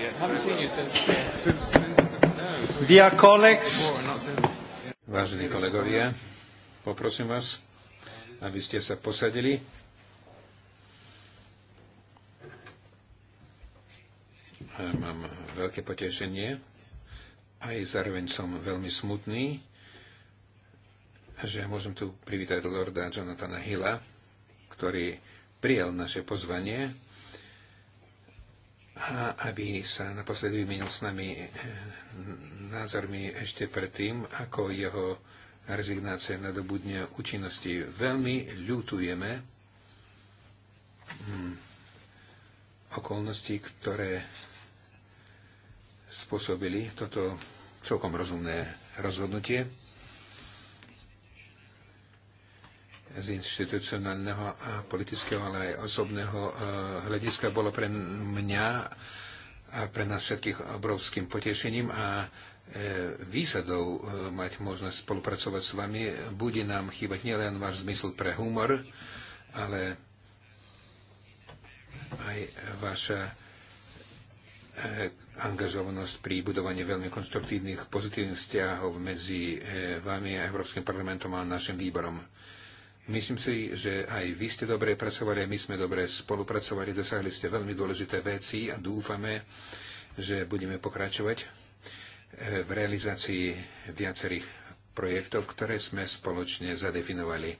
Uh, no, Dear colleagues, vážení kolegovia, poprosím vás, aby ste sa posadili. Mám veľké potešenie, aj zároveň som veľmi smutný, že môžem tu privítať Lorda Jonathana Hilla, ktorý prijal naše pozvanie a aby sa naposledy vymenil s nami e, názormi ešte predtým, ako jeho rezignácia nadobudne účinnosti. Veľmi ľutujeme hm, okolnosti, ktoré spôsobili toto celkom rozumné rozhodnutie. z inštitucionálneho a politického, ale aj osobného e, hľadiska bolo pre mňa a pre nás všetkých obrovským potešením a e, výsadou e, mať možnosť spolupracovať s vami. Bude nám chýbať nielen váš zmysel pre humor, ale aj vaša angažovanosť pri budovaní veľmi konstruktívnych, pozitívnych vzťahov medzi vami a Európskym parlamentom a našim výborom. Myslím si, že aj vy ste dobre pracovali, my sme dobre spolupracovali, dosahli ste veľmi dôležité veci a dúfame, že budeme pokračovať eh, v realizácii viacerých projektov, ktoré sme spoločne zadefinovali. Eh,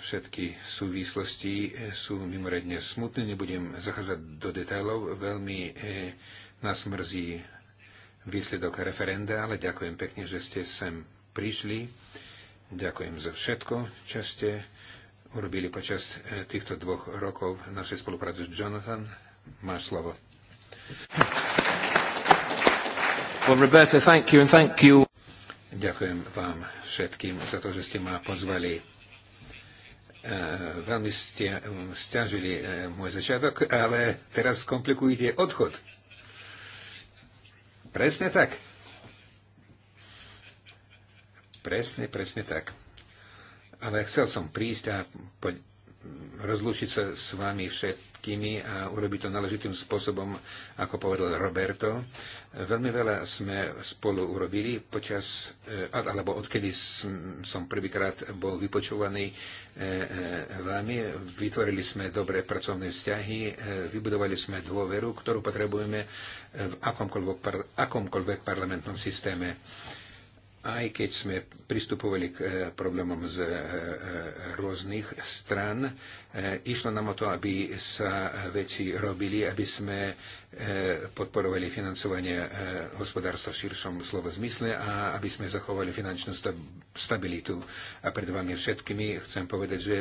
všetky súvislosti eh, sú mimoriadne smutné, nebudem zachádzať do detailov, veľmi nás mrzí výsledok referenda, ale ďakujem pekne, že ste sem prišli. Ďakujem za všetko, čo ste urobili počas e, týchto dvoch rokov našej spolupráce s Jonathan. Máš slovo. Well, Roberto, thank you and thank you. Ďakujem vám všetkým za to, že ste ma pozvali. Uh, Veľmi ste um, stiažili uh, môj začiatok, ale teraz komplikujete odchod. Presne tak. Presne, presne tak. Ale chcel som prísť a po... rozlúčiť sa s vami všetkými a urobiť to náležitým spôsobom, ako povedal Roberto. Veľmi veľa sme spolu urobili počas, e, alebo odkedy som prvýkrát bol vypočúvaný e, e, vami. Vytvorili sme dobré pracovné vzťahy, vybudovali sme dôveru, ktorú potrebujeme v akomkoľvek, akomkoľvek parlamentnom systéme aj keď sme pristupovali k eh, problémom z eh, eh, rôznych stran, Eh, išlo nám o to, aby sa eh, veci robili, aby sme eh, podporovali financovanie hospodárstva v širšom slovo zmysle a aby sme zachovali finančnú stabilitu. A pred vami všetkými chcem povedať, že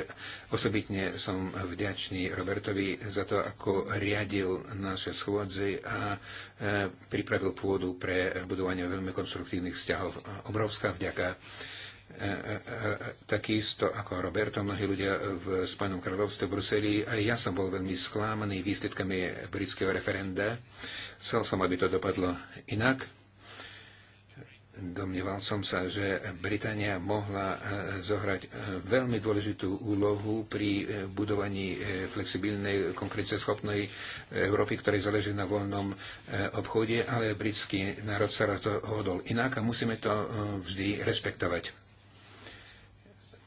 osobitne som vďačný Robertovi za to, ako riadil naše schôdze a pripravil pôdu pre budovanie veľmi konstruktívnych vzťahov. Obrovská vďaka. E, e, e, takisto ako Roberto, mnohí ľudia v Spojenom kráľovstve v Bruseli. Aj ja som bol veľmi sklamaný výsledkami britského referenda. Chcel som, aby to dopadlo inak. Domnieval som sa, že Británia mohla zohrať veľmi dôležitú úlohu pri budovaní flexibilnej, konkurenceschopnej Európy, ktorej záleží na voľnom obchode, ale britský národ sa rozhodol inak a musíme to vždy rešpektovať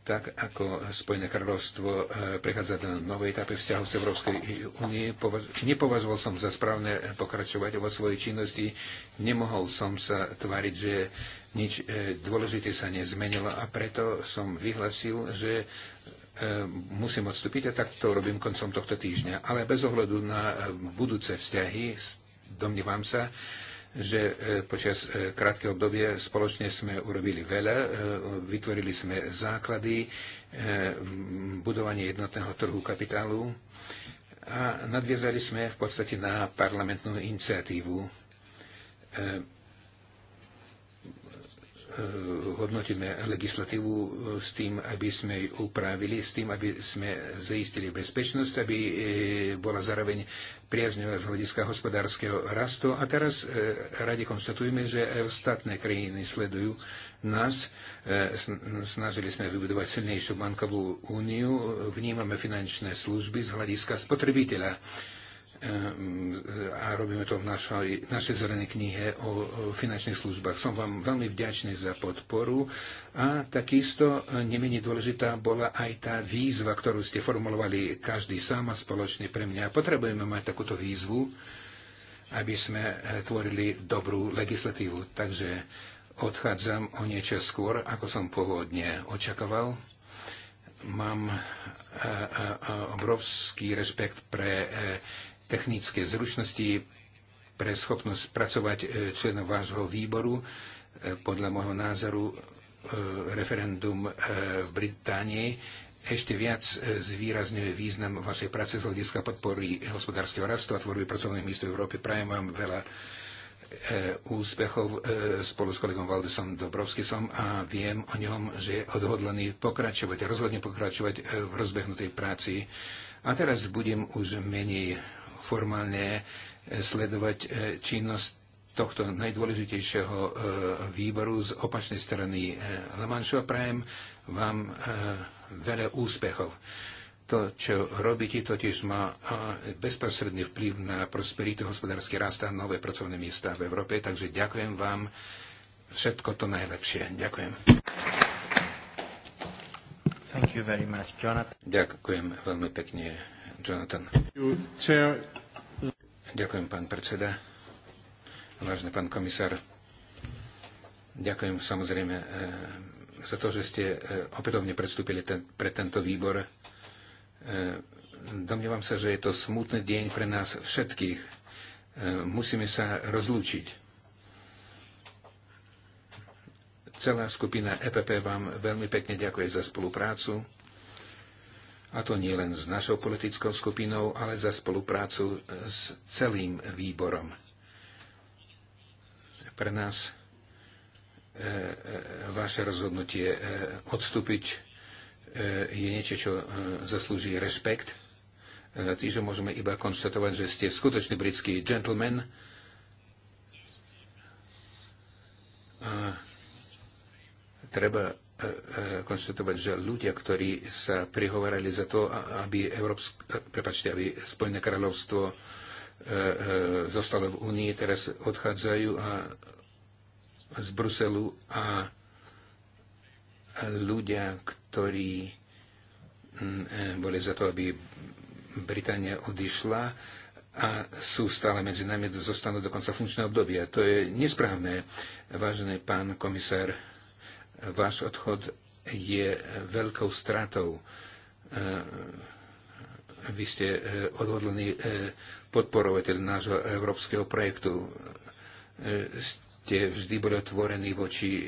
tak ako Spojené kráľovstvo eh, prechádza do novej etapy vzťahov z Európskej únie, nepovažoval som za správne eh, pokračovať vo svojej činnosti, nemohol som sa tváriť, že nič eh, dôležité sa nezmenilo a preto som vyhlasil, že musím odstúpiť a tak to robím koncom tohto týždňa. Ale bez ohľadu na budúce vzťahy, domnievam sa, že e, počas e, krátkeho obdobia spoločne sme urobili veľa, e, vytvorili sme základy budovanie jednotného trhu kapitálu a nadviazali sme v podstate na parlamentnú iniciatívu hodnotíme legislatívu e, s tým, aby sme ju upravili, s tým, aby sme zaistili bezpečnosť, aby e, bola zároveň priaznivá z hľadiska hospodárskeho rastu. A teraz e, radi konštatujeme, že aj ostatné krajiny sledujú nás. Snažili sme vybudovať silnejšiu bankovú úniu, vnímame finančné služby z hľadiska spotrebiteľa Ehm, a robíme to v našej, našej zelenej knihe o finančných službách. Som vám veľmi vďačný za podporu a takisto e, nemenej dôležitá bola aj tá výzva, ktorú ste formulovali každý sám a spoločne pre mňa. Potrebujeme mať takúto výzvu, aby sme e, tvorili dobrú legislatívu. Takže odchádzam o niečo skôr, ako som pôvodne očakával mám e, obrovský rešpekt pre technické zručnosti pre schopnosť pracovať e, členov vášho výboru. E, podľa môjho názoru e, referendum v Británii ešte viac zvýrazňuje význam vašej práce z hľadiska podpory hospodárskeho rastu a tvorby pracovných míst v Európe. Prajem vám veľa úspechov spolu s kolegom Valdesom Dobrovskisom a viem o ňom, že je odhodlený pokračovať, a rozhodne pokračovať v rozbehnutej práci. A teraz budem už menej formálne e, sledovať e, činnosť tohto najdôležitejšieho e, výboru z opačnej strany Lamanšu a prajem vám veľa úspechov. To, čo robíte, totiž má bezprostredný vplyv na prosperitu, hospodársky rast a nové pracovné miesta v Európe, takže ďakujem vám všetko to najlepšie. Ďakujem. Thank you very much, Jonathan. Ďakujem veľmi pekne, Jonathan. Ďakujem, pán predseda. Vážny pán komisár, ďakujem samozrejme eh, za to, že ste eh, opätovne predstúpili ten, pre tento výbor. Eh, domnievam sa, že je to smutný deň pre nás všetkých. Musíme sa rozlúčiť. Celá skupina EPP vám veľmi pekne ďakuje za spoluprácu a to nie len s našou politickou skupinou, ale za spoluprácu s celým výborom. Pre nás e, e, vaše rozhodnutie e, odstúpiť je niečo, čo zaslúži rešpekt. že môžeme iba konštatovať, že ste skutočný britský gentleman. A treba E, e, konštatovať, že ľudia, ktorí sa prihovorili za to, aby, Európsk, prepačte, aby Spojené kráľovstvo e, zostalo v Únii, teraz odchádzajú a, z Bruselu a ľudia, ktorí boli za to, aby Británia odišla a sú stále medzi nami, zostanú do konca funkčného obdobia. To je nesprávne, vážený pán komisár Váš odchod je veľkou stratou. E, vy ste e, odhodlení podporovať nášho európskeho projektu. E, ste vždy boli otvorení voči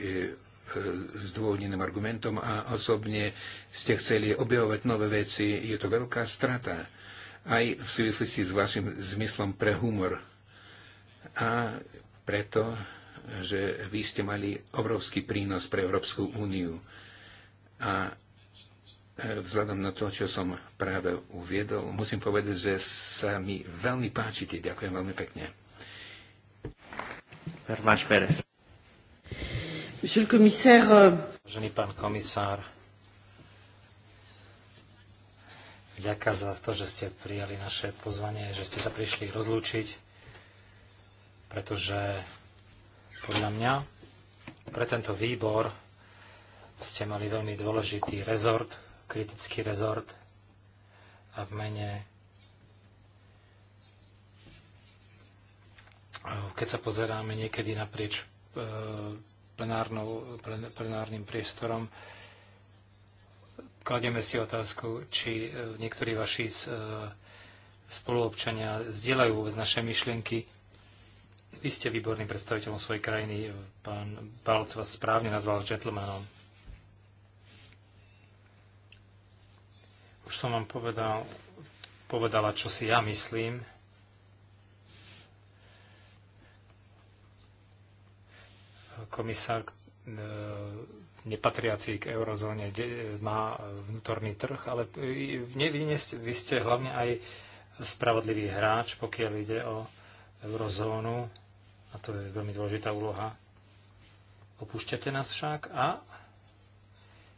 zdôvodneným argumentom a osobne ste chceli objavovať nové veci. Je to veľká strata aj v súvislosti s vašim zmyslom pre humor. A preto že vy ste mali obrovský prínos pre Európsku úniu. A e, vzhľadom na to, čo som práve uviedol, musím povedať, že sa mi veľmi páčite. Ďakujem veľmi pekne. Hermáš Pérez. Euh, Vážený pán komisár, Ďaká za to, že ste prijali naše pozvanie, že ste sa prišli rozlúčiť, pretože podľa mňa pre tento výbor ste mali veľmi dôležitý rezort, kritický rezort a v mene eh, keď sa pozeráme niekedy naprieč eh, plenárnou, plenárnym priestorom, kladieme si otázku, či eh, niektorí vaši spoluobčania zdieľajú vôbec naše myšlienky. Vy ste výborným predstaviteľom svojej krajiny. Pán Balc vás správne nazval gentlemanom. Už som vám povedal, povedala, čo si ja myslím. Komisár e, nepatriaci k eurozóne má vnútorný trh, ale vy, vy ste hlavne aj spravodlivý hráč, pokiaľ ide o eurozónu, a to je veľmi dôležitá úloha. Opúšťate nás však a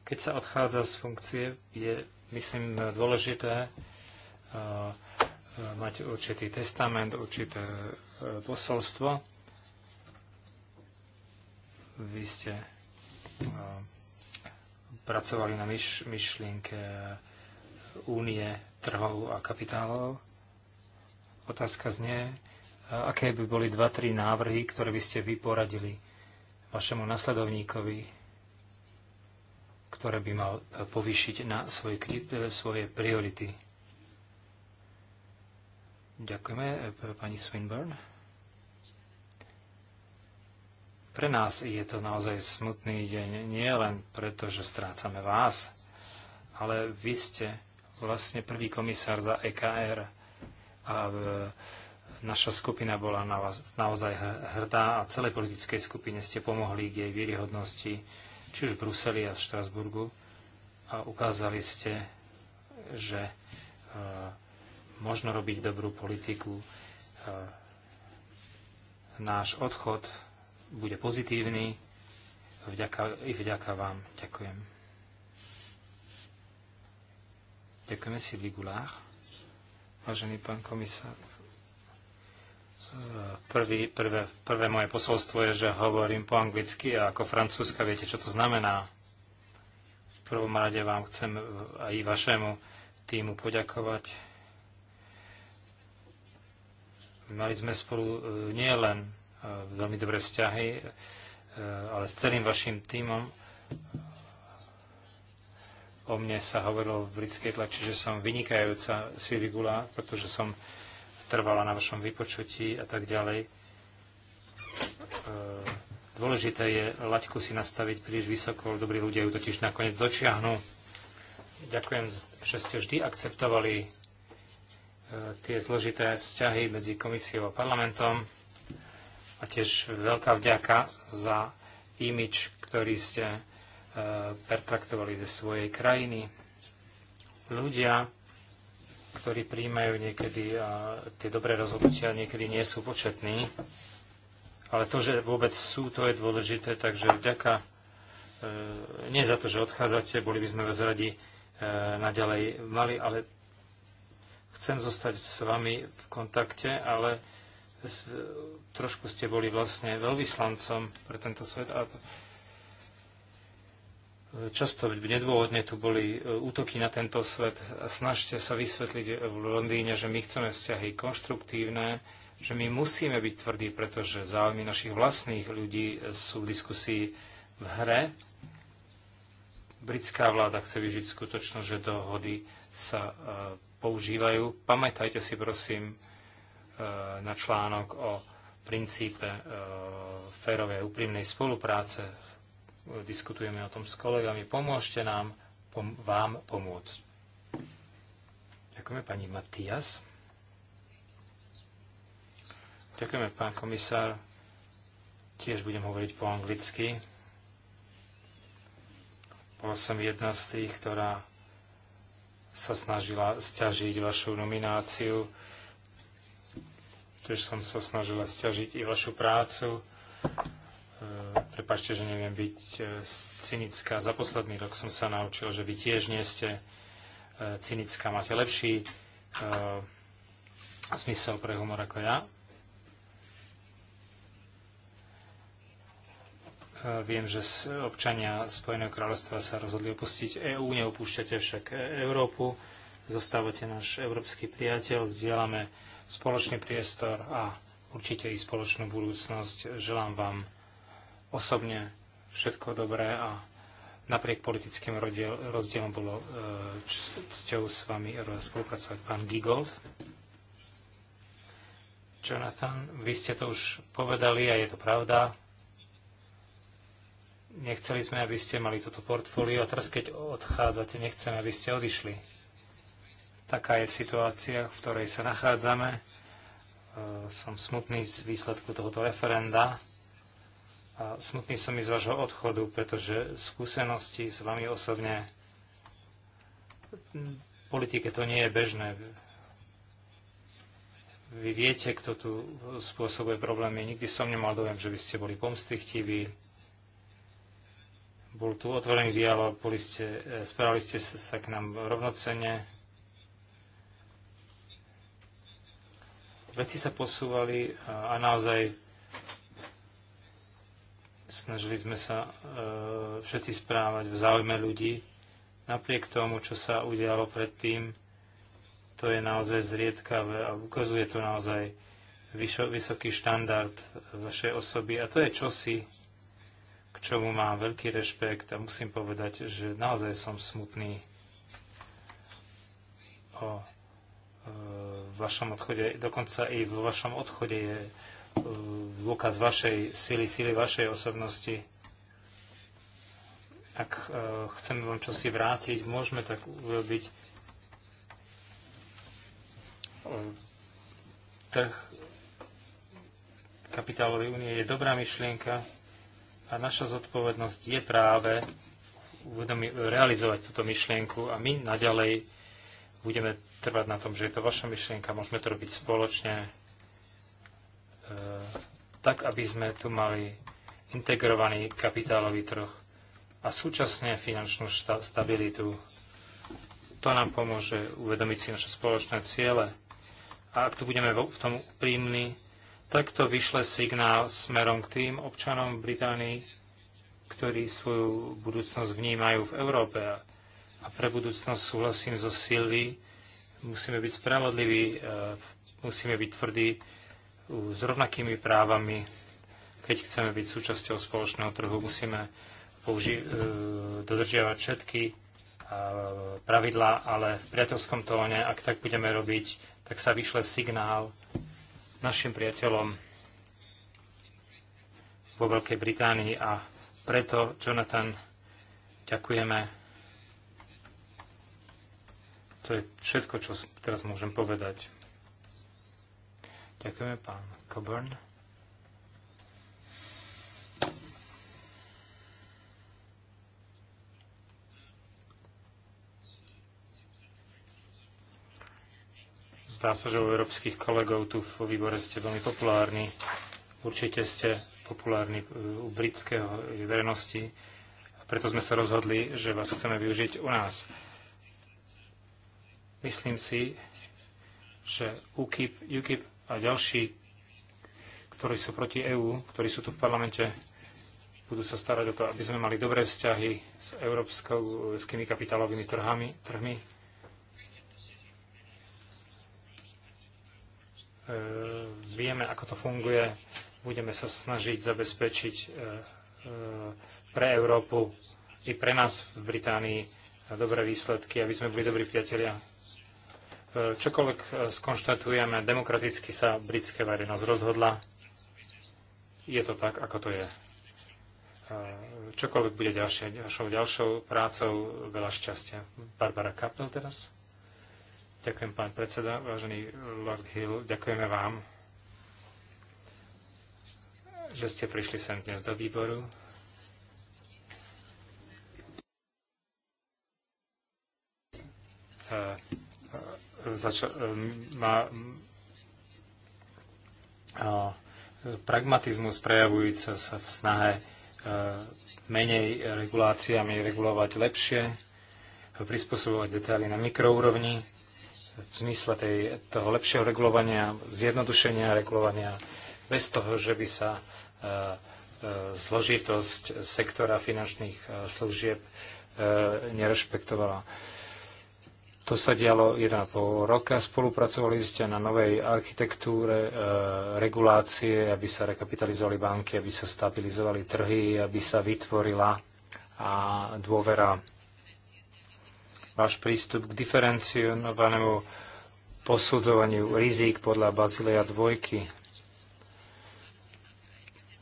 keď sa odchádza z funkcie, je, myslím, dôležité uh, mať určitý testament, určité uh, posolstvo. Vy ste uh, pracovali na myš, myšlienke únie trhov a kapitálov. Otázka znie, aké by boli dva, tri návrhy, ktoré by ste vyporadili vašemu nasledovníkovi, ktoré by mal eh, povýšiť na svoje, eh, svoje priority? Ďakujeme, eh, pani Swinburne. Pre nás je to naozaj smutný deň, nie len preto, že strácame vás, ale vy ste vlastne prvý komisár za EKR a Naša skupina bola na vás naozaj hrdá a celej politickej skupine ste pomohli k jej výrihodnosti, či už v Bruseli a v Štrasburgu. A ukázali ste, že e, možno robiť dobrú politiku. E, náš odchod bude pozitívny. Vďaka, I vďaka vám. Ďakujem. Ďakujeme si, Ligulách. Vážený pán komisár. Prvý, prvé, prvé moje posolstvo je, že hovorím po anglicky a ako francúzska viete, čo to znamená. V prvom rade vám chcem aj vašemu týmu poďakovať. Mali sme spolu e, nie len e, veľmi dobré vzťahy, e, ale s celým vašim týmom. O mne sa hovorilo v britskej tlači, že som vynikajúca sirigula, pretože som trvala na vašom vypočutí a tak ďalej. E, dôležité je laťku si nastaviť príliš vysoko, dobrí ľudia ju totiž nakoniec dočiahnu. Ďakujem, že ste vždy akceptovali e, tie zložité vzťahy medzi komisiou a parlamentom a tiež veľká vďaka za imič, ktorý ste e, pertraktovali ze svojej krajiny. Ľudia, ktorí príjmajú niekedy a tie dobré rozhodnutia niekedy nie sú početní. Ale to, že vôbec sú, to je dôležité, takže vďaka, e, nie za to, že odchádzate, boli by sme vás radi e, naďalej mali, ale chcem zostať s vami v kontakte, ale s, trošku ste boli vlastne veľvyslancom pre tento svet a Často nedôvodne tu boli e, útoky na tento svet. Snažte sa vysvetliť v Londýne, že my chceme vzťahy konštruktívne, že my musíme byť tvrdí, pretože záujmy našich vlastných ľudí e, sú v diskusii v hre. Britská vláda chce vyžiť skutočnosť, že dohody sa e, používajú. Pamätajte si prosím na článok o princípe férovej úprimnej spolupráce diskutujeme o tom s kolegami. Pomôžte nám pom- vám pomôcť. Ďakujeme pani Matias. Ďakujeme, pán komisár. Tiež budem hovoriť po anglicky. Bol som jedna z tých, ktorá sa snažila stiažiť vašu nomináciu. Tiež som sa snažila stiažiť i vašu prácu. E, prepačte, že neviem byť e, cynická. Za posledný rok som sa naučil, že vy tiež nie ste e, cynická. Máte lepší zmysel pre humor ako ja. Viem, že občania Spojeného kráľovstva sa rozhodli opustiť EÚ, neopúšťate však Európu, zostávate náš európsky priateľ, zdieľame spoločný priestor a určite i spoločnú budúcnosť. Želám vám osobne všetko dobré a napriek politickým rozdielom bolo e, cťou s vami spolupracovať pán Gigold. Jonathan, vy ste to už povedali a je to pravda. Nechceli sme, aby ste mali toto portfólio a teraz, keď odchádzate, nechceme, aby ste odišli. Taká je situácia, v ktorej sa nachádzame. E, som smutný z výsledku tohoto referenda a smutný som i z vášho odchodu, pretože skúsenosti s vami osobne v politike to nie je bežné. Vy viete, kto tu spôsobuje problémy. Nikdy som nemal dojem, že by ste boli pomstychtiví. Bol tu otvorený dialog, boli ste, e, správali ste sa k nám rovnocene. Veci sa posúvali a naozaj Snažili sme sa e, všetci správať v záujme ľudí. Napriek tomu, čo sa udialo predtým, to je naozaj zriedkavé a ukazuje to naozaj vysoký štandard vašej osoby. A to je čosi, k čomu mám veľký rešpekt a musím povedať, že naozaj som smutný o e, vašom odchode. Dokonca i vo vašom odchode je dôkaz vašej sily, sily vašej osobnosti. Ak e, chceme vám čosi vrátiť, môžeme tak urobiť. E, trh kapitálovej únie je dobrá myšlienka a naša zodpovednosť je práve uvedomi, realizovať túto myšlienku a my naďalej budeme trvať na tom, že je to vaša myšlienka, môžeme to robiť spoločne E, tak, aby sme tu mali integrovaný kapitálový trh a súčasne finančnú stabilitu. To nám pomôže uvedomiť si naše spoločné ciele. A ak tu budeme v tom úprimní, tak to vyšle signál smerom k tým občanom Británii, ktorí svoju budúcnosť vnímajú v Európe. A pre budúcnosť súhlasím so Silvi, musíme byť spravodliví, e, musíme byť tvrdí, s rovnakými právami. Keď chceme byť súčasťou spoločného trhu, musíme použi- e, dodržiavať všetky e, pravidlá, ale v priateľskom tóne, ak tak budeme robiť, tak sa vyšle signál našim priateľom vo Veľkej Británii a preto, Jonathan, ďakujeme. To je všetko, čo teraz môžem povedať. Ďakujeme, pán Coburn. Zdá sa, že u európskych kolegov tu v výbore ste veľmi populárni. Určite ste populárni e, u britského verejnosti. A preto sme sa rozhodli, že vás chceme využiť u nás. Myslím si, že UKIP, UKIP a ďalší, ktorí sú proti EÚ, ktorí sú tu v parlamente, budú sa starať o to, aby sme mali dobré vzťahy s tými kapitálovými trhami, trhmi. E, vieme, ako to funguje. Budeme sa snažiť zabezpečiť e, e, pre Európu i pre nás v Británii dobré výsledky, aby sme boli dobrí priatelia. Čokoľvek e, skonštatujeme, demokraticky sa britská verejnosť rozhodla. Je to tak, ako to je. E, čokoľvek bude ďalšie, ďalšou, ďalšou prácou, veľa šťastia. Barbara Kapel teraz. Ďakujem, pán predseda, vážený Lord Hill, ďakujeme vám, že ste prišli sem dnes do výboru. Uh, zača- e, má pragmatizmus prejavujúca sa v snahe e, menej reguláciami regulovať lepšie, prispôsobovať detaily na mikroúrovni v zmysle tej, toho lepšieho regulovania, zjednodušenia regulovania, bez toho, že by sa e, zložitosť sektora finančných služieb nerešpektovala. To sa dialo 1,5 roka. Spolupracovali ste na novej architektúre e, regulácie, aby sa rekapitalizovali banky, aby sa stabilizovali trhy, aby sa vytvorila a dôvera. Váš prístup k diferencionovanému posudzovaniu rizík podľa Bazileja dvojky.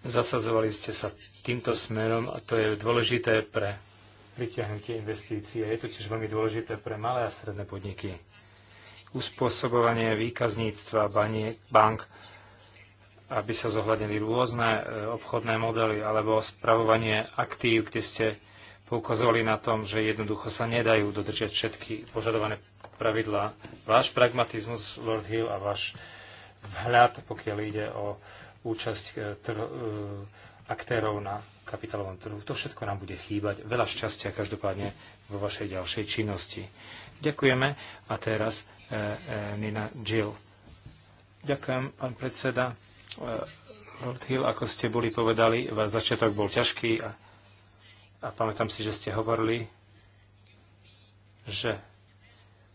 Zasazovali ste sa týmto smerom a to je dôležité pre pritiahnutie investície. Je to tiež veľmi dôležité pre malé a stredné podniky. Uspôsobovanie výkazníctva bank, aby sa zohľadnili rôzne e, obchodné modely alebo spravovanie aktív, kde ste poukazovali na tom, že jednoducho sa nedajú dodržať všetky požadované pravidlá. Váš pragmatizmus, Lord Hill, a váš vhľad, pokiaľ ide o účasť e, e, aktérov na kapitálovom trhu. To všetko nám bude chýbať. Veľa šťastia každopádne vo vašej ďalšej činnosti. Ďakujeme. A teraz e, Nina Jill. Ďakujem, pán predseda. Eh, Lord Hill, ako ste boli povedali, váš začiatok bol ťažký a, a pamätám si, že ste hovorili, že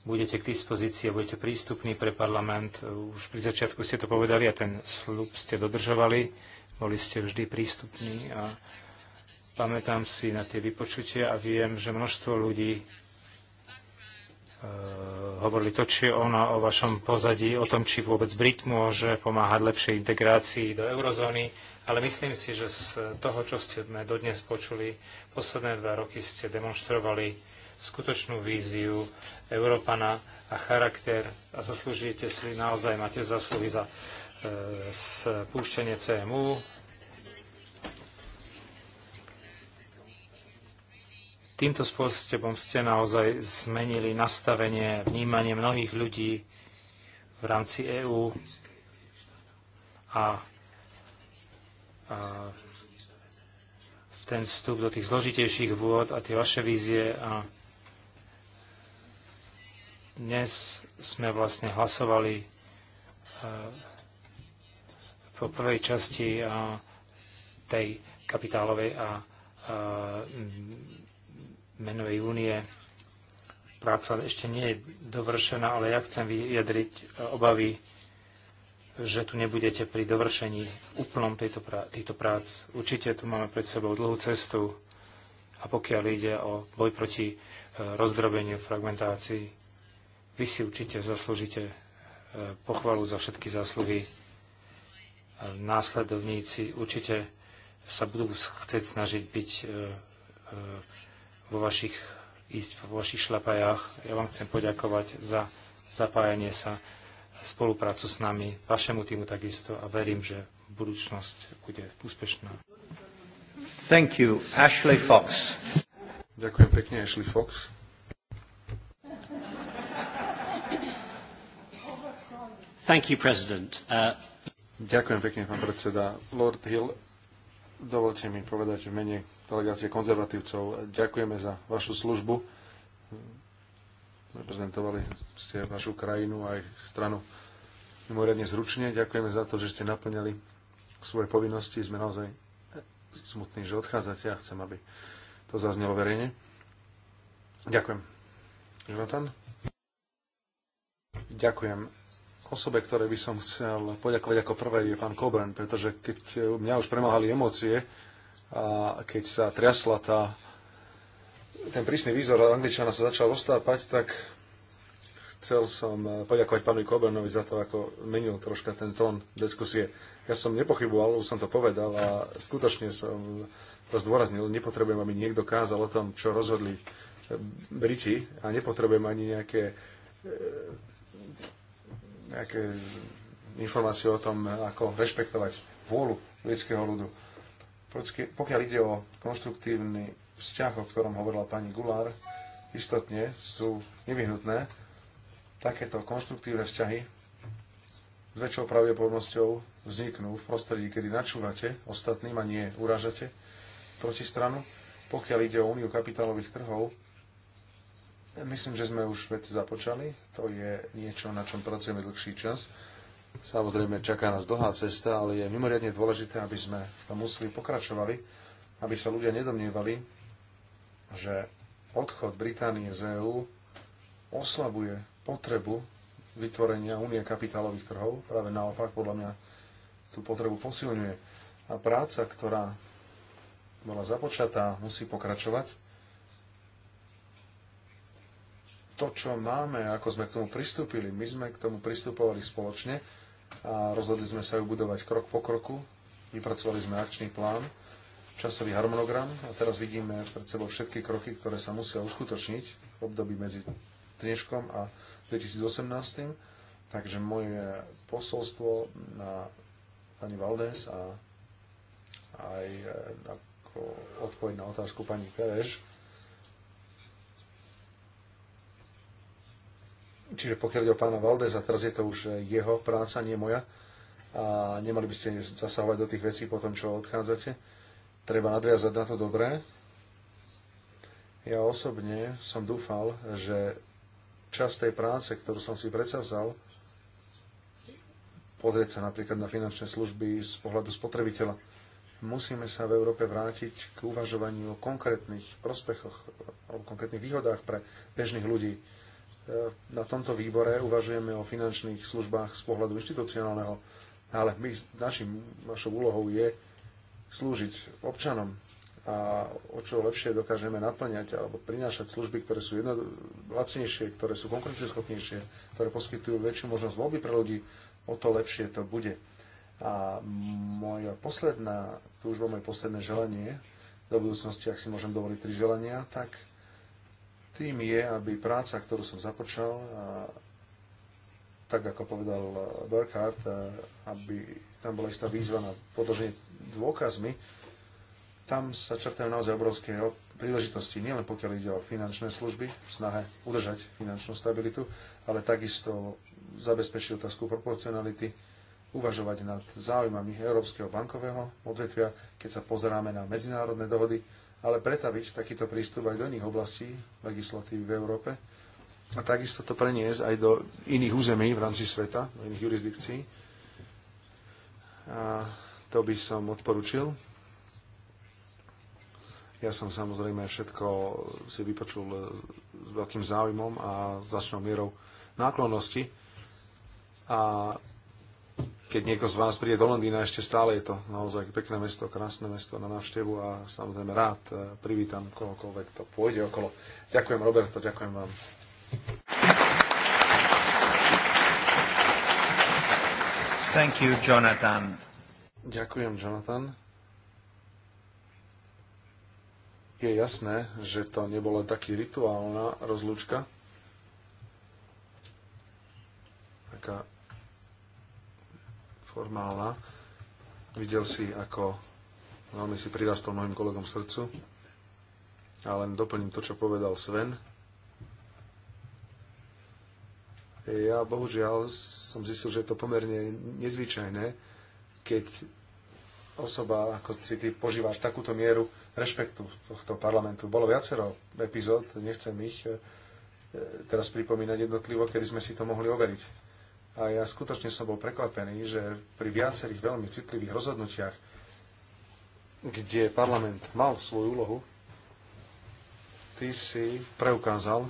budete k dispozícii a budete prístupní pre parlament. Už pri začiatku ste to povedali a ten slub ste dodržovali boli ste vždy prístupní a pamätám si na tie vypočutia a viem, že množstvo ľudí e, hovorili to, či ona o vašom pozadí, o tom, či vôbec Brit môže pomáhať lepšej integrácii do eurozóny, ale myslím si, že z toho, čo ste dodnes počuli, posledné dva roky ste demonstrovali skutočnú víziu Európana a charakter a zaslúžite si, naozaj máte zasluhy za spúšťanie CMU. Týmto spôsobom ste naozaj zmenili nastavenie, vnímanie mnohých ľudí v rámci EÚ a, a ten vstup do tých zložitejších vôd a tie vaše vízie a dnes sme vlastne hlasovali e, po prvej časti tej kapitálovej a menovej únie práca ešte nie je dovršená, ale ja chcem vyjadriť e, obavy, že tu nebudete pri dovršení úplnom tejto prá- týchto prác. Určite tu máme pred sebou dlhú cestu a pokiaľ ide o boj proti e, rozdrobeniu, fragmentácii, vy si určite zaslúžite e, pochvalu za všetky zásluhy následovníci určite sa budú chcieť snažiť byť e, e, vo vašich, ísť vo vašich šlapajách. Ja vám chcem poďakovať za zapájanie sa, spoluprácu s nami, vašemu týmu takisto a verím, že budúcnosť bude úspešná. Thank you, Ashley Fox. Ďakujem pekne, Ashley Fox. Thank you, President. Uh, Ďakujem pekne, pán predseda. Lord Hill, dovolte mi povedať v mene delegácie konzervatívcov. Ďakujeme za vašu službu. Reprezentovali ste vašu krajinu aj stranu mimoriadne zručne. Ďakujeme za to, že ste naplňali svoje povinnosti. Sme naozaj smutní, že odchádzate a chcem, aby to zaznelo verejne. Ďakujem. Jonathan? Ďakujem osobe, ktoré by som chcel poďakovať ako prvé, je pán Coburn, pretože keď mňa už premáhali emócie a keď sa triasla tá, ten prísny výzor angličana sa začal roztápať, tak chcel som poďakovať pánu Kobernovi za to, ako menil troška ten tón diskusie. Ja som nepochyboval, už som to povedal a skutočne som to zdôraznil. Nepotrebujem, aby niekto kázal o tom, čo rozhodli Briti a nepotrebujem ani nejaké nejaké informácie o tom, ako rešpektovať vôľu ľudského ľudu. Pokiaľ ide o konštruktívny vzťah, o ktorom hovorila pani Gulár, istotne sú nevyhnutné takéto konštruktívne vzťahy s väčšou pravdepodobnosťou vzniknú v prostredí, kedy načúvate ostatným a nie uražate protistranu. Pokiaľ ide o úniu kapitálových trhov, Myslím, že sme už veci započali. To je niečo, na čom pracujeme dlhší čas. Samozrejme, čaká nás dlhá cesta, ale je mimoriadne dôležité, aby sme v tom úsilí pokračovali, aby sa ľudia nedomnievali, že odchod Británie z EÚ oslabuje potrebu vytvorenia únie kapitálových trhov. Práve naopak, podľa mňa, tú potrebu posilňuje. A práca, ktorá bola započatá, musí pokračovať to, čo máme, ako sme k tomu pristúpili, my sme k tomu pristupovali spoločne a rozhodli sme sa ju budovať krok po kroku. Vypracovali sme akčný plán, časový harmonogram a teraz vidíme pred sebou všetky kroky, ktoré sa musia uskutočniť v období medzi dneškom a 2018. Takže moje posolstvo na pani Valdés a aj eh, ako odpoveď na otázku pani Pereš, Čiže pokiaľ ide o pána Valdeza, teraz je to už jeho práca, nie moja. A nemali by ste zasahovať do tých vecí po tom, čo odchádzate. Treba nadviazať na to dobré. Ja osobne som dúfal, že čas tej práce, ktorú som si predsavzal, pozrieť sa napríklad na finančné služby z pohľadu spotrebiteľa, musíme sa v Európe vrátiť k uvažovaniu o konkrétnych prospechoch, o konkrétnych výhodách pre bežných ľudí na tomto výbore uvažujeme o finančných službách z pohľadu inštitucionálneho, ale my, našim, našou úlohou je slúžiť občanom a o čo lepšie dokážeme naplňať alebo prinášať služby, ktoré sú jedno, lacnejšie, ktoré sú konkurencieschopnejšie, ktoré poskytujú väčšiu možnosť voľby pre ľudí, o to lepšie to bude. A moja posledná, tu už bol moje posledné želanie do budúcnosti, ak si môžem dovoliť tri želania, tak tým je, aby práca, ktorú som započal, a tak ako povedal e, Burkhardt, e, aby tam bola istá výzva na podloženie dôkazmi, tam sa črtajú naozaj obrovské príležitosti, nielen pokiaľ ide o finančné služby, v snahe udržať finančnú stabilitu, ale takisto zabezpečiť otázku proporcionality, uvažovať nad záujmami európskeho bankového odvetvia, keď sa pozeráme na medzinárodné dohody, ale pretaviť takýto prístup aj do iných oblastí legislatívy v Európe a takisto to preniesť aj do iných území v rámci sveta, do iných jurisdikcií. A to by som odporučil. Ja som samozrejme všetko si vypočul s veľkým záujmom a značnou mierou náklonnosti. A keď niekto z vás príde do Londýna, ešte stále je to naozaj pekné mesto, krásne mesto na návštevu a samozrejme rád e, privítam kohokoľvek to pôjde okolo. Ďakujem Roberto, ďakujem vám. Thank you, Jonathan. Ďakujem, Jonathan. Je jasné, že to nebola taký rituálna rozlúčka. Taká formálna. Videl si, ako veľmi si prirastol mojim kolegom srdcu. A len doplním to, čo povedal Sven. Ja bohužiaľ som zistil, že je to pomerne nezvyčajné, keď osoba ako si ty požíváš takúto mieru rešpektu tohto parlamentu. Bolo viacero epizód, nechcem ich eh, teraz pripomínať jednotlivo, kedy sme si to mohli overiť. A ja skutočne som bol prekvapený, že pri viacerých veľmi citlivých rozhodnutiach, kde parlament mal svoju úlohu, ty si preukázal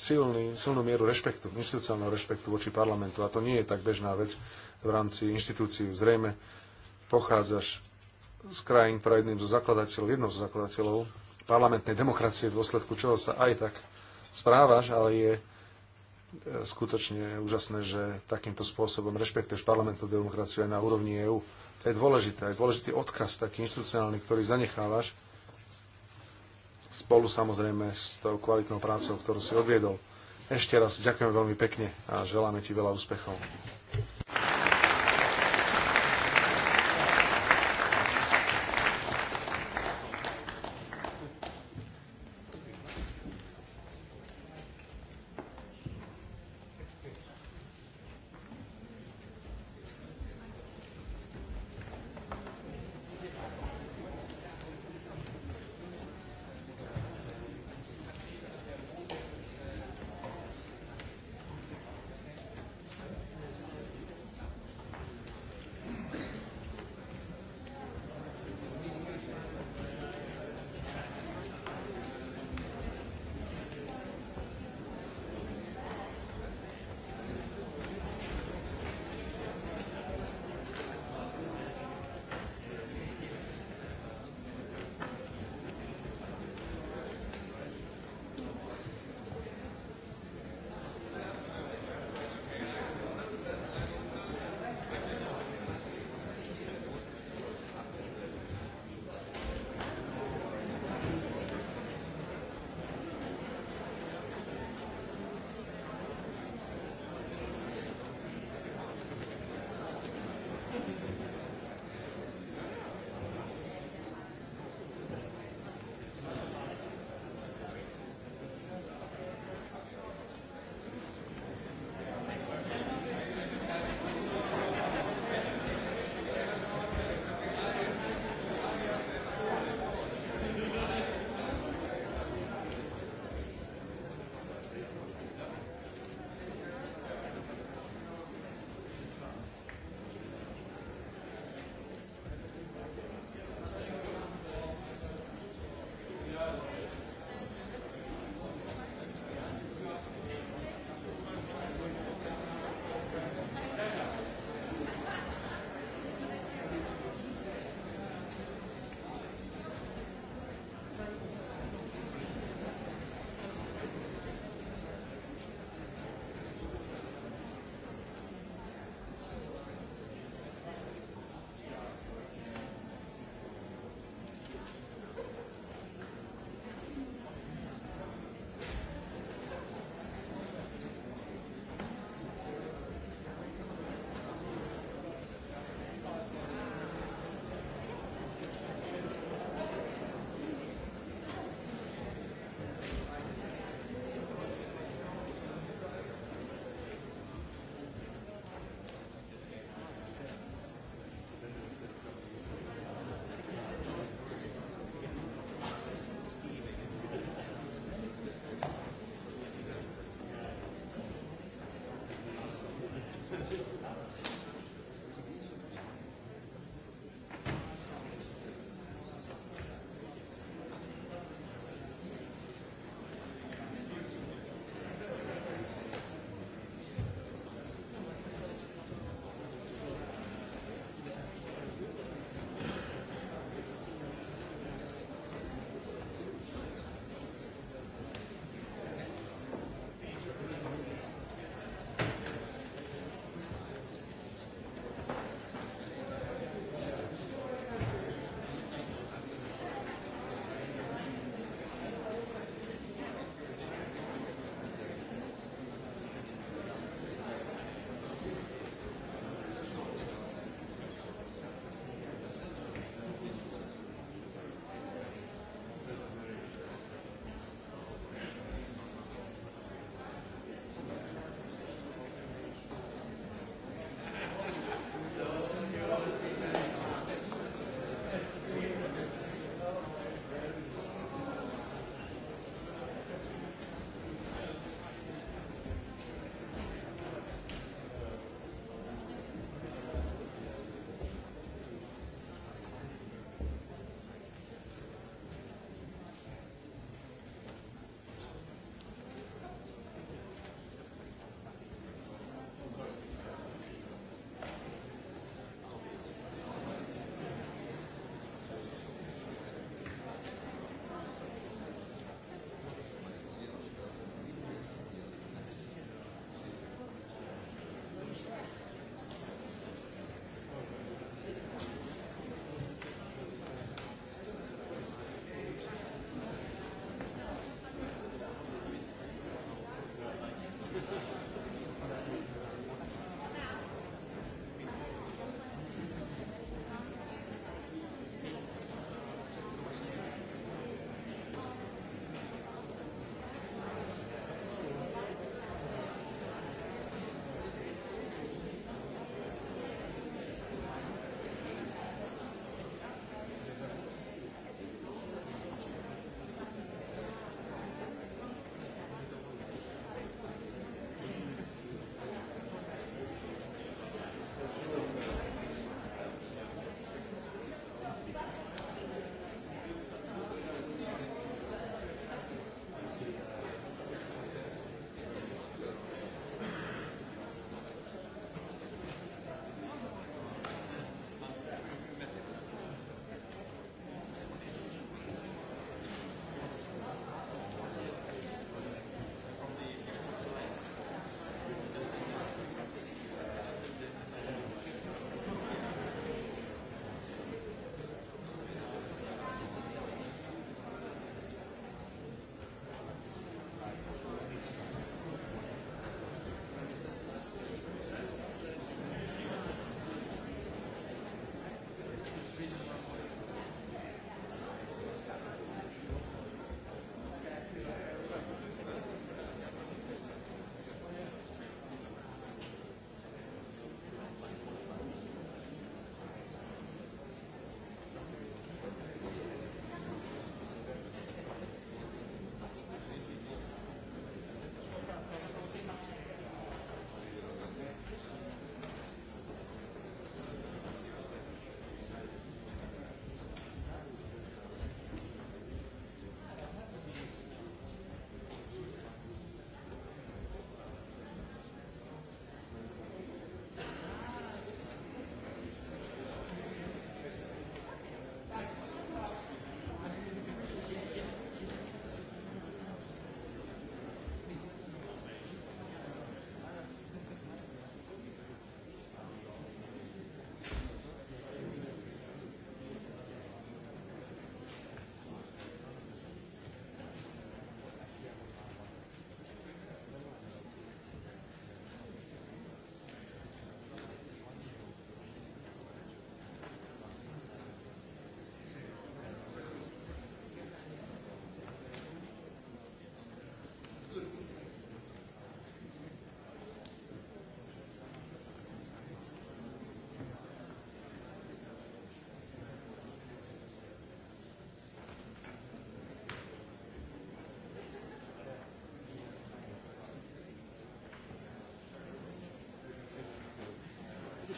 silný, silnú mieru rešpektu, institucionálneho rešpektu voči parlamentu. A to nie je tak bežná vec v rámci inštitúcií. Zrejme pochádzaš z krajín, ktorá jedným zo zakladateľov, jednou zo zakladateľov parlamentnej demokracie, v dôsledku čoho sa aj tak správaš, ale je skutočne úžasné, že takýmto spôsobom rešpektuješ parlamentnú demokraciu aj na úrovni EÚ. To je dôležité, aj dôležitý odkaz taký inštitucionálny, ktorý zanechávaš spolu samozrejme s tou kvalitnou prácou, ktorú si odviedol. Ešte raz ďakujem veľmi pekne a želáme ti veľa úspechov.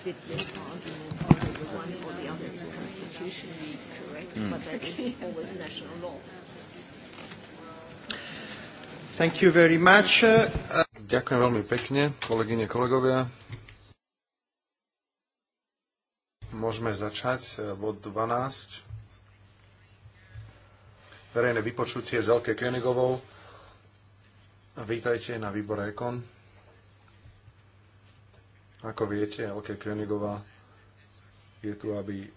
fit this argument under the one or the other is constitutionally correct, mm. but that is always national law. Thank you very much. Uh, Ďakujem veľmi pekne, kolegyne, kolegovia. Môžeme začať uh, bod 12. Verejné vypočutie s Elke Königovou. Vítajte na výbore EKON. Ako viete, Elke Königová je tu, aby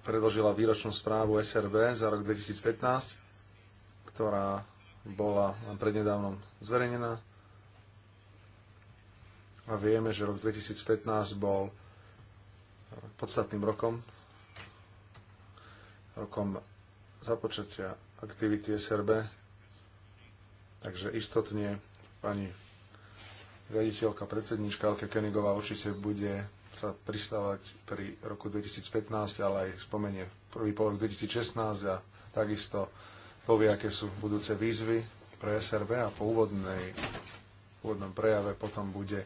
predložila výročnú správu SRB za rok 2015, ktorá bola prednedávnom zverejnená. A vieme, že rok 2015 bol podstatným rokom, rokom započatia aktivity SRB. Takže istotne pani riaditeľka predsednička Alke Königová určite bude sa pristávať pri roku 2015, ale aj spomenie prvý pol 2016 a takisto povie, aké sú budúce výzvy pre SRB a po úvodnej, úvodnom prejave potom bude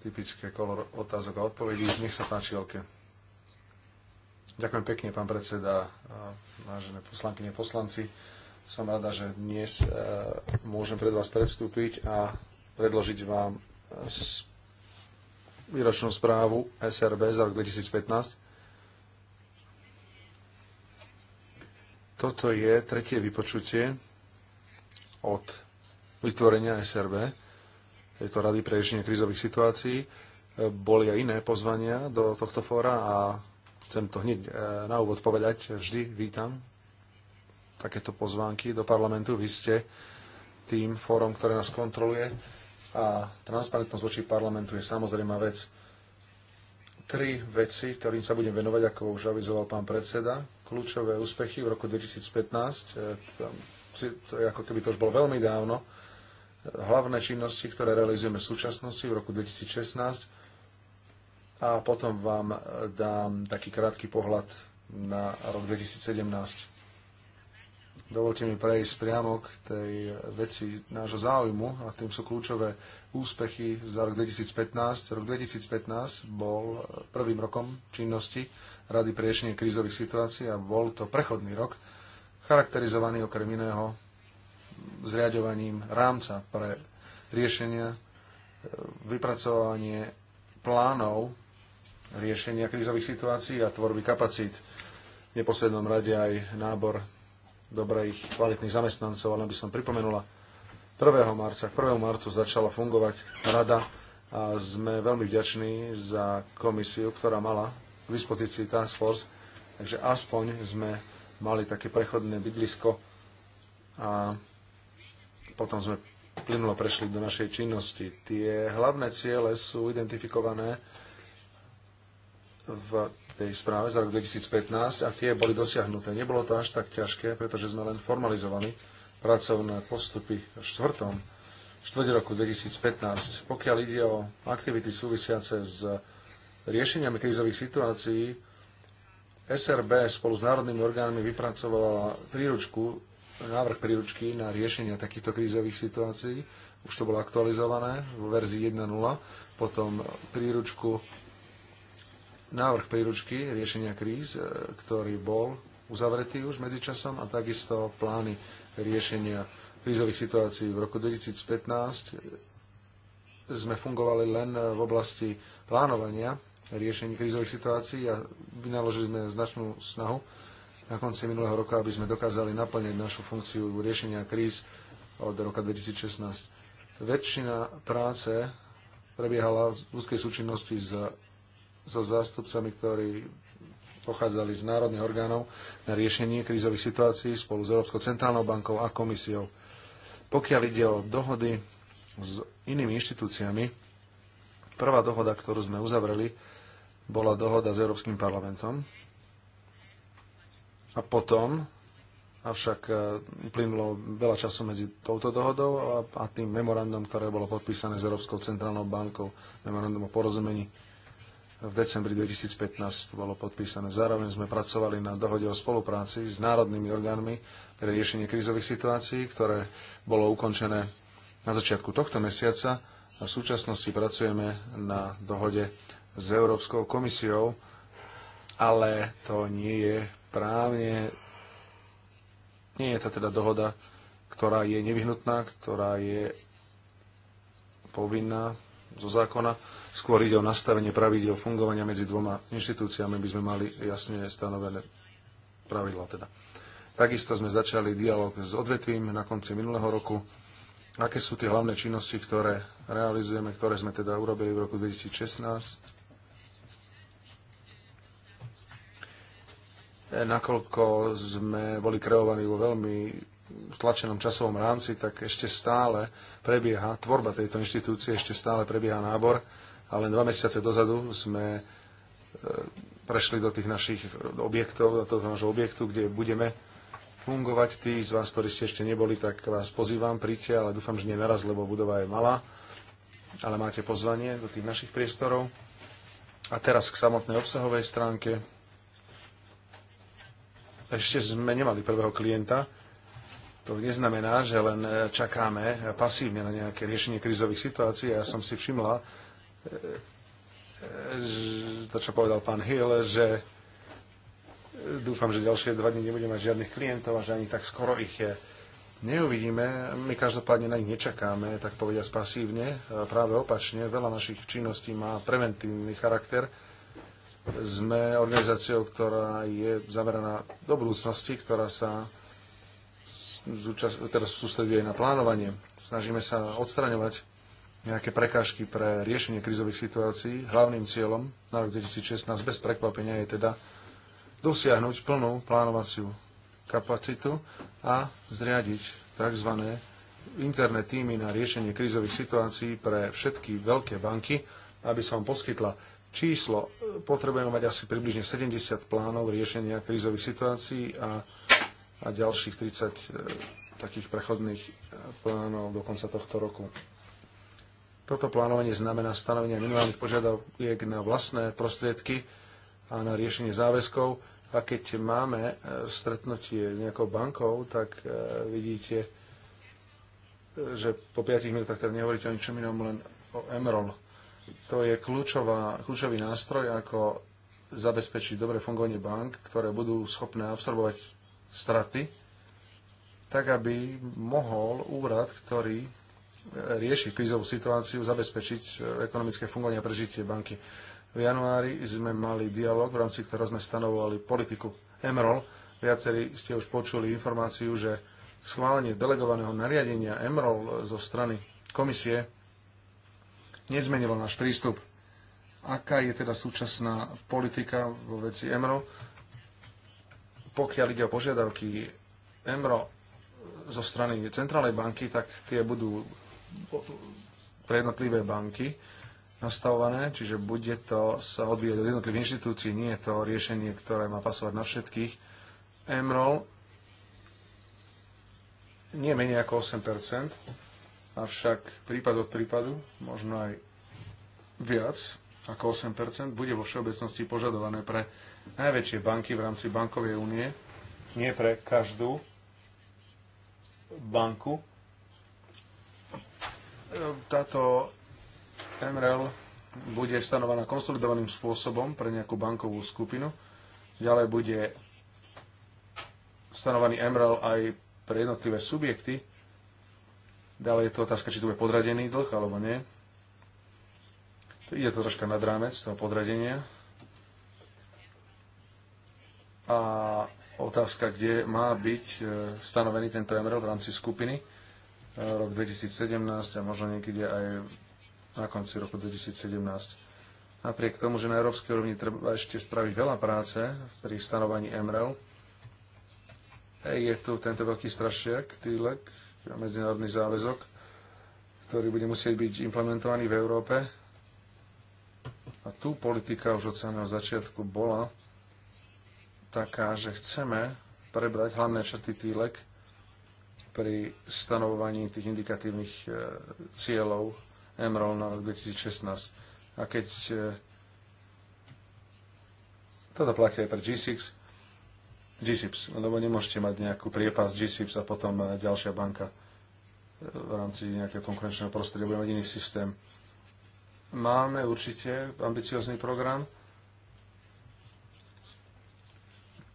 typické kolo otázok a odpovedí. Nech sa páči, Elke. Ďakujem pekne, pán predseda, vážené poslankyne, poslanci. Som rada, že dnes e, môžem pred vás predstúpiť a predložiť vám výročnú správu SRB za rok 2015. Toto je tretie vypočutie od vytvorenia SRB, tejto Rady pre riešenie krízových situácií. E, boli aj iné pozvania do tohto fóra a chcem to hneď e, na úvod povedať. Vždy vítam takéto pozvánky do parlamentu. Vy ste tým fórom, ktoré nás kontroluje a transparentnosť voči parlamentu je samozrejme vec. Tri veci, ktorým sa budem venovať, ako už avizoval pán predseda. Kľúčové úspechy v roku 2015, e, to je ako keby to už bolo veľmi dávno. Hlavné činnosti, ktoré realizujeme v súčasnosti v roku 2016 a potom vám dám taký krátky pohľad na rok 2017. Dovolte mi prejsť priamo k tej veci nášho záujmu a tým sú kľúčové úspechy za rok 2015. Rok 2015 bol prvým rokom činnosti Rady pre riešenie krízových situácií a bol to prechodný rok, charakterizovaný okrem iného zriadovaním rámca pre riešenia, e, vypracovanie plánov riešenia krízových situácií a tvorby kapacít. V neposlednom rade aj nábor dobrých, kvalitných zamestnancov, ale by som pripomenula, 1. marca, k 1. marcu začala fungovať rada a sme veľmi vďační za komisiu, ktorá mala k dispozícii Task Force, takže aspoň sme mali také prechodné bydlisko a potom sme plynulo prešli do našej činnosti. Tie hlavné ciele sú identifikované v tej správe za rok 2015 a tie boli dosiahnuté. Nebolo to až tak ťažké, pretože sme len formalizovali pracovné postupy v štvrtom štvrť roku 2015. Pokiaľ ide o aktivity súvisiace s riešeniami krízových situácií, SRB spolu s národnými orgánmi vypracovala príručku, návrh príručky na riešenia takýchto krízových situácií. Už to bolo aktualizované v verzii 1.0, potom príručku návrh príručky riešenia kríz, e, ktorý bol uzavretý už medzičasom a takisto plány riešenia krízových situácií. V roku 2015 e, sme fungovali len v oblasti plánovania riešení krízových situácií a vynaložili sme značnú snahu na konci minulého roka, aby sme dokázali naplňať našu funkciu riešenia kríz od roka 2016. Väčšina práce prebiehala v úzkej súčinnosti s so zástupcami, ktorí pochádzali z národných orgánov na riešenie krízových situácií spolu s Európskou centrálnou bankou a komisiou. Pokiaľ ide o dohody s inými inštitúciami, prvá dohoda, ktorú sme uzavreli, bola dohoda s Európskym parlamentom. A potom, avšak e, uplynulo veľa času medzi touto dohodou a, tým memorandum, ktoré bolo podpísané s Európskou centrálnou bankou, memorandum o porozumení v decembri 2015 bolo podpísané. Zároveň sme pracovali na dohode o spolupráci s národnými orgánmi pre riešenie krízových situácií, ktoré bolo ukončené na začiatku tohto mesiaca. A v súčasnosti pracujeme na dohode s Európskou komisiou, ale to nie je právne, nie je to teda dohoda, ktorá je nevyhnutná, ktorá je povinná zo zákona Skôr ide o nastavenie pravidel fungovania medzi dvoma inštitúciami, by sme mali jasne stanovené pravidla teda. Takisto sme začali dialog s odvetvím na konci minulého roku. Aké sú tie hlavné činnosti, ktoré realizujeme, ktoré sme teda urobili v roku 2016? Nakoľko sme boli kreovaní vo veľmi stlačenom časovom rámci, tak ešte stále prebieha tvorba tejto inštitúcie, ešte stále prebieha nábor ale dva mesiace dozadu sme e, prešli do tých našich objektov, do toho nášho objektu, kde budeme fungovať. Tí z vás, ktorí ste ešte neboli, tak vás pozývam, príďte, ale dúfam, že nie naraz, lebo budova je malá, ale máte pozvanie do tých našich priestorov. A teraz k samotnej obsahovej stránke. Ešte sme nemali prvého klienta. To neznamená, že len e, čakáme pasívne na nejaké riešenie krízových situácií. Ja som si všimla, E, e, e, to, čo povedal pán Hill, že dúfam, že ďalšie dva dni nebudeme mať žiadnych klientov a že ani tak skoro ich je neuvidíme. My každopádne na nich nečakáme, tak povedia pasívne. Práve opačne, veľa našich činností má preventívny charakter. Sme organizáciou, ktorá je zameraná do budúcnosti, ktorá sa teraz sústreduje na plánovanie. Snažíme sa odstraňovať nejaké prekážky pre riešenie krízových situácií. Hlavným cieľom na rok 2016 bez prekvapenia je teda dosiahnuť plnú plánovaciu kapacitu a zriadiť tzv. interné týmy na riešenie krízových situácií pre všetky veľké banky, aby som poskytla číslo. Potrebujeme mať asi približne 70 plánov riešenia krízových situácií a, a ďalších 30 e, takých prechodných e, plánov do konca tohto roku. Toto plánovanie znamená stanovenie minimálnych požiadaviek na vlastné prostriedky a na riešenie záväzkov. A keď máme e, stretnutie nejakou bankou, tak e, vidíte, e, že po 5 minútach teda nehovoríte o ničom inom, len o MROL. To je kľúčová, kľúčový nástroj, ako zabezpečiť dobré fungovanie bank, ktoré budú schopné absorbovať straty, tak aby mohol úrad, ktorý riešiť krízovú situáciu, zabezpečiť e, ekonomické fungovanie a prežitie banky. V januári sme mali dialog, v rámci ktorého sme stanovovali politiku MROL. Viacerí ste už počuli informáciu, že schválenie delegovaného nariadenia MROL e, zo strany komisie nezmenilo náš prístup. Aká je teda súčasná politika vo veci MRO? Pokiaľ ide o požiadavky MRO e, zo strany centrálnej banky, tak tie budú pre jednotlivé banky nastavované, čiže bude to sa odvíjať od jednotlivých inštitúcií, nie je to riešenie, ktoré má pasovať na všetkých. MROL nie menej ako 8%, avšak prípad od prípadu, možno aj viac ako 8%, bude vo všeobecnosti požadované pre najväčšie banky v rámci bankovej únie, nie pre každú banku, táto MREL bude stanovaná konsolidovaným spôsobom pre nejakú bankovú skupinu. Ďalej bude stanovaný MREL aj pre jednotlivé subjekty. Ďalej je to otázka, či tu bude podradený dlh alebo nie. Ide to troška nad rámec toho podradenia. A otázka, kde má byť e, stanovený tento MREL v rámci skupiny rok 2017 a možno niekedy aj na konci roku 2017. Napriek tomu, že na európskej úrovni treba ešte spraviť veľa práce pri stanovaní MREL, je tu tento veľký strašiak, týlek, medzinárodný záväzok, ktorý bude musieť byť implementovaný v Európe. A tu politika už od samého začiatku bola taká, že chceme prebrať hlavné črty týlek pri stanovovaní tých indikatívnych e, cieľov MROL na rok 2016. A keď e, toto platí aj pre G6, GSIPS, lebo nemôžete mať nejakú priepas GSIPS a potom e, ďalšia banka v rámci nejakého konkurenčného prostredia bude mať iný systém. Máme určite ambiciózny program,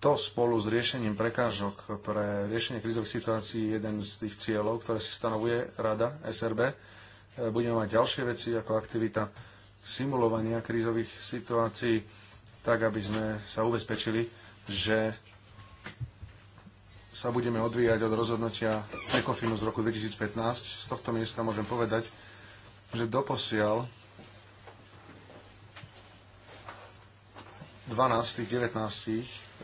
to spolu s riešením prekážok pre riešenie krizových situácií je jeden z tých cieľov, ktoré si stanovuje Rada SRB. E, budeme mať ďalšie veci ako aktivita simulovania krízových situácií, tak aby sme sa ubezpečili, že sa budeme odvíjať od rozhodnutia ECOFINu z roku 2015. Z tohto miesta môžem povedať, že doposiaľ 12 z tých 19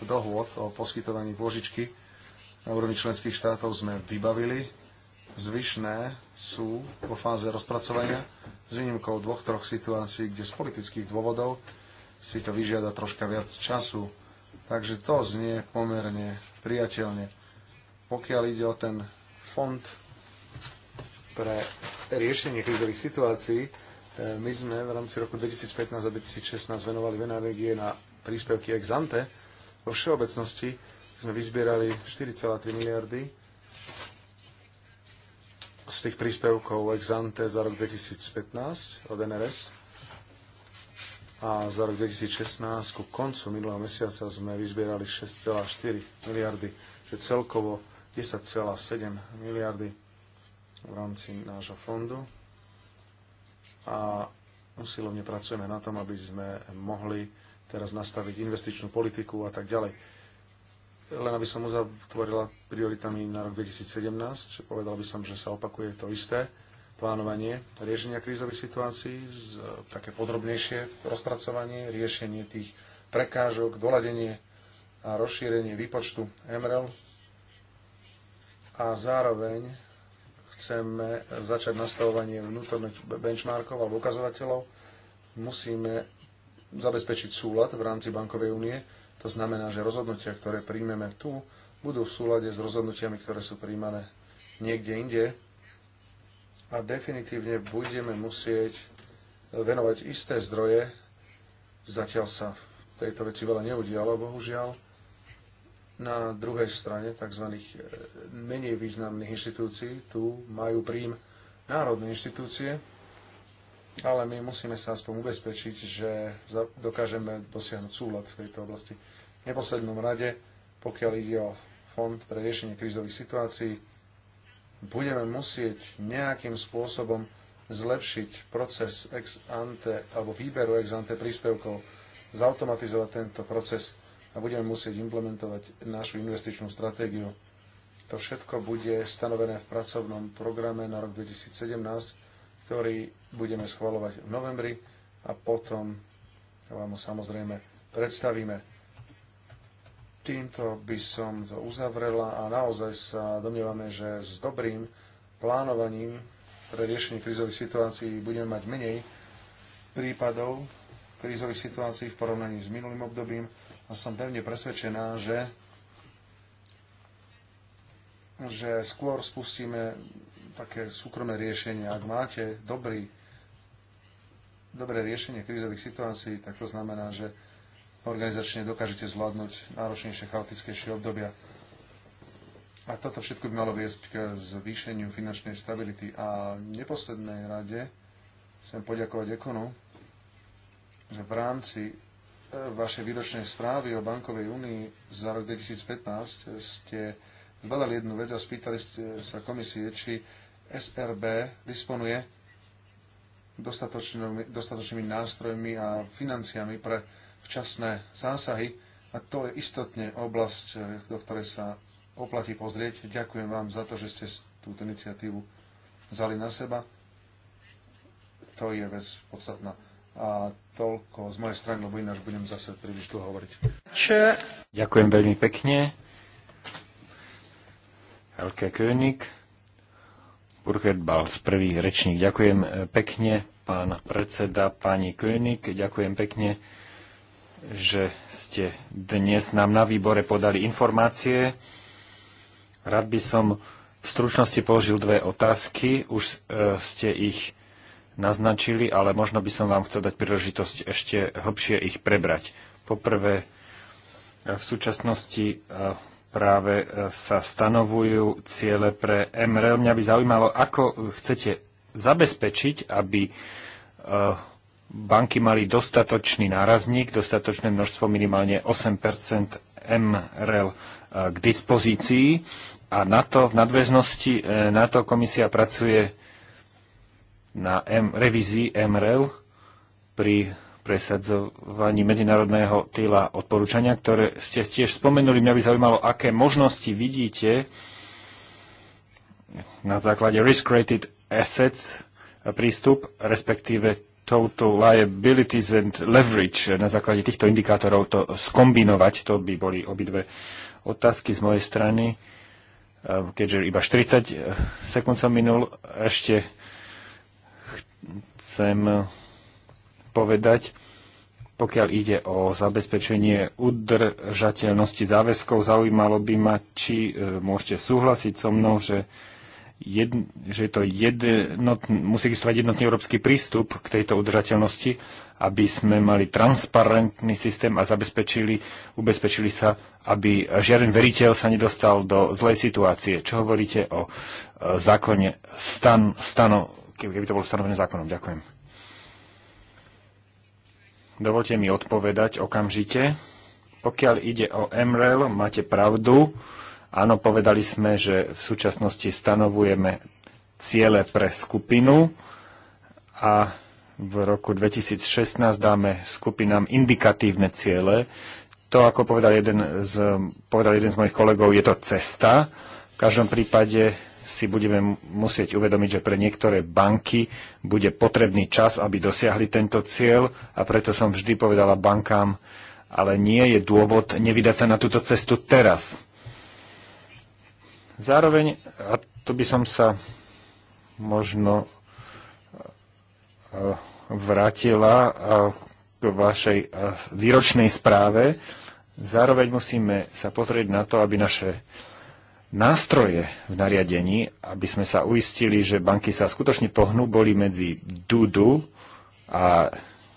dohôd o poskytovaní pôžičky na úrovni členských štátov sme vybavili. Zvyšné sú vo fáze rozpracovania s výnimkou dvoch, troch situácií, kde z politických dôvodov si to vyžiada troška viac času. Takže to znie pomerne priateľne. Pokiaľ ide o ten fond pre riešenie krizových situácií, e, my sme v rámci roku 2015 a 2016 venovali vená na príspevky ex ante vo všeobecnosti sme vyzbierali 4,3 miliardy z tých príspevkov ex ante za rok 2015 od NRS a za rok 2016 ku koncu minulého mesiaca sme vyzbierali 6,4 miliardy, že celkovo 10,7 miliardy v rámci nášho fondu a usilovne pracujeme na tom, aby sme mohli teraz nastaviť investičnú politiku a tak ďalej. Len aby som uzatvorila prioritami na rok 2017, povedal by som, že sa opakuje to isté plánovanie riešenia krízových situácií, e, také podrobnejšie rozpracovanie, riešenie tých prekážok, doladenie a rozšírenie výpočtu MRL a zároveň chceme začať nastavovanie vnútorných benchmarkov alebo ukazovateľov. Musíme zabezpečiť súlad v rámci bankovej únie. To znamená, že rozhodnutia, ktoré príjmeme tu, budú v súlade s rozhodnutiami, ktoré sú príjmané niekde inde. A definitívne budeme musieť venovať isté zdroje. Zatiaľ sa v tejto veci veľa neudialo, bohužiaľ. Na druhej strane tzv. E, menej významných inštitúcií tu majú príjm národné inštitúcie, ale my musíme sa aspoň ubezpečiť, že dokážeme dosiahnuť súlad v tejto oblasti. V neposlednom rade, pokiaľ ide o fond pre riešenie krízových situácií, budeme musieť nejakým spôsobom zlepšiť proces ex ante alebo výberu ex ante príspevkov, zautomatizovať tento proces a budeme musieť implementovať našu investičnú stratégiu. To všetko bude stanovené v pracovnom programe na rok 2017 ktorý budeme schvalovať v novembri a potom vám ho samozrejme predstavíme. Týmto by som to uzavrela a naozaj sa domnievame, že s dobrým plánovaním pre riešenie krízových situácií budeme mať menej prípadov krízových situácií v porovnaní s minulým obdobím a som pevne presvedčená, že že skôr spustíme také súkromné riešenie. Ak máte dobrý, dobré riešenie krízových situácií, tak to znamená, že organizačne dokážete zvládnuť náročnejšie, chaotickejšie obdobia. A toto všetko by malo viesť k zvýšeniu finančnej stability. A v neposlednej rade chcem poďakovať Ekonu, že v rámci e, vašej výročnej správy o bankovej únii za rok 2015 ste zbadali jednu vec a spýtali ste sa komisie, či SRB disponuje dostatočnými, dostatočnými nástrojmi a financiami pre včasné zásahy a to je istotne oblasť, do ktorej sa oplatí pozrieť. Ďakujem vám za to, že ste túto iniciatívu vzali na seba. To je vec podstatná. A toľko z mojej strany, lebo ináč budem zase príliš dlho hovoriť. Ďakujem veľmi pekne. Elke König prvý rečník. Ďakujem e, pekne, pán predseda, pani König, ďakujem pekne, že ste dnes nám na výbore podali informácie. Rád by som v stručnosti položil dve otázky, už e, ste ich naznačili, ale možno by som vám chcel dať príležitosť ešte hlbšie ich prebrať. Poprvé, e, v súčasnosti práve e, sa stanovujú ciele pre MRL. Mňa by zaujímalo, ako chcete zabezpečiť, aby e, banky mali dostatočný nárazník, dostatočné množstvo minimálne 8 MRL e, k dispozícii a na to v nadväznosti na to komisia pracuje na revízii MRL pri presadzovaní medzinárodného týla odporúčania, ktoré ste tiež spomenuli. Mňa by zaujímalo, aké možnosti vidíte na základe risk-rated assets prístup, respektíve total liabilities and leverage. Na základe týchto indikátorov to skombinovať, to by boli obidve otázky z mojej strany. Keďže iba 40 sekúnd som minul, ešte chcem povedať, pokiaľ ide o zabezpečenie udržateľnosti záväzkov, zaujímalo by ma, či e, môžete súhlasiť so mnou, že jed, že to jednot, musí existovať jednotný európsky prístup k tejto udržateľnosti, aby sme mali transparentný systém a zabezpečili, ubezpečili sa, aby žiaden veriteľ sa nedostal do zlej situácie. Čo hovoríte o e, zákone stan, stano, keby to bolo stanovené zákonom? Ďakujem. Dovolte mi odpovedať okamžite. Pokiaľ ide o MREL, máte pravdu. Áno, povedali sme, že v súčasnosti stanovujeme ciele pre skupinu a v roku 2016 dáme skupinám indikatívne ciele. To, ako povedal jeden z, povedal jeden z mojich kolegov, je to cesta. V každom prípade si budeme musieť uvedomiť, že pre niektoré banky bude potrebný čas, aby dosiahli tento cieľ a preto som vždy povedala bankám, ale nie je dôvod nevydať sa na túto cestu teraz. Zároveň, a tu by som sa možno e, vrátila e, k vašej e, výročnej správe, zároveň musíme sa pozrieť na to, aby naše nástroje v nariadení, aby sme sa uistili, že banky sa skutočne pohnú, boli medzi dudu a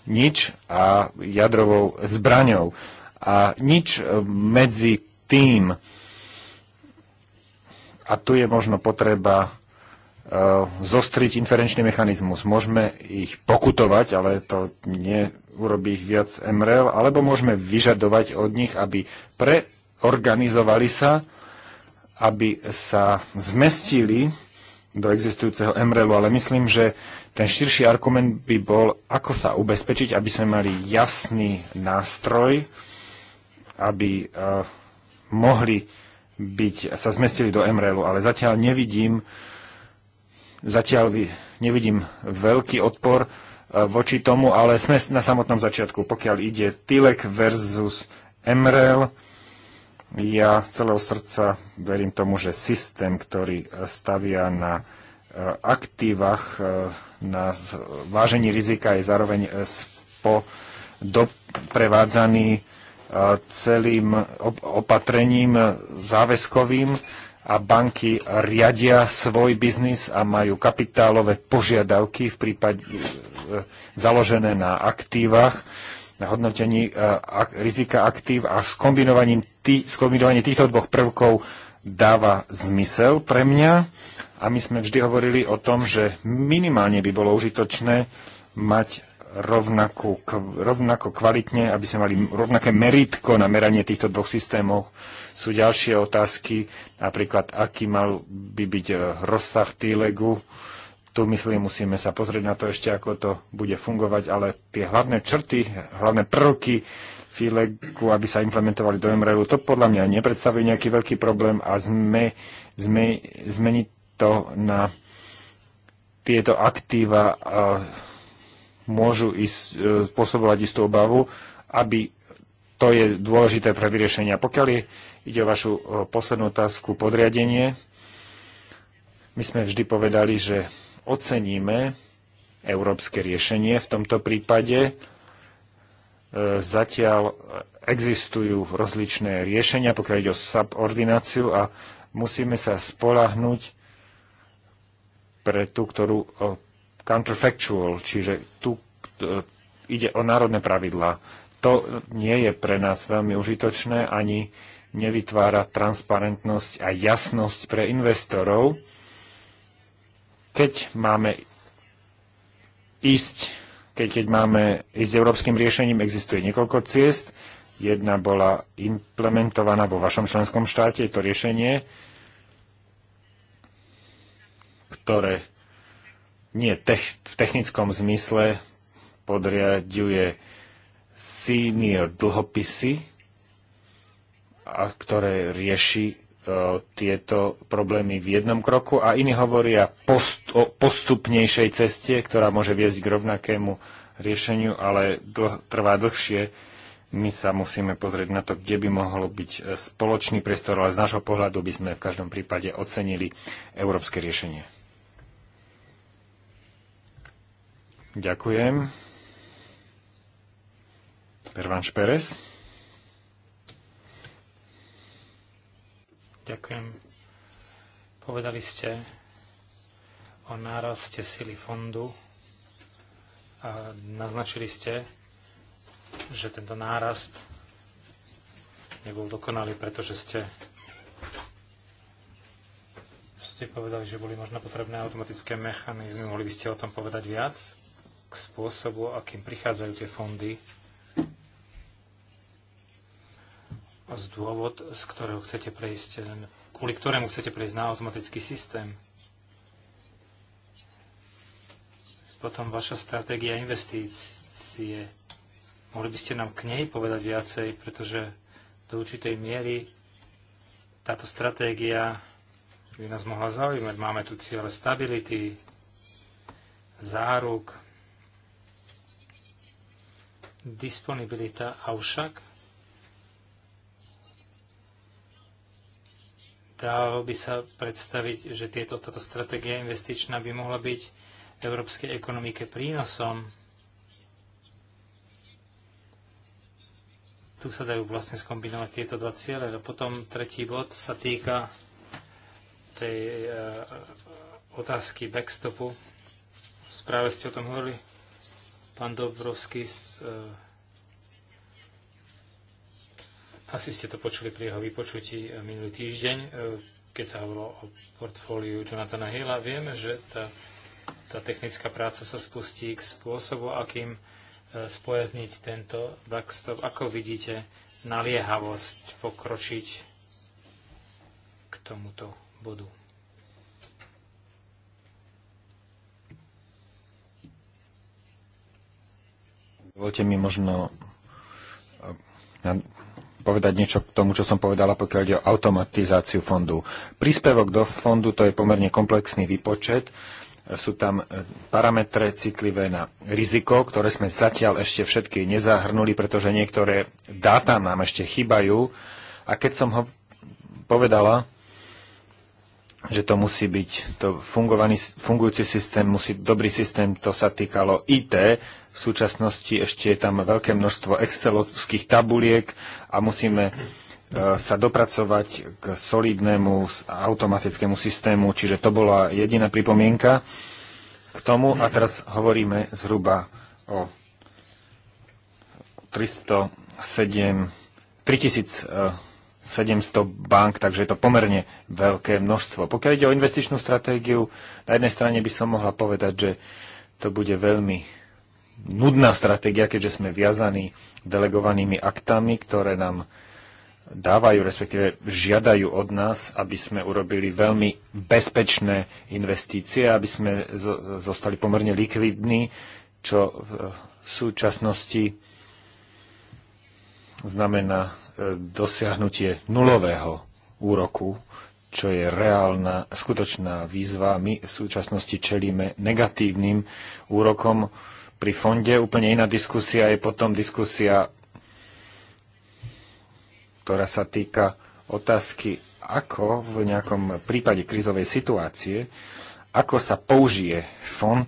nič a jadrovou zbraňou. A nič e, medzi tým. A tu je možno potreba e, zostriť inferenčný mechanizmus. Môžeme ich pokutovať, ale to neurobí ich viac MRL, alebo môžeme vyžadovať od nich, aby preorganizovali sa aby sa zmestili do existujúceho MRLu, ale myslím, že ten širší argument by bol, ako sa ubezpečiť, aby sme mali jasný nástroj, aby uh, mohli byť, sa zmestili do MRL-u, ale zatiaľ nevidím, zatiaľ nevidím veľký odpor uh, voči tomu, ale sme na samotnom začiatku, pokiaľ ide TILEK versus MREL, ja z celého srdca verím tomu, že systém, ktorý e, stavia na e, aktívach, e, na vážení rizika je zároveň spo, celým opatrením záväzkovým a banky riadia svoj biznis a majú kapitálové požiadavky v prípade založené na aktívach na hodnotení eh, rizika aktív a skombinovaním tý, skombinovanie týchto dvoch prvkov dáva zmysel pre mňa. A my sme vždy hovorili o tom, že minimálne by bolo užitočné mať rovnakú, rovnako kvalitne, aby sme mali rovnaké meritko na meranie týchto dvoch systémov. Sú ďalšie otázky, napríklad aký mal by byť eh, rozsah týlegu, legu tu myslím, musíme sa pozrieť na to ešte, ako to bude fungovať, ale tie hlavné črty, hlavné prvky Fileku, aby sa implementovali do MRL-u, to podľa mňa nepredstavuje nejaký veľký problém a zme, zme, zmeniť to na tieto aktíva môžu ísť, e, spôsobovať istú obavu, aby to je dôležité pre vyriešenie. Pokiaľ je, ide o vašu e, poslednú otázku, podriadenie, my sme vždy povedali, že oceníme európske riešenie v tomto prípade. E, zatiaľ existujú rozličné riešenia, pokiaľ ide o subordináciu a musíme sa spolahnuť pre tú, ktorú counterfactual, čiže tu e, ide o národné pravidlá. To nie je pre nás veľmi užitočné, ani nevytvára transparentnosť a jasnosť pre investorov keď máme ísť, keď, keď máme ísť európskym riešením, existuje niekoľko ciest. Jedna bola implementovaná vo vašom členskom štáte, je to riešenie, ktoré nie tech, v technickom zmysle podriaduje senior dlhopisy, a ktoré rieši tieto problémy v jednom kroku a iní hovoria post, o postupnejšej ceste, ktorá môže viesť k rovnakému riešeniu, ale dlh, trvá dlhšie. My sa musíme pozrieť na to, kde by mohol byť spoločný priestor, ale z nášho pohľadu by sme v každom prípade ocenili európske riešenie. Ďakujem. Pervan Šperes. Ďakujem. Povedali ste o náraste sily fondu a naznačili ste, že tento nárast nebol dokonalý, pretože ste ste povedali, že boli možno potrebné automatické mechanizmy. Mohli by ste o tom povedať viac? K spôsobu, akým prichádzajú tie fondy z dôvod, z ktorého chcete prejsť, kvôli ktorému chcete prejsť na automatický systém. Potom vaša stratégia investície. Mohli by ste nám k nej povedať viacej, pretože do určitej miery táto stratégia by nás mohla zaujímať. Máme tu cieľe stability, záruk, disponibilita, avšak Dalo by sa predstaviť, že tieto, táto stratégia investičná by mohla byť európskej ekonomike prínosom. Tu sa dajú vlastne skombinovať tieto dva ciele. A potom tretí bod sa týka tej uh, otázky backstopu. Správe ste o tom hovorili. Pán Dobrovský z uh, asi ste to počuli pri jeho vypočutí eh, minulý týždeň, eh, keď sa hovorilo o portfóliu Jonathana Hilla. Vieme, že tá, tá technická práca sa spustí k spôsobu, akým eh, spojazniť tento backstop. Ako vidíte, naliehavosť pokročiť k tomuto bodu. Dovolte mi možno povedať niečo k tomu, čo som povedala, pokiaľ ide o automatizáciu fondu. Príspevok do fondu to je pomerne komplexný výpočet. Sú tam e, parametre citlivé na riziko, ktoré sme zatiaľ ešte všetky nezahrnuli, pretože niektoré dáta nám ešte chýbajú. A keď som ho povedala, že to musí byť, to fungovaný, fungujúci systém musí, dobrý systém, to sa týkalo IT, v súčasnosti ešte je tam veľké množstvo excelovských tabuliek a musíme e, sa dopracovať k solidnému automatickému systému, čiže to bola jediná pripomienka k tomu a teraz hovoríme zhruba o 307, 3700 bank, takže je to pomerne veľké množstvo. Pokiaľ ide o investičnú stratégiu, na jednej strane by som mohla povedať, že to bude veľmi nudná stratégia, keďže sme viazaní delegovanými aktami, ktoré nám dávajú, respektíve žiadajú od nás, aby sme urobili veľmi bezpečné investície, aby sme zostali pomerne likvidní, čo v súčasnosti znamená e, dosiahnutie nulového úroku, čo je reálna, skutočná výzva. My v súčasnosti čelíme negatívnym úrokom, pri fonde. Úplne iná diskusia je potom diskusia, ktorá sa týka otázky, ako v nejakom prípade krizovej situácie, ako sa použije fond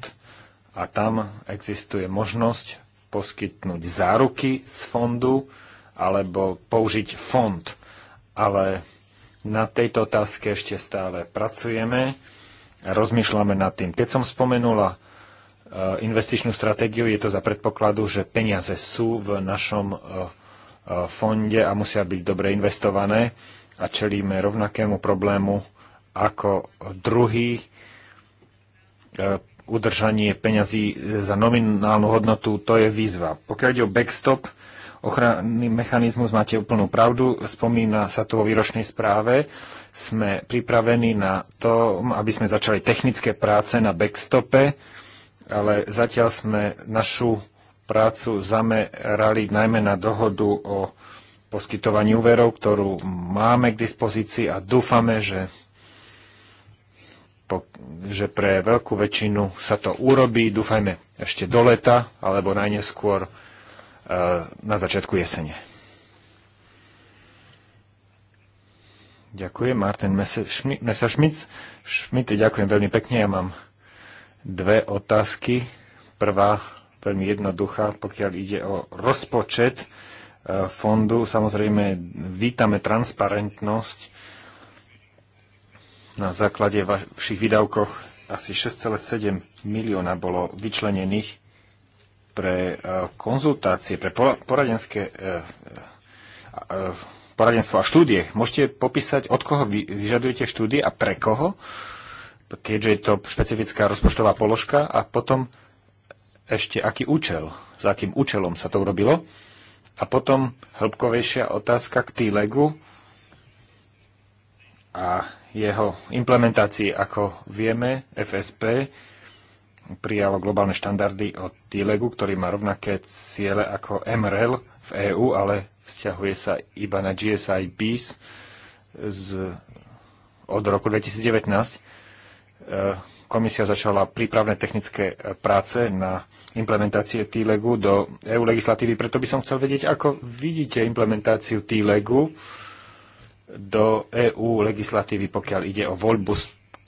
a tam existuje možnosť poskytnúť záruky z fondu alebo použiť fond. Ale na tejto otázke ešte stále pracujeme a rozmýšľame nad tým. Keď som spomenula Eh, investičnú stratégiu. Je to za predpokladu, že peniaze sú v našom eh, eh, fonde a musia byť dobre investované a čelíme rovnakému problému ako druhý udržanie peňazí za nominálnu hodnotu, to je výzva. Pokiaľ ide o backstop, ochranný mechanizmus, máte úplnú pravdu, spomína sa tu o výročnej správe, sme pripravení na to, aby sme začali technické práce na backstope, ale zatiaľ sme našu prácu zamerali najmä na dohodu o poskytovaní úverov, ktorú máme k dispozícii a dúfame, že, po, že pre veľkú väčšinu sa to urobí, dúfajme ešte do leta alebo najneskôr e, na začiatku jesene. Ďakujem, Martin Messerschmidt. Schmidt, ďakujem veľmi pekne, ja mám dve otázky. Prvá, veľmi jednoduchá, pokiaľ ide o rozpočet e, fondu. Samozrejme, vítame transparentnosť na základe vašich výdavkoch asi 6,7 milióna bolo vyčlenených pre e, konzultácie, pre poradenské e, poradenstvo a štúdie. Môžete popísať, od koho vyžadujete štúdie a pre koho? keďže je to špecifická rozpočtová položka a potom ešte aký účel, za akým účelom sa to urobilo. A potom hĺbkovejšia otázka k t T-Legu a jeho implementácii. Ako vieme, FSP prijalo globálne štandardy od T-Legu, ktorý má rovnaké ciele ako MRL v EÚ, ale vzťahuje sa iba na GSI BIS z, od roku 2019. E, komisia začala prípravné technické e, práce na implementácie legu do EU legislatívy. Preto by som chcel vedieť, ako vidíte implementáciu T-Legu do EU legislatívy, pokiaľ ide o voľbu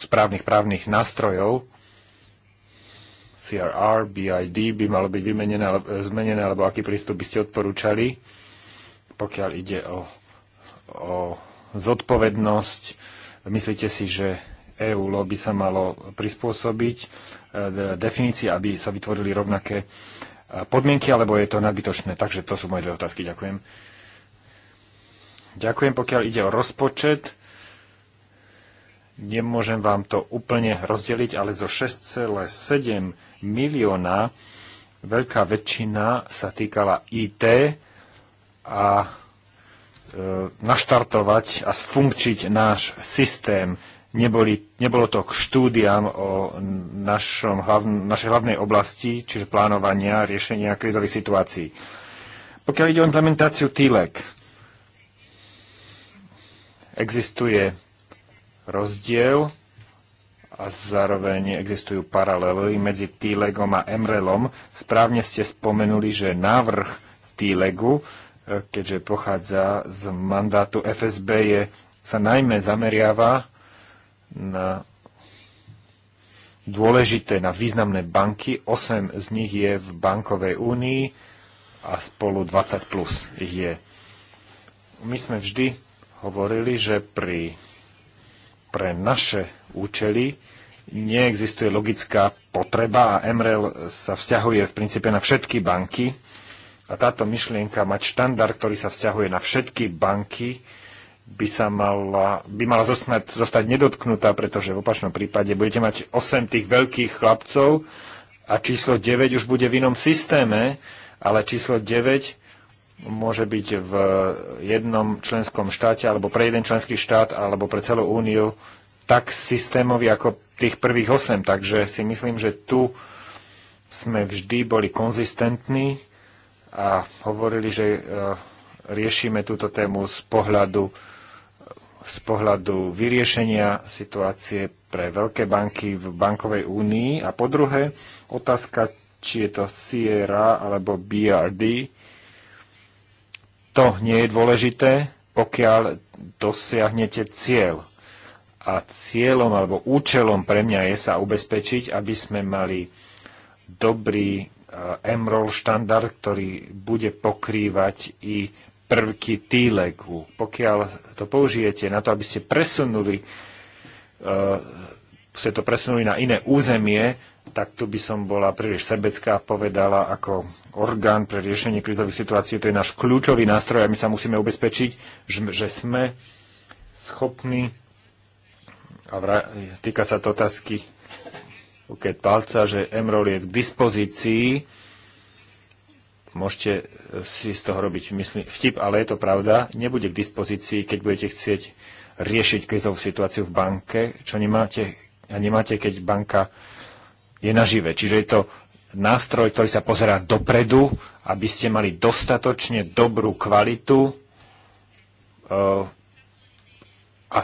správnych právnych nástrojov. CRR, BID by malo byť vymenené, e, zmenené, alebo aký prístup by ste odporúčali, pokiaľ ide o, o zodpovednosť. Myslíte si, že EÚ by sa malo prispôsobiť e, definícii, aby sa vytvorili rovnaké e, podmienky, alebo je to nadbytočné. Takže to sú moje dve otázky. Ďakujem. Ďakujem, pokiaľ ide o rozpočet. Nemôžem vám to úplne rozdeliť, ale zo 6,7 milióna veľká väčšina sa týkala IT a e, naštartovať a sfunkčiť náš systém. Neboli, nebolo to k štúdiám o našom hlavn, našej hlavnej oblasti, čiže plánovania, riešenia krizových situácií. Pokiaľ ide o implementáciu TILEK, existuje rozdiel a zároveň existujú paralely medzi t e a MRELom. Správne ste spomenuli, že návrh T-legu, e, keďže pochádza z mandátu FSB, je, sa najmä zameriava na dôležité, na významné banky. 8 z nich je v bankovej únii a spolu 20 plus ich je. My sme vždy hovorili, že pri, pre naše účely neexistuje logická potreba a MREL sa vzťahuje v princípe na všetky banky. A táto myšlienka mať štandard, ktorý sa vzťahuje na všetky banky, by, sa mala, by mala zostať, zostať nedotknutá, pretože v opačnom prípade budete mať 8 tých veľkých chlapcov a číslo 9 už bude v inom systéme, ale číslo 9 môže byť v jednom členskom štáte alebo pre jeden členský štát alebo pre celú úniu tak systémový ako tých prvých 8. Takže si myslím, že tu sme vždy boli konzistentní a hovorili, že e, riešime túto tému z pohľadu z pohľadu vyriešenia situácie pre veľké banky v bankovej únii a po druhé otázka, či je to Sierra alebo BRD. To nie je dôležité, pokiaľ dosiahnete cieľ. A cieľom alebo účelom pre mňa je sa ubezpečiť, aby sme mali dobrý eh, MROL štandard, ktorý bude pokrývať i prvky t Pokiaľ to použijete na to, aby ste presunuli, uh, ste to presunuli na iné územie, tak tu by som bola príliš sebecká povedala, ako orgán pre riešenie krizových situácií, to je náš kľúčový nástroj a my sa musíme ubezpečiť, že sme schopní, a vra- týka sa to otázky keď palca, že MROL je k dispozícii, Môžete e, si z toho robiť myslím, vtip, ale je to pravda. Nebude k dispozícii, keď budete chcieť riešiť krizovú situáciu v banke, čo nemáte, a nemáte, keď banka je nažive. Čiže je to nástroj, ktorý sa pozerá dopredu, aby ste mali dostatočne dobrú kvalitu e, a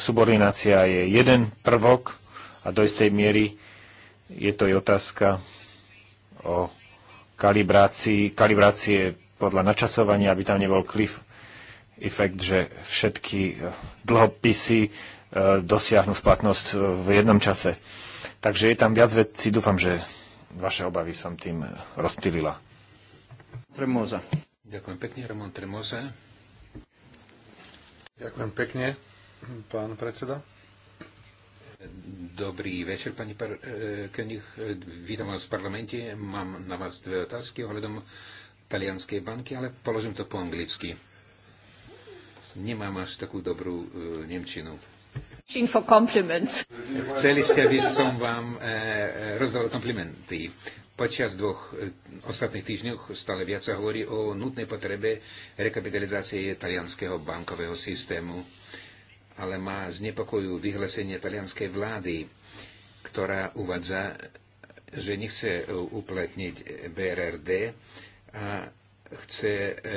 subordinácia je jeden prvok a do istej miery je to aj otázka o kalibrácie podľa načasovania, aby tam nebol cliff efekt, že všetky eh, dlhopisy eh, dosiahnu splatnosť eh, v jednom čase. Takže je tam viac vecí, dúfam, že vaše obavy som tým rozptýlila. Tremoza. Ďakujem pekne, Ramon Tremoza. Ďakujem pekne, pán predseda. Dobrý večer, pani par- e, König. Vítam vás v parlamente. Mám na vás dve otázky ohľadom talianskej banky, ale položím to po anglicky. Nemám až takú dobrú e, nemčinu. For compliments. Chceli ste, aby som vám e, e, rozdal komplimenty. Počas dvoch e, ostatných týždňov stále viac sa hovorí o nutnej potrebe rekapitalizácie talianského bankového systému ale má znepokojujú vyhlásenie talianskej vlády, ktorá uvádza, že nechce e, uplatniť BRRD a chce e, e, e,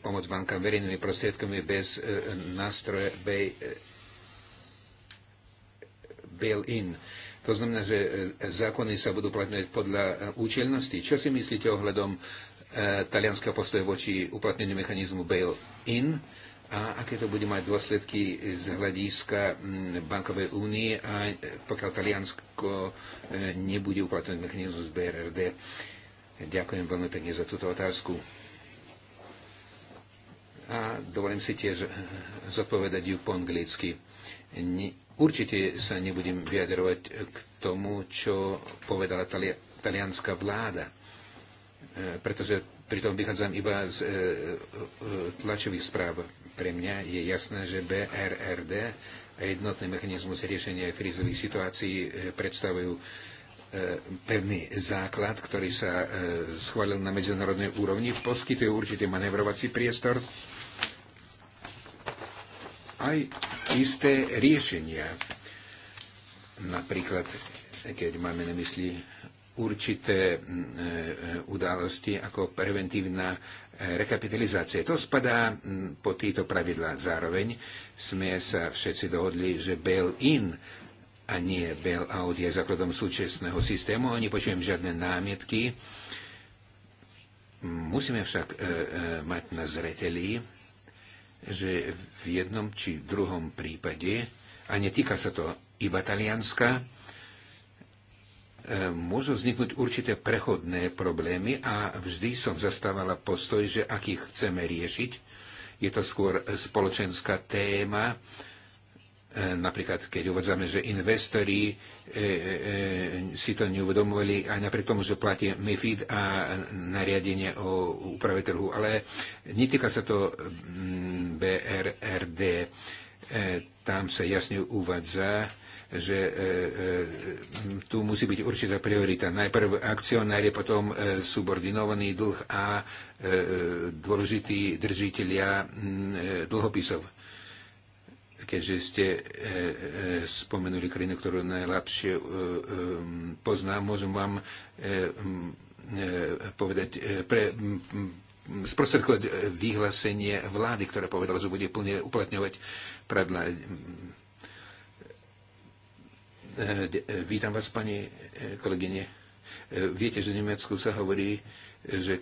pomôcť bankám verejnými prostriedkami bez e, nástroje e, bail-in. To znamená, že zákony sa budú platňovať podľa účelnosti. Čo si myslíte ohľadom e, talianského postoja voči uplatneniu mechanizmu bail-in? E, a aké to bude mať dôsledky z hľadiska mm, bankovej únie, a e, pokiaľ Taliansko e, nebude uplatňovať mechanizmus BRRD. Ďakujem veľmi pekne za túto otázku. A dovolím si tiež e, zodpovedať ju po anglicky. Určite sa nebudem vyjadrovať k tomu, čo povedala talianská vláda, pretože pritom vychádzam iba z tlačových správ pre mňa je jasné, že BRRD a jednotný mechanizmus riešenia krízových situácií e, predstavujú e, pevný základ, ktorý sa e, schválil na medzinárodnej úrovni, poskytuje určitý manevrovací priestor aj isté riešenia. Napríklad, keď máme na mysli určité udalosti ako preventívna rekapitalizácie. To spadá mm, po týto pravidlá. Zároveň sme sa všetci dohodli, že bail-in a nie bail-out je základom súčasného systému. Oni počujem žiadne námietky. Musíme však e, e, mať na zreteli, že v jednom či druhom prípade, a netýka sa to iba Talianska, E, môžu vzniknúť určité prechodné problémy a vždy som zastávala postoj, že ak ich chceme riešiť, je to skôr spoločenská téma, e, napríklad keď uvádzame, že investori e, si to neuvedomovali aj napriek tomu, že platí MIFID a nariadenie o úprave trhu, ale netýka sa to mm, BRRD. tam sa jasne uvádza, že e, e, tu musí byť určitá priorita. Najprv akcionári, potom e, subordinovaný dlh a dôležití držiteľia dlhopisov. Keďže ste spomenuli krajinu, ktorú najlepšie poznám, môžem vám povedať, pre, sprostredkovať vyhlásenie vlády, ktorá povedala, že bude plne uplatňovať pravidla Eh, eh, vítam vás, pani eh, kolegyne. Viete, že v Nemecku sa hovorí, že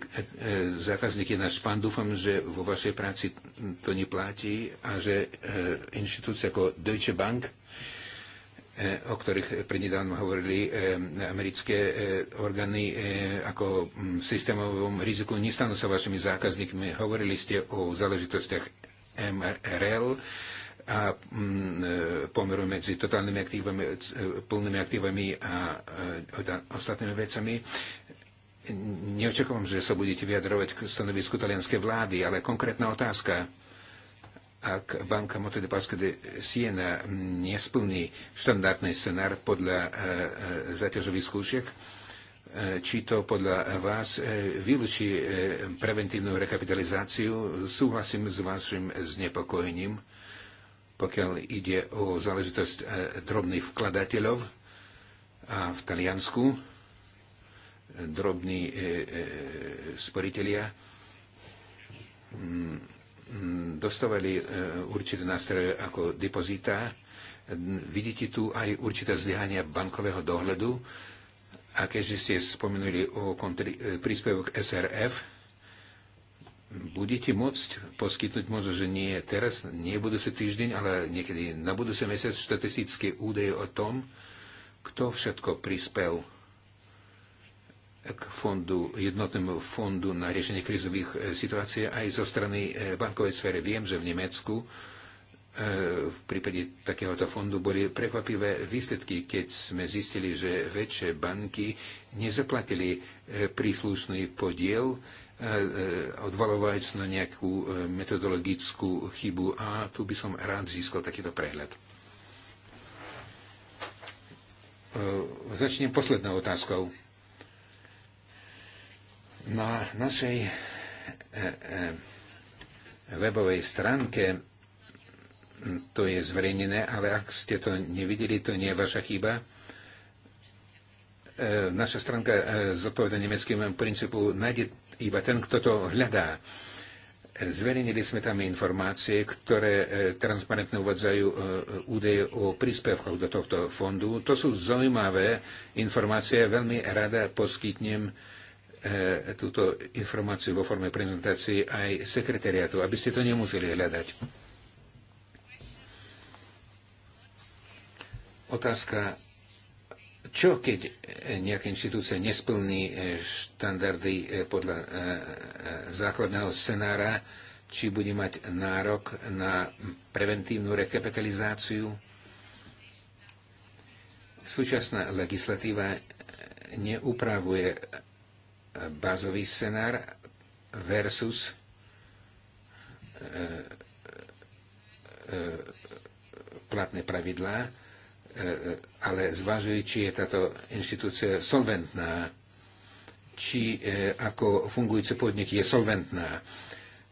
zákazník je náš pán. Dúfam, že vo vašej práci to neplatí a že inštitúcie ako Deutsche Bank, o ktorých prednedávno hovorili americké orgány ako hm, systémovom riziku, nestanú sa vašimi zákazníkmi. Hovorili ste o záležitostiach MRL a mm, e, pomeru medzi totálnymi aktívami, e, plnými aktívami e, a ostatnými vecami. Neočakávam, že sa budete vyjadrovať k stanovisku talianskej vlády, ale konkrétna otázka. Ak banka Moto de de Siena nesplní štandardný scenár podľa zaťažových skúšiek, či to podľa vás vylúči preventívnu rekapitalizáciu. Súhlasím s vašim znepokojením pokiaľ ide o záležitosť e, drobných vkladateľov a v Taliansku e, drobní e, sporiteľia dostávali určité nástroje ako depozita. Vidíte tu aj určité zlyhania bankového dohľadu. A keďže ste spomenuli o kontri- príspevok SRF, budete môcť poskytnúť, možno, že nie teraz, nie budúci týždeň, ale niekedy na budúci mesiac štatistické údaje o tom, kto všetko prispel k fondu, jednotnému fondu na riešenie krizových e, situácií aj zo strany e, bankovej sféry. Viem, že v Nemecku e, v prípade takéhoto fondu boli prekvapivé výsledky, keď sme zistili, že väčšie banky nezaplatili príslušný podiel Eh, odvalovať na nejakú eh, metodologickú chybu a tu by som rád získal takýto prehľad. Eh, začnem poslednou otázkou. Na našej webovej stránke to je zverejnené, ale ak ste to nevideli, to nie je vaša chyba. Naša stránka zodpoveda nemeckým princípu nájde iba ten, kto to hľadá. Zverejnili sme tam informácie, ktoré e, transparentne uvádzajú e, údaje o príspevkoch do tohto fondu. To sú zaujímavé informácie. Veľmi rada poskytnem e, túto informáciu vo forme prezentácií aj sekretariatu, aby ste to nemuseli hľadať. Otázka čo keď e, nejaká inštitúcia nesplní e, štandardy e, podľa základného scenára, či bude mať nárok na preventívnu rekapitalizáciu? Súčasná legislatíva neupravuje bázový scenár versus platné pravidlá Eh, ale zvažuje, či je táto inštitúcia solventná, či eh, ako fungujúce podnik je solventná.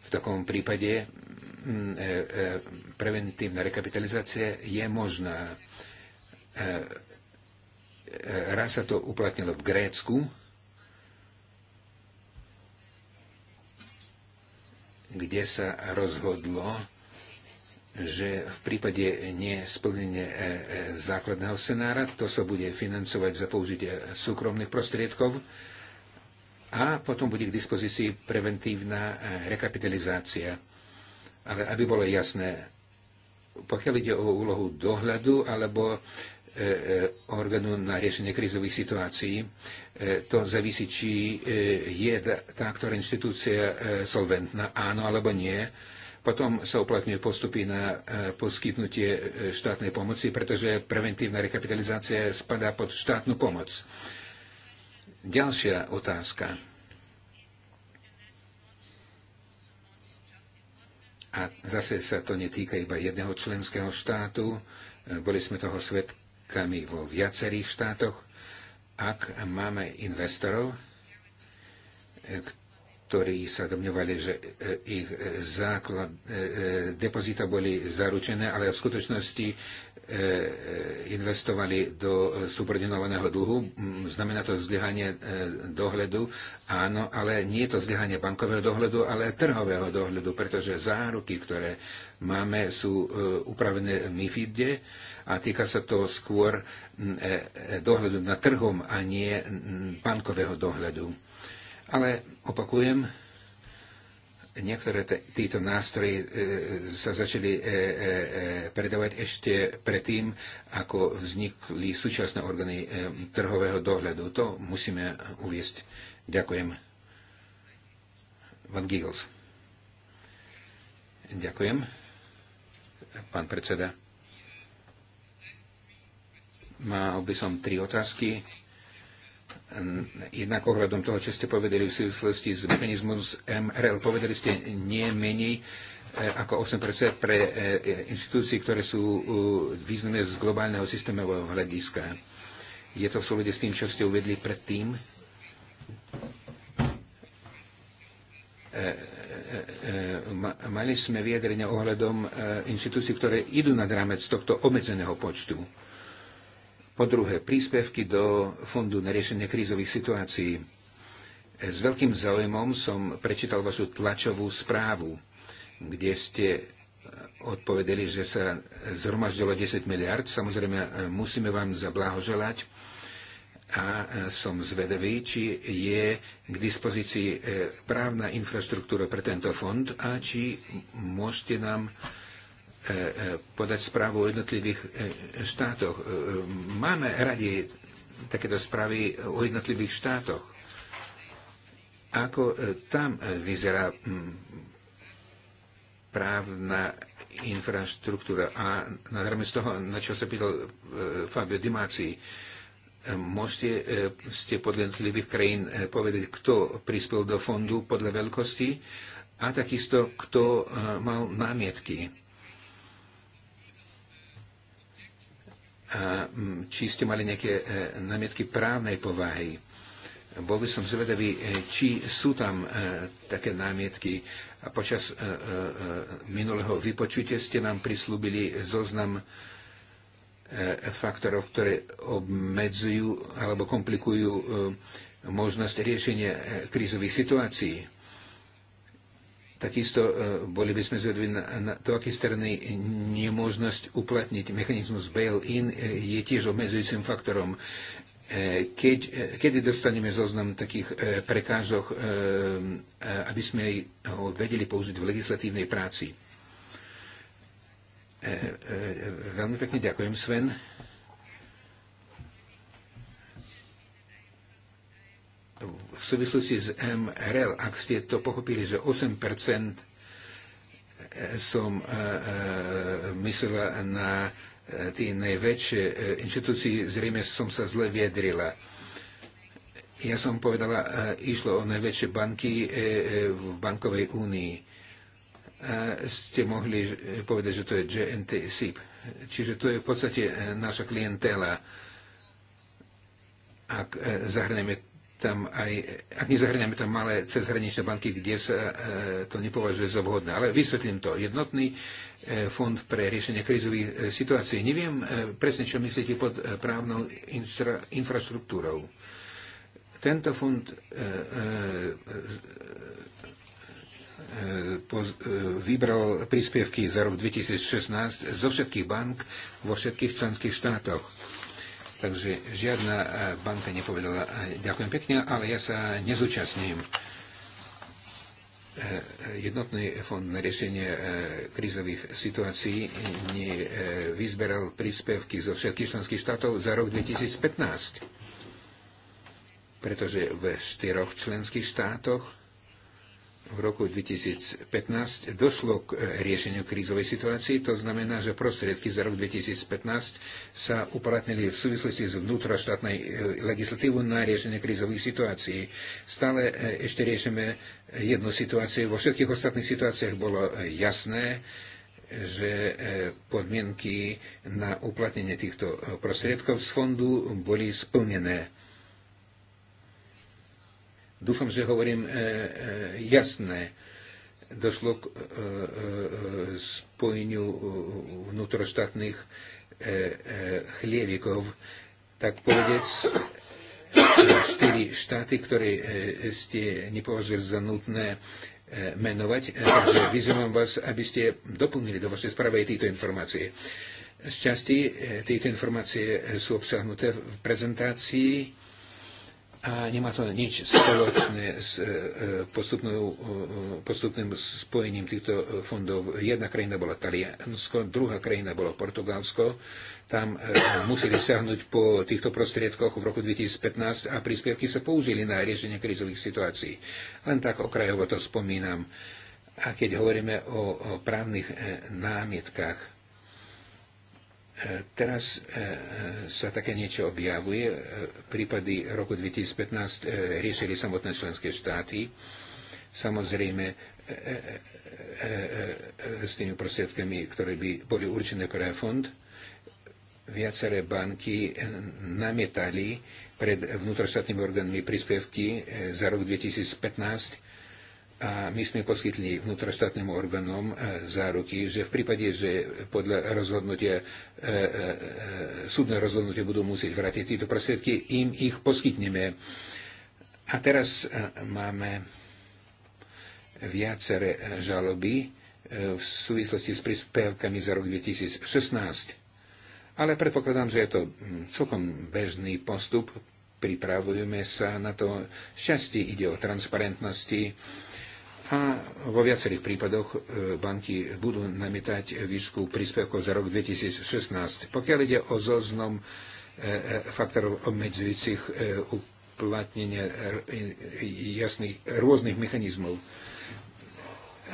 V takom prípade mm, eh, preventívna rekapitalizácia je možná. Raz sa to uplatnilo v Grécku, kde sa rozhodlo, že v prípade nesplnenia e, e, základného scenára to sa bude financovať za použitie súkromných prostriedkov a potom bude k dispozícii preventívna e, rekapitalizácia. Ale aby bolo jasné, pokiaľ ide o úlohu dohľadu alebo orgánu na riešenie krizových situácií. To zavisí, či je tá, ktorá inštitúcia solventná, áno alebo nie potom sa uplatňuje postupy na e, poskytnutie e, štátnej pomoci, pretože preventívna rekapitalizácia spadá pod štátnu pomoc. Ďalšia otázka. A zase sa to netýka iba jedného členského štátu. E, boli sme toho svetkami vo viacerých štátoch. Ak máme investorov, ktorí sa domňovali, že e, ich e, základ, e, depozita boli zaručené, ale v skutočnosti investovali do subordinovaného dlhu. Mm, znamená to zlyhanie dohľadu, áno, ale nie je to zlyhanie bankového dohľadu, ale trhového dohľadu, pretože záruky, ktoré máme, sú upravené v MIFIDE a týka sa to skôr mm, dohľadu na trhom a nie mm, bankového dohľadu. Ale Opakujem, niektoré títo nástroje e, e sa začali e, e, e, predávať ešte predtým, ako vznikli súčasné orgány e, trhového dohľadu. To musíme uviesť. Ďakujem. Van Giegels. Ďakujem. Pán predseda. Mal by som tri otázky jednak ohľadom toho, čo ste povedali v súvislosti s mechanizmus MRL. Povedali ste nie menej e, ako 8% pre e, e, inštitúcie, ktoré sú významné z globálneho systémového hľadiska. Je to v súlede s tým, čo ste uvedli predtým? Mali sme vyjadrenia ohľadom inštitúcií, ktoré idú nad rámec tohto obmedzeného počtu po druhé, príspevky do Fondu na riešenie krízových situácií. S veľkým záujmom som prečítal vašu tlačovú správu, kde ste e, odpovedali, že sa zhromaždilo 10 miliard. Samozrejme, e, musíme vám zablahoželať a e, som zvedavý, či je k dispozícii právna infraštruktúra pre tento fond a či môžete nám E, e, podať správu o jednotlivých e, štátoch. Máme radi takéto správy o jednotlivých štátoch. Ako tam vyzerá právna infraštruktúra. A na z toho, na čo sa pýtal Fabio Dimáci, môžete ste podľa jednotlivých krajín povedať, kto prispel do fondu podľa veľkosti a takisto, kto mal námietky Mm, či ste mali nejaké e, námietky právnej povahy. Bol by som zvedavý, e, či sú tam e, také námietky. A počas minulého vypočutia ste nám prislúbili zoznam faktorov, ktoré obmedzujú alebo komplikujú možnosť riešenia krízových situácií Takisto e, boli by sme zvedli na to, aký strany nemožnosť uplatniť mechanizmus bail-in e, je tiež obmedzujúcim faktorom. E, keď, kedy dostaneme zoznam takých prekážok, aby sme ho vedeli použiť v legislatívnej práci? Veľmi pekne ďakujem, Sven. v súvislosti s MRL, ak ste to pochopili, že 8% eh, som eh, eh, myslela na tie najväčšie inštitúcie, zrejme som sa zle viedrila. Ja som povedala, išlo o najväčšie banky v bankovej únii. Ste mohli povedať, že to je GNT SIP. Čiže to je v podstate naša klientela. Ak zahrneme tam aj, ak nezahrňame tam malé cezhraničné banky, kde sa e, to nepovažuje za vhodné. Ale vysvetlím to. Jednotný e, fond pre riešenie krizových e, situácií. Neviem presne, čo myslíte pod právnou infraštruktúrou. Tento fond vybral príspevky za rok 2016 zo všetkých bank vo všetkých členských štátoch Takže žiadna e, banka nepovedala, e, ďakujem pekne, ale ja sa nezúčastním. E, Jednotný fond na riešenie krízových situácií vyzberal príspevky zo všetkých členských štátov za rok 2015 pretože v štyroch členských štátoch v roku 2015 došlo k e, riešeniu krízovej situácii. To znamená, že prostriedky za rok 2015 sa uplatnili v súvislosti s vnútroštátnej e, legislatívou na riešenie krízových situácií. Stále e, ešte riešime jednu situáciu. Vo všetkých ostatných situáciách bolo jasné, že podmienky na uplatnenie týchto prostriedkov z fondu boli splnené Dúfam, že hovorím e, e, jasné. Došlo k e, spojeniu vnútroštátnych chlievikov, tak povedec, štyri štáty, ktoré ste nepovažili za nutné menovať. Takže vyzývam vás, aby ste doplnili do vašej správy aj tieto informácie. Z časti tieto informácie sú obsahnuté v prezentácii a nemá to nič spoločné s e, e, e, postupným spojením týchto fondov. Jedna krajina bola Taliansko, druhá krajina bola Portugalsko. Tam museli siahnuť po týchto prostriedkoch v roku 2015 a príspevky sa použili na riešenie krizových situácií. Len tak okrajovo to spomínam. A keď hovoríme o právnych námietkách, Teraz e, e, sa také niečo objavuje. E, prípady roku 2015 riešili samotné členské štáty. Samozrejme, s tými prostriedkami, ktoré by boli určené pre fond, viaceré banky namietali pred vnútroštátnymi orgánmi príspevky za rok 2015 a my sme poskytli vnútroštátnym orgánom e, záruky, že v prípade, že podľa rozhodnutia, e, e, súdne rozhodnutie budú musieť vrátiť tieto prostriedky, im ich poskytneme. A teraz máme viaceré žaloby v súvislosti s príspevkami za rok 2016. Ale predpokladám, že je to celkom bežný postup. Pripravujeme sa na to. Šťastie ide o transparentnosti a vo viacerých prípadoch e, banky budú namietať výšku príspevkov za rok 2016. Pokiaľ ide o zoznam e, e, faktorov obmedzujúcich uplatnenie jasných, rôznych mechanizmov,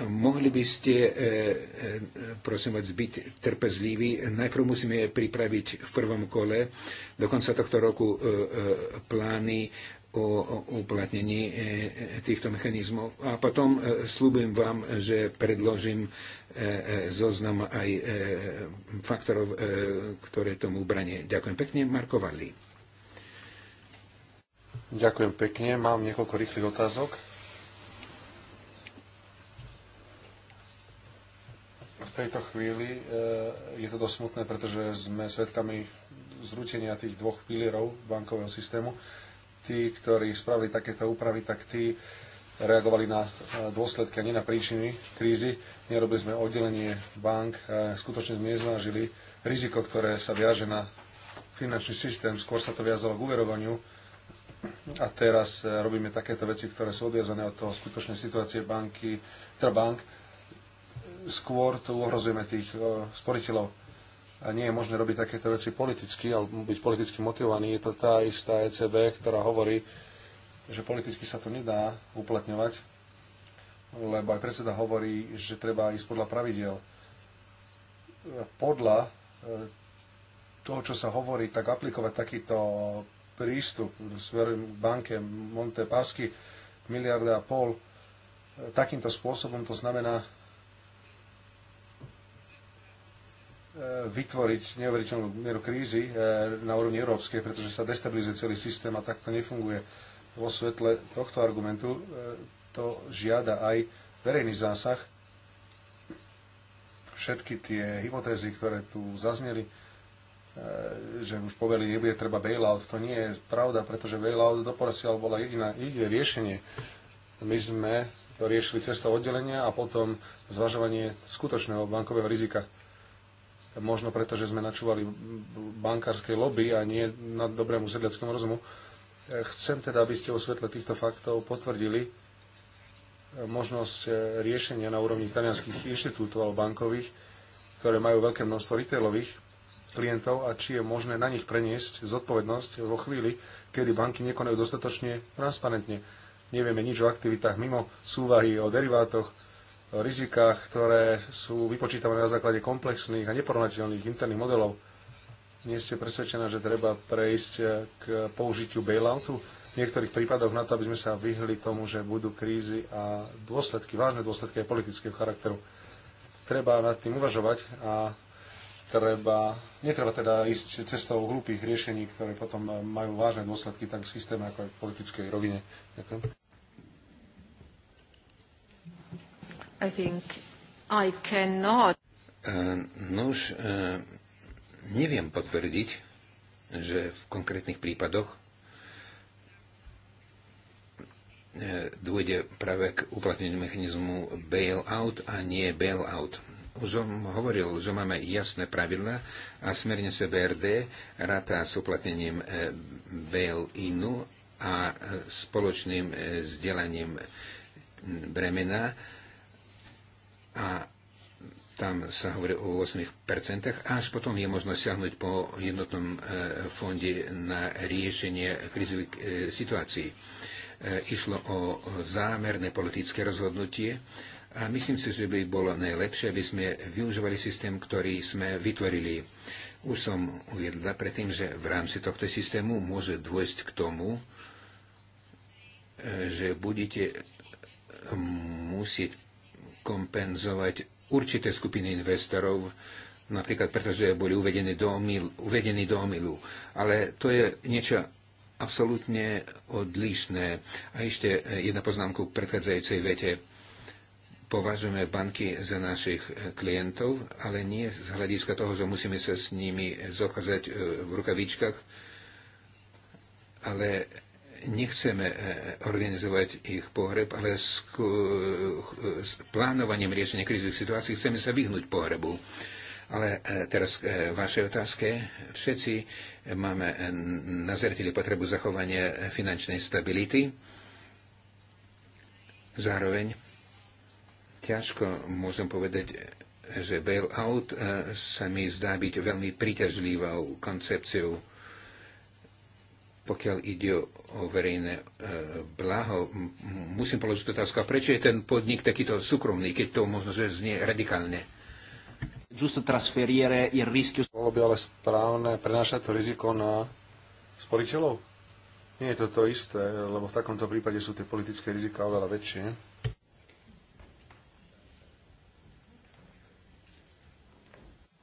mohli by ste, prosím vás, byť trpezliví. Najprv musíme pripraviť v prvom kole do konca tohto roku plány o uplatnení e, e, týchto mechanizmov. A potom e, slúbujem vám, že predložím zoznam aj faktorov, ktoré tomu branie. Ďakujem pekne, Marko Valli. Ďakujem pekne. Mám niekoľko rýchlych otázok. V tejto chvíli je to dosť smutné, pretože sme svedkami zrútenia tých dvoch pilierov bankového systému tí, ktorí spravili takéto úpravy, tak tí reagovali na e, dôsledky a nie na príčiny krízy. Nerobili sme oddelenie bank, e, skutočne sme neznážili riziko, ktoré sa viaže na finančný systém, skôr sa to viazalo k uverovaniu a teraz e, robíme takéto veci, ktoré sú odviazané od toho skutočnej situácie banky, teda bank. Skôr tu ohrozujeme tých sporiteľov a nie je možné robiť takéto veci politicky alebo byť politicky motivovaný. Je to tá istá ECB, ktorá hovorí, že politicky sa to nedá uplatňovať, lebo aj predseda hovorí, že treba ísť podľa pravidel. Podľa e, toho, čo sa hovorí, tak aplikovať takýto prístup smerom banke Monte Pasky miliarda a pol e, takýmto spôsobom, to znamená E, vytvoriť neuveriteľnú mieru krízy e, na úrovni európskej, pretože sa destabilizuje celý systém a takto nefunguje. Vo svetle tohto argumentu e, to žiada aj verejný zásah. Všetky tie hypotézy, ktoré tu zazneli, že už povedali, nebude treba bailout, to nie je pravda, pretože bailout doposiaľ bola jediná, jediné riešenie. My sme to riešili cestou oddelenia a potom zvažovanie skutočného bankového rizika možno preto, že sme načúvali bankárskej lobby a nie na dobrému sedliackému rozumu. E, chcem teda, aby ste o svetle týchto faktov potvrdili e, možnosť e, riešenia na úrovni italianských inštitútov alebo bankových, ktoré majú veľké množstvo retailových klientov a či je možné na nich preniesť zodpovednosť vo chvíli, kedy banky nekonajú dostatočne transparentne. Nevieme nič o aktivitách mimo súvahy, o derivátoch, rizikách, ktoré sú vypočítavané na základe komplexných a neporovnateľných interných modelov. Nie ste presvedčená, že treba prejsť eh, k použitiu bailoutu v niektorých prípadoch na to, aby sme sa vyhli tomu, že budú krízy a dôsledky, vážne dôsledky aj politického charakteru. Treba nad tým uvažovať a treba, netreba teda ísť cestou hlúpých riešení, ktoré potom eh, majú vážne dôsledky tak v systéme ako aj v politickej rovine. Ďakujem. I think I cannot. Ehm, no ehm, neviem potvrdiť, že v konkrétnych prípadoch ehm, dôjde práve k uplatneniu mechanizmu bail-out a nie bail-out. Už som hovoril, že máme jasné pravidla a smernice BRD ráta s uplatnením bail-inu a spoločným vzdelaním bremena a tam sa hovorí o 8%, až potom je možno siahnuť po jednotnom e, fonde na riešenie krizových e, situácií. E, išlo o zámerné politické rozhodnutie a myslím si, že by bolo najlepšie, aby sme využívali systém, ktorý sme vytvorili. Už som uviedla predtým, že v rámci tohto systému môže dôjsť k tomu, že budete musieť kompenzovať určité skupiny investorov, napríklad pretože boli uvedení do, omyl, uvedení do omylu. Ale to je niečo absolútne odlišné. A ešte e, jedna poznámku k predchádzajúcej vete. Považujeme banky za našich e, klientov, ale nie z hľadiska toho, že musíme sa s nimi zokázať e, v rukavičkách, ale nechceme e, organizovať ich pohreb, ale s, plánovaním riešenia krízových situácií chceme sa vyhnúť pohrebu. Ale e, teraz k e, vašej otázke. Všetci máme na zreteli potrebu zachovania finančnej stability. Zároveň ťažko môžem povedať, že bailout sa mi zdá byť veľmi príťažlivou koncepciou pokiaľ ide o verejné e, blaho, musím položiť otázku, a prečo je ten podnik takýto súkromný, keď to možno, že znie radikálne? Justo transferiere je rischio... Bolo by ale správne prenášať to riziko na sporiteľov? Nie je to to isté, lebo v takomto prípade sú tie politické rizika oveľa väčšie.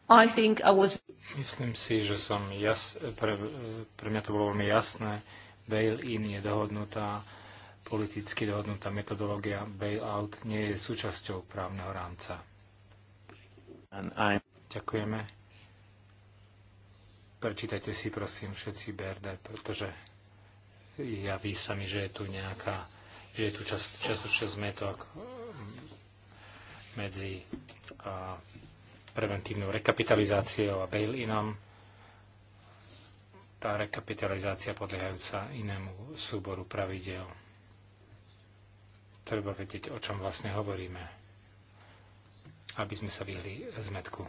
I think I was... Myslím si, že som jas... pre, pre mňa to bolo veľmi jasné. Bail-in je dohodnutá, politicky dohodnutá metodológia, bail-out nie je súčasťou právneho rámca. Ďakujeme. Prečítajte si prosím všetci BRD, pretože javí sa mi, že je tu nejaká, že je tu čas, čas zmetok mm, medzi a, preventívnou rekapitalizáciou a bail-inom. Tá rekapitalizácia podliehajúca inému súboru pravidel. Treba vedieť, o čom vlastne hovoríme, aby sme sa vyhli zmetku.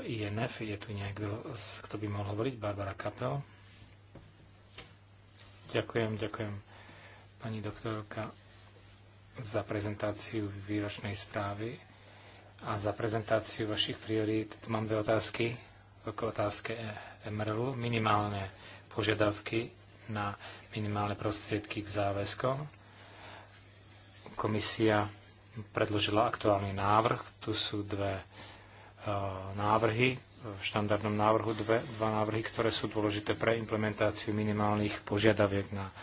INF, je tu niekto, kto by mohol hovoriť? Barbara Kapel. Ďakujem, ďakujem pani doktorka za prezentáciu výročnej správy a za prezentáciu vašich priorít. Mám dve otázky k otázke MRL. Minimálne požiadavky na minimálne prostriedky k záväzkom. Komisia predložila aktuálny návrh. Tu sú dve e, návrhy, v štandardnom návrhu dve, dva návrhy, ktoré sú dôležité pre implementáciu minimálnych požiadaviek na e,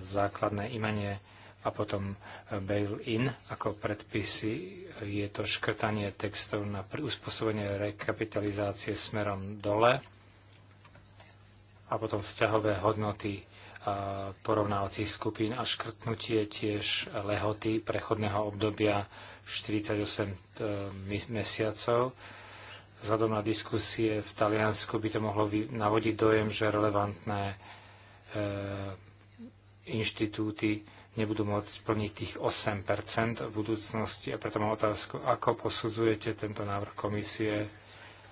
základné imanie a potom e, bail-in ako predpisy. Je to škrtanie textov na uspôsobenie rekapitalizácie smerom dole a potom vzťahové hodnoty e, porovnávacích skupín a škrtnutie tiež lehoty prechodného obdobia 48 e, mesiacov. Vzhľadom na diskusie v Taliansku by to mohlo navodiť dojem, že relevantné inštitúty nebudú môcť plniť tých 8 v budúcnosti. A preto mám otázku, ako posudzujete tento návrh komisie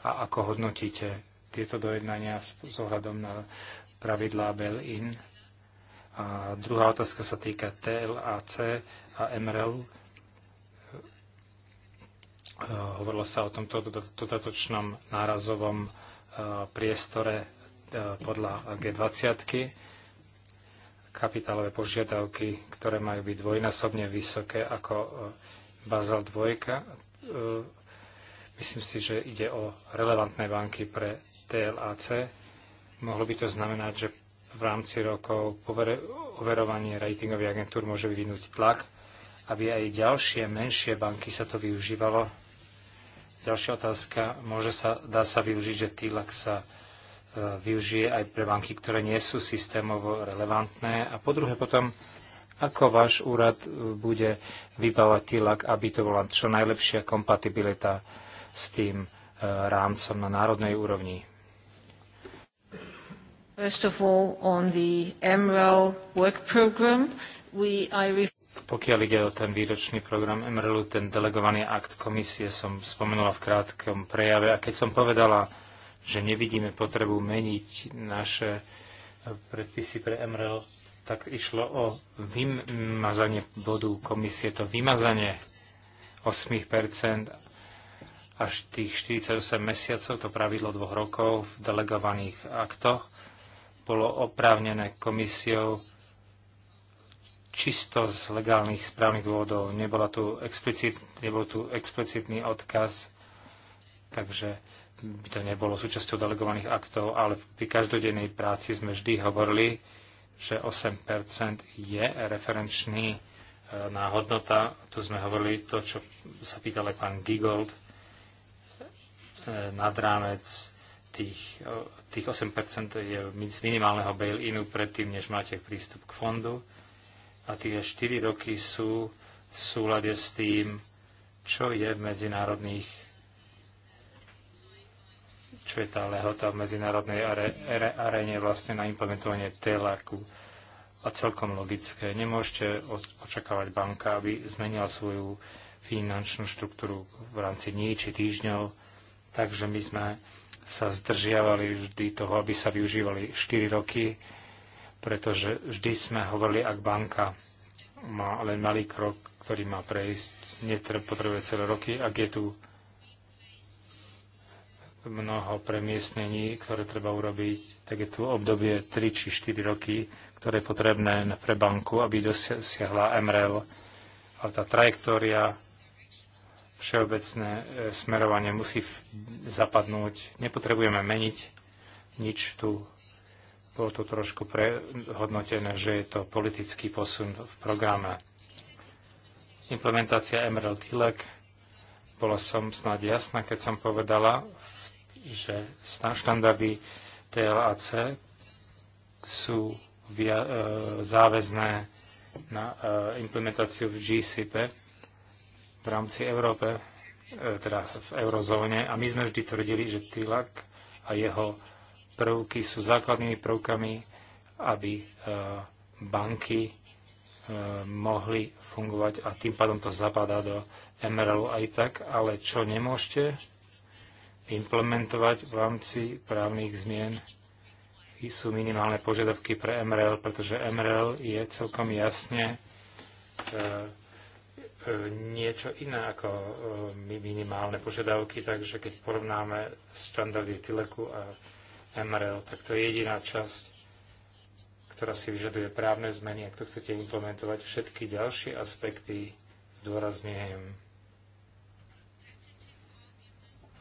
a ako hodnotíte tieto dojednania s ohľadom na pravidlá Bell-in. A druhá otázka sa týka TLAC a MRL. Hovorilo sa o tomto dodatočnom nárazovom e, priestore e, podľa G20. -ky kapitálové požiadavky, ktoré majú byť dvojnásobne vysoké ako e, Basel 2. E, myslím si, že ide o relevantné banky pre TLAC. Mohlo by to znamenať, že v rámci rokov overovanie ratingových agentúr môže vyvinúť tlak, aby aj ďalšie menšie banky sa to využívalo. Ďalšia otázka, môže sa, dá sa využiť, že TLAC sa E, využije aj pre banky, ktoré nie sú systémovo relevantné. A po druhé potom, ako váš úrad e, bude vybavať TILAK, aby to bola čo najlepšia kompatibilita s tým e, rámcom na národnej úrovni? First of all, on the MREL work program, we, I pokiaľ ide o ten výročný program MRL, ten delegovaný akt komisie som spomenula v krátkom prejave a keď som povedala, že nevidíme potrebu meniť naše predpisy pre MRL, tak išlo o vymazanie bodu komisie, to vymazanie 8% až tých 48 mesiacov, to pravidlo dvoch rokov v delegovaných aktoch, bolo oprávnené komisiou čisto z legálnych správnych dôvodov. Nebola tu explicit, nebol tu explicitný odkaz, takže by to nebolo súčasťou delegovaných aktov, ale pri každodennej práci sme vždy hovorili, že 8 je referenčný e, na hodnota. Tu sme hovorili to, čo sa pýtal aj pán Gigold e, nad rámec tých, e, tých 8 je z minimálneho bail-inu predtým, než máte prístup k fondu. A tie 4 roky sú v súlade s tým, čo je v medzinárodných čo je tá lehota v medzinárodnej are, arene vlastne na implementovanie TELAKu a celkom logické. Nemôžete očakávať banka, aby zmenila svoju finančnú štruktúru v rámci dní či týždňov, takže my sme sa zdržiavali vždy toho, aby sa využívali 4 roky, pretože vždy sme hovorili, ak banka má len malý krok, ktorý má prejsť, netreb, celé roky, ak je tu mnoho premiestnení, ktoré treba urobiť, tak je tu obdobie 3 či 4 roky, ktoré je potrebné pre banku, aby dosiahla MREL. A tá trajektória všeobecné e, smerovanie musí zapadnúť. Nepotrebujeme meniť nič tu. Bolo to trošku prehodnotené, že je to politický posun v programe. Implementácia MRL TILEC bola som snáď jasná, keď som povedala v že štandardy TLAC sú via, e, záväzné na e, implementáciu v GCP v rámci Európe, e, teda v eurozóne. A my sme vždy tvrdili, že TILAC a jeho prvky sú základnými prvkami, aby e, banky e, mohli fungovať a tým pádom to zapadá do MRL aj tak, ale čo nemôžete implementovať v rámci právnych zmien sú minimálne požiadavky pre MRL, pretože MRL je celkom jasne e, e, niečo iné ako e, minimálne požiadavky, takže keď porovnáme štandardy Tileku a MRL, tak to je jediná časť, ktorá si vyžaduje právne zmeny. Ak to chcete implementovať, všetky ďalšie aspekty zdôrazňujem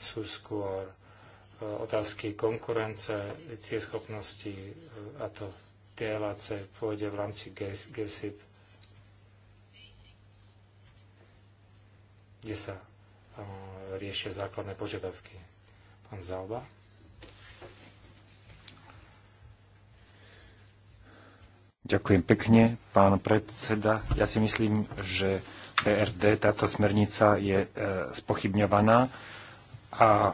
sú skôr e, otázky konkurence, schopnosti e, a to TLAC pôjde v rámci GESIP, kde sa e, riešia základné požiadavky. Pán Zalba. Ďakujem pekne, pán predseda. Ja si myslím, že BRD, táto smernica je spochybňovaná a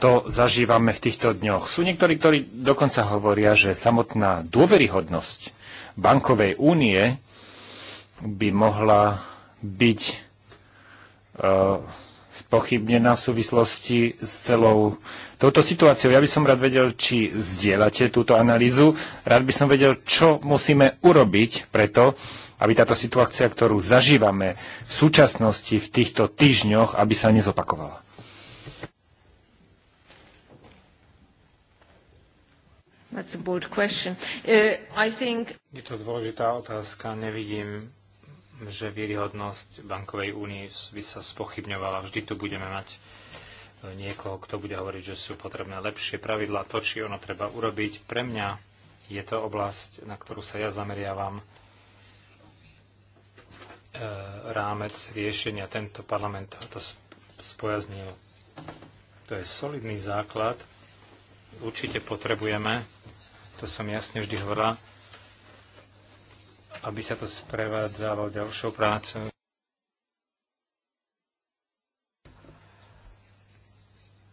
to zažívame v týchto dňoch. Sú niektorí, ktorí dokonca hovoria, že samotná dôveryhodnosť bankovej únie by mohla byť e, spochybnená v súvislosti s celou touto situáciou. Ja by som rád vedel, či zdieľate túto analýzu. Rád by som vedel, čo musíme urobiť preto, aby táto situácia, ktorú zažívame v súčasnosti v týchto týždňoch, aby sa nezopakovala. That's a bold question. Uh, I think... Je to dôležitá otázka. Nevidím, že výhodnosť bankovej únie by sa spochybňovala. Vždy tu budeme mať uh, niekoho, kto bude hovoriť, že sú potrebné lepšie pravidlá, to, či ono treba urobiť. Pre mňa je to oblasť, na ktorú sa ja zameriavam E, rámec riešenia tento parlament to spojaznil. To je solidný základ. Určite potrebujeme, to som jasne vždy hovorila, aby sa to sprevádzalo ďalšou prácou.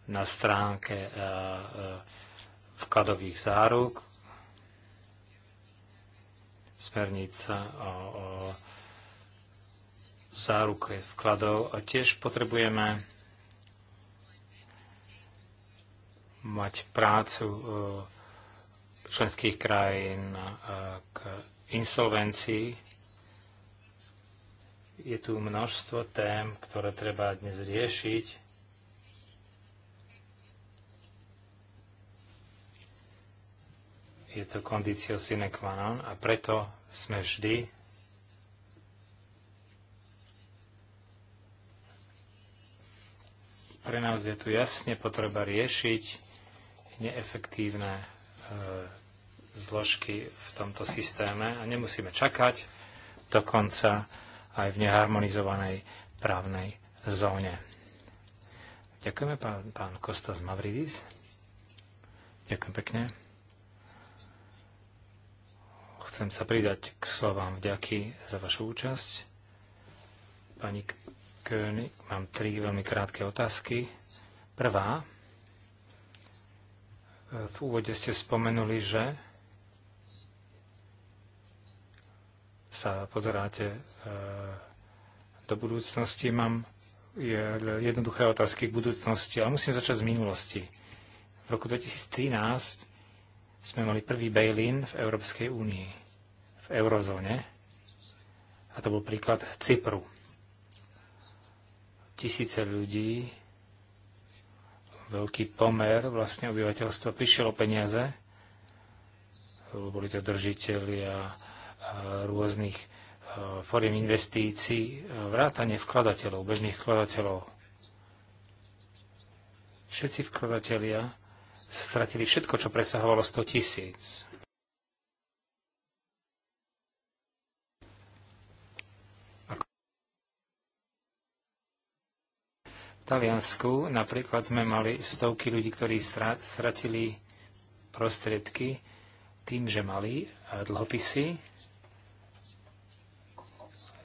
na stránke e, e, vkladových záruk, smernica o, o záruke vkladov a tiež potrebujeme mať prácu e, členských krajín e, k insolvencii. Je tu množstvo tém, ktoré treba dnes riešiť. Je to kondício sine qua non a preto sme vždy Pre nás je tu jasne potreba riešiť neefektívne e, zložky v tomto systéme a nemusíme čakať dokonca aj v neharmonizovanej právnej zóne. Ďakujeme pán, pán Kostas Mavridis. Ďakujem pekne. Chcem sa pridať k slovám vďaky za vašu účasť. Pani König. E, mám tri veľmi krátke otázky. Prvá. E, v úvode ste spomenuli, že sa pozeráte e, do budúcnosti. Mám jednoduché otázky k budúcnosti, ale musím začať z minulosti. V roku 2013 sme mali prvý bail-in v Európskej únii, v eurozóne. A to bol príklad Cypru tisíce ľudí, veľký pomer vlastne obyvateľstva prišiel o peniaze. Boli to držiteľia rôznych foriem investícií, vrátane vkladateľov, bežných vkladateľov. Všetci vkladatelia stratili všetko, čo presahovalo 100 tisíc. Taliansku napríklad sme mali stovky ľudí, ktorí stratili prostriedky tým, že mali eh, dlhopisy.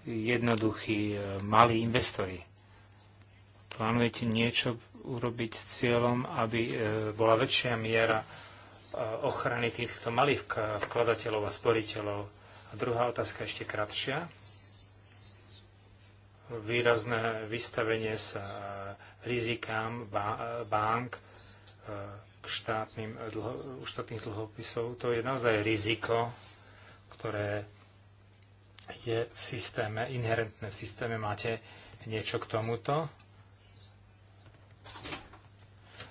Jednoduchí eh, malí investori. Plánujete niečo urobiť s cieľom, aby eh, bola väčšia miera ochrany týchto malých vkladateľov a sporiteľov? A druhá otázka ešte kratšia výrazné vystavenie sa rizikám bank k eh, štátnym, dlho, štátnych dlhopisov. To je naozaj riziko, ktoré je v systéme, inherentné v systéme. Máte niečo k tomuto?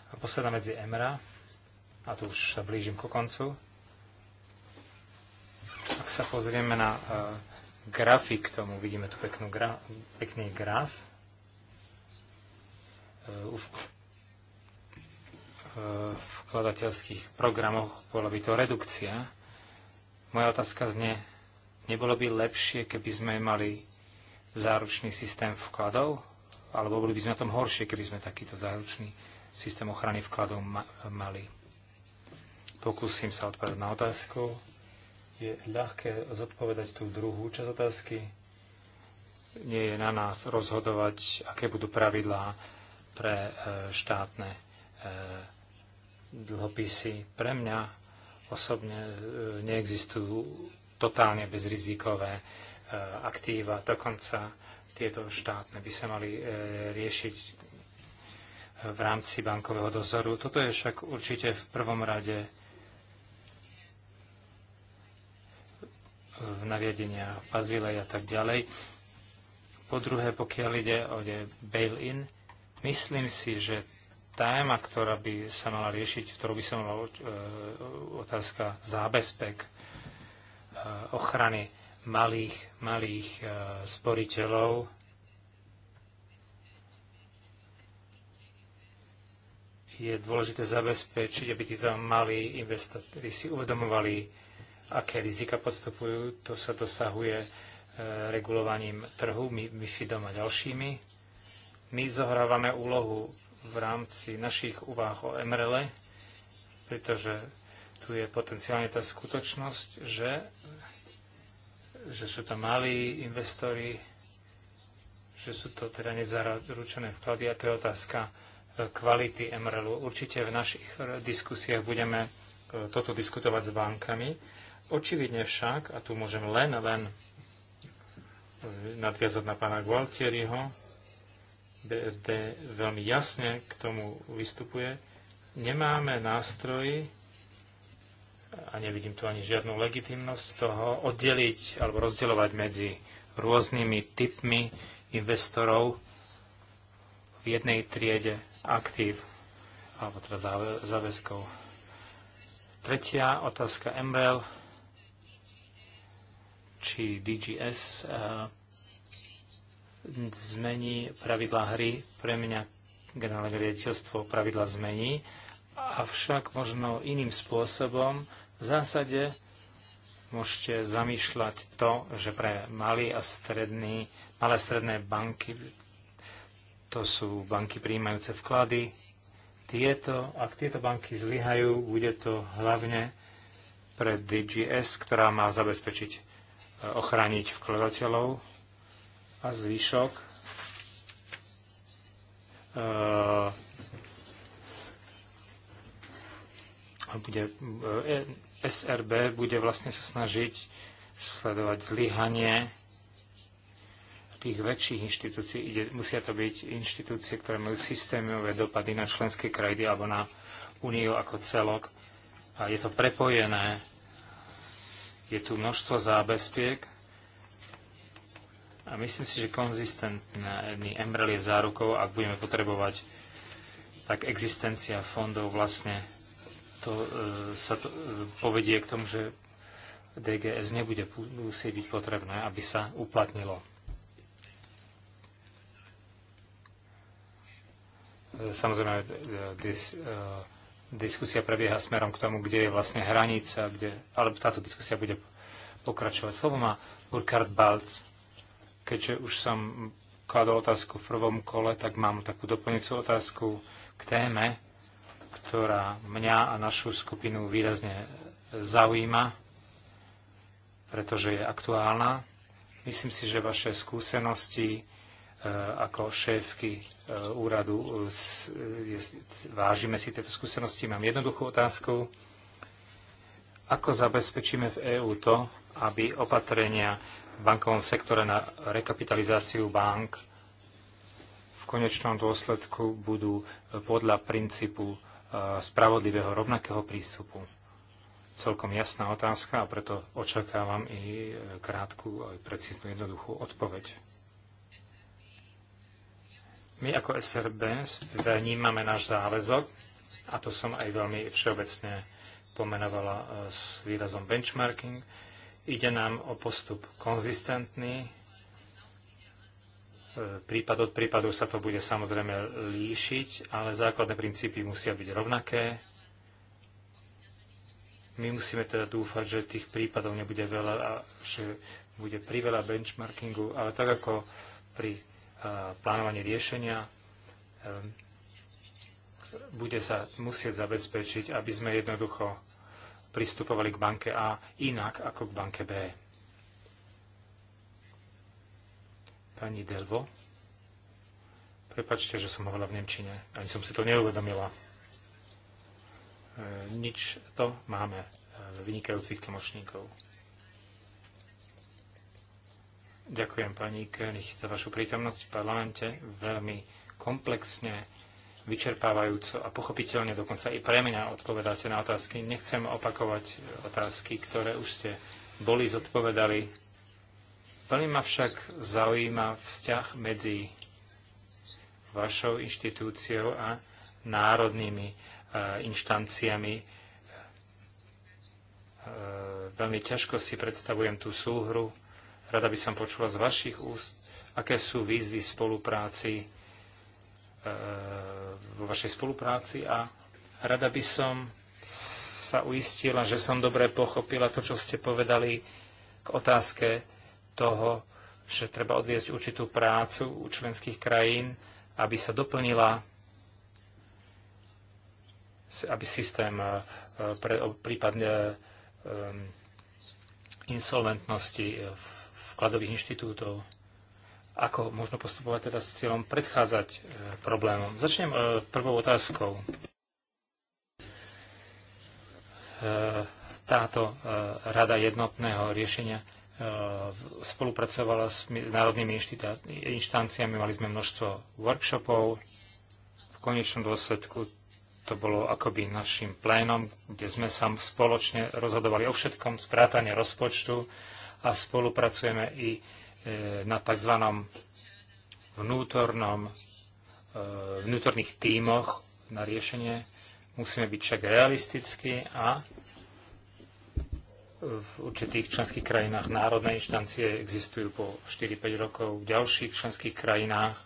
A posledná medzi Emra, a tu už sa blížim ku koncu. Ak sa pozrieme na uh, grafy k tomu. Vidíme tu peknú gra, pekný graf. E, e, v vkladateľských programoch bola by to redukcia. Moja otázka zne, nebolo by lepšie, keby sme mali záručný systém vkladov, alebo boli by sme na tom horšie, keby sme takýto záručný systém ochrany vkladov ma mali. Pokúsim sa odpovedať na otázku je ľahké zodpovedať tú druhú časť otázky. Nie je na nás rozhodovať, aké budú pravidlá pre e, štátne e, dlhopisy. Pre mňa osobne e, neexistujú totálne bezrizikové aktíva. Dokonca tieto štátne by sa mali riešiť v rámci bankového dozoru. Toto je však určite v prvom rade v nariadeniach v a tak ďalej. Po druhé, pokiaľ ide o bail-in, myslím si, že téma, ktorá by sa mala riešiť, v ktorú by sa mala e, otázka zábezpek e, ochrany malých, malých e, sporiteľov, je dôležité zabezpečiť, aby títo malí investori si uvedomovali aké rizika podstupujú, to sa dosahuje e, regulovaním trhu, MIFIDom a ďalšími. My zohrávame úlohu v rámci našich úvah o MRL, pretože tu je potenciálne tá skutočnosť, že, že sú to malí investori, že sú to teda nezaručené vklady a to je otázka e, kvality MRL-u. Určite v našich e, diskusiách budeme toto diskutovať s bankami Očividne však, a tu môžem len, len e, nadviazať na pána Gualtieriho, BFD veľmi jasne k tomu vystupuje, nemáme nástroj, a nevidím tu ani žiadnu legitimnosť toho, oddeliť alebo rozdeľovať medzi rôznymi typmi investorov v jednej triede aktív alebo teda záväzkov. Tretia otázka MREL či DGS e, zmení pravidlá hry. Pre mňa generálne riaditeľstvo pravidla zmení, avšak možno iným spôsobom v zásade môžete zamýšľať to, že pre malé a stredný, malé a stredné banky, to sú banky prijímajúce vklady, tieto, ak tieto banky zlyhajú, bude to hlavne pre DGS, ktorá má zabezpečiť ochrániť vkladateľov a zvyšok e, bude, e, SRB bude vlastne sa snažiť sledovať zlyhanie tých väčších inštitúcií. Ide, musia to byť inštitúcie, ktoré majú systémové dopady na členské krajiny alebo na úniu ako celok. A je to prepojené je tu množstvo zábezpiek a myslím si, že konzistentný Embrel je zárukou, ak budeme potrebovať, tak existencia fondov vlastne to, e, sa to, e, povedie k tomu, že DGS nebude musieť byť potrebné, aby sa uplatnilo. E, samozrejme, this, e, uh, e, Diskusia prebieha smerom k tomu, kde je vlastne hranica, kde, ale táto diskusia bude pokračovať. Slovo má Burkhard Balc. Keďže už som kladol otázku v prvom kole, tak mám takú doplňujúcu otázku k téme, ktorá mňa a našu skupinu výrazne zaujíma, pretože je aktuálna. Myslím si, že vaše skúsenosti Eh, ako šéfky eh, úradu. Eh, vážime si tieto skúsenosti. Mám jednoduchú otázku. Ako zabezpečíme v EÚ to, aby opatrenia v bankovom sektore na rekapitalizáciu bank v konečnom dôsledku budú podľa princípu spravodlivého rovnakého prístupu? Celkom jasná otázka a preto očakávam i krátku, aj precíznu, jednoduchú odpoveď. My ako SRB vnímame náš záväzok, a to som aj veľmi všeobecne pomenovala e, s výrazom benchmarking, ide nám o postup konzistentný, e, prípad od prípadu sa to bude samozrejme líšiť, ale základné princípy musia byť rovnaké. My musíme teda dúfať, že tých prípadov nebude veľa a že bude priveľa benchmarkingu, ale tak ako pri plánovanie riešenia ehm, bude sa musieť zabezpečiť, aby sme jednoducho pristupovali k banke A inak ako k banke B. Pani Delvo, prepačte, že som hovorila v Nemčine, ani som si to neuvedomila. Ehm, nič to máme ehm, vynikajúcich tlmočníkov. Ďakujem pani König za vašu prítomnosť v parlamente veľmi komplexne, vyčerpávajúco a pochopiteľne dokonca i pre mňa odpovedáte na otázky. Nechcem opakovať otázky, ktoré už ste boli zodpovedali. Veľmi ma však zaujíma vzťah medzi vašou inštitúciou a národnými eh, inštanciami. Eh, veľmi ťažko si predstavujem tú súhru Rada by som počula z vašich úst, aké sú výzvy spolupráci e, vo vašej spolupráci a rada by som sa uistila, že som dobre pochopila to, čo ste povedali k otázke toho, že treba odviesť určitú prácu u členských krajín, aby sa doplnila aby systém e, pre prípadne e, insolventnosti v vkladových inštitútov. Ako možno postupovať teda s cieľom predchádzať e, problémom? Začnem e, prvou otázkou. E, táto rada jednotného riešenia spolupracovala s národnými inštanciami, mali sme množstvo workshopov. V konečnom dôsledku to bolo akoby našim plénom, kde sme sa spoločne rozhodovali o všetkom, sprátanie rozpočtu, a spolupracujeme i e, na tzv. vnútornom, e, vnútorných tímoch na riešenie. Musíme byť však realistickí a v určitých členských krajinách národné inštancie existujú po 4-5 rokov, v ďalších členských krajinách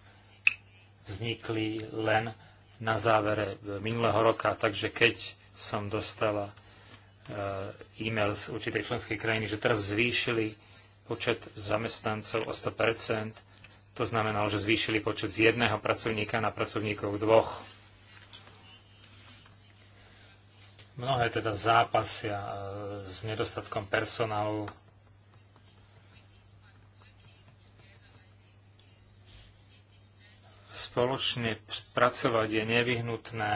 vznikli len na závere minulého roka. Takže keď som dostala Eh, e-mail z určitej členskej krajiny, že teraz zvýšili počet zamestnancov o 100%. To znamenalo, že zvýšili počet z jedného pracovníka na pracovníkov dvoch. Mnohé teda zápasia eh, s nedostatkom personálu. Spoločne pracovať je nevyhnutné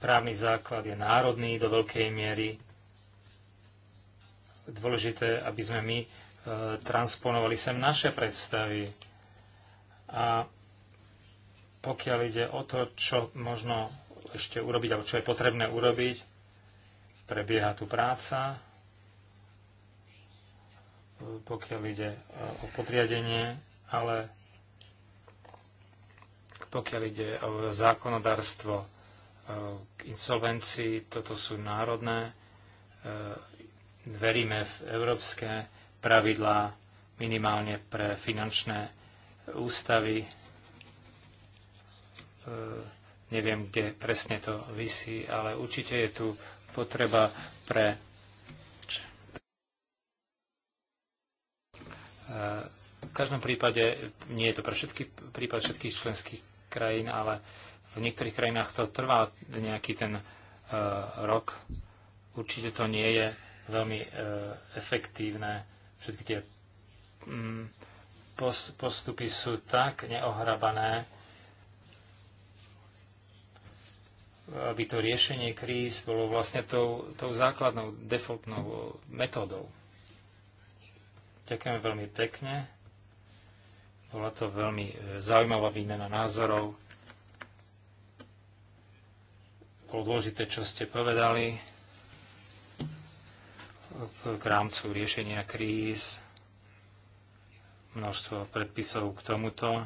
Právny základ je národný do veľkej miery. Dôležité, aby sme my e, transponovali sem naše predstavy. A pokiaľ ide o to, čo možno ešte urobiť, alebo čo je potrebné urobiť, prebieha tu práca, pokiaľ ide e, o podriadenie, ale pokiaľ ide o zákonodárstvo k insolvencii. Toto sú národné. E, veríme v európske pravidlá minimálne pre finančné ústavy. E, neviem, kde presne to vysí, ale určite je tu potreba pre e, v každom prípade nie je to pre všetky prípad všetkých členských krajín, ale v niektorých krajinách to trvá nejaký ten e, rok. Určite to nie je veľmi e, efektívne. Všetky tie mm, postupy sú tak neohrabané, aby to riešenie kríz bolo vlastne tou, tou základnou defaultnou metódou. Ďakujem veľmi pekne. Bola to veľmi e, zaujímavá výmena názorov bolo dôležité, čo ste povedali k rámcu riešenia kríz, množstvo predpisov k tomuto.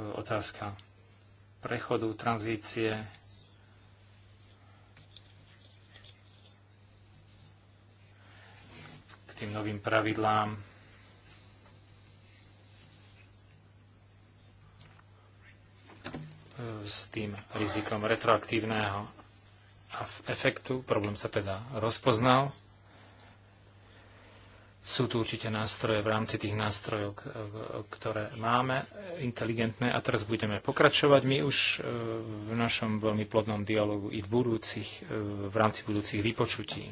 Otázka prechodu, tranzície. K tým novým pravidlám s tým rizikom retroaktívneho efektu. Problém sa teda rozpoznal. Sú tu určite nástroje v rámci tých nástrojov, ktoré máme, inteligentné. A teraz budeme pokračovať. My už e, v našom veľmi plodnom dialogu i v, budúcich, e, v rámci budúcich vypočutí.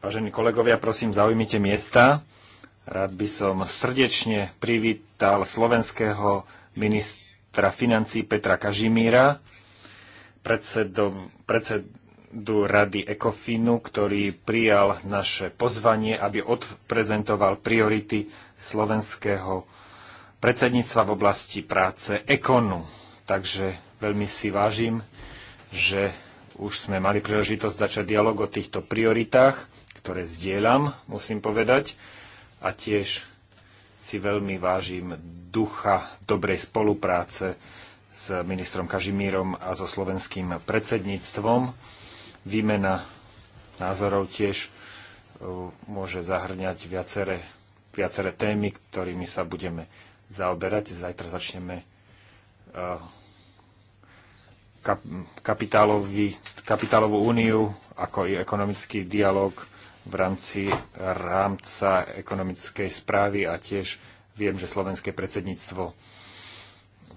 Vážení kolegovia, prosím, zaujmite miesta. Rád by som srdečne privítal slovenského ministra financí Petra Kažimíra, predsedu, predsedu rady Ekofinu, ktorý prijal naše pozvanie, aby odprezentoval priority slovenského predsedníctva v oblasti práce Ekonu. Takže veľmi si vážim že už sme mali príležitosť začať dialog o týchto prioritách, ktoré zdieľam, musím povedať, a tiež si veľmi vážim ducha dobrej spolupráce s ministrom Kažimírom a so slovenským predsedníctvom. Výmena názorov tiež e, môže zahrňať viaceré, viaceré témy, ktorými sa budeme zaoberať. Zajtra začneme e, kapitálovú úniu, ako i ekonomický dialog v rámci rámca ekonomickej správy a tiež viem, že slovenské predsedníctvo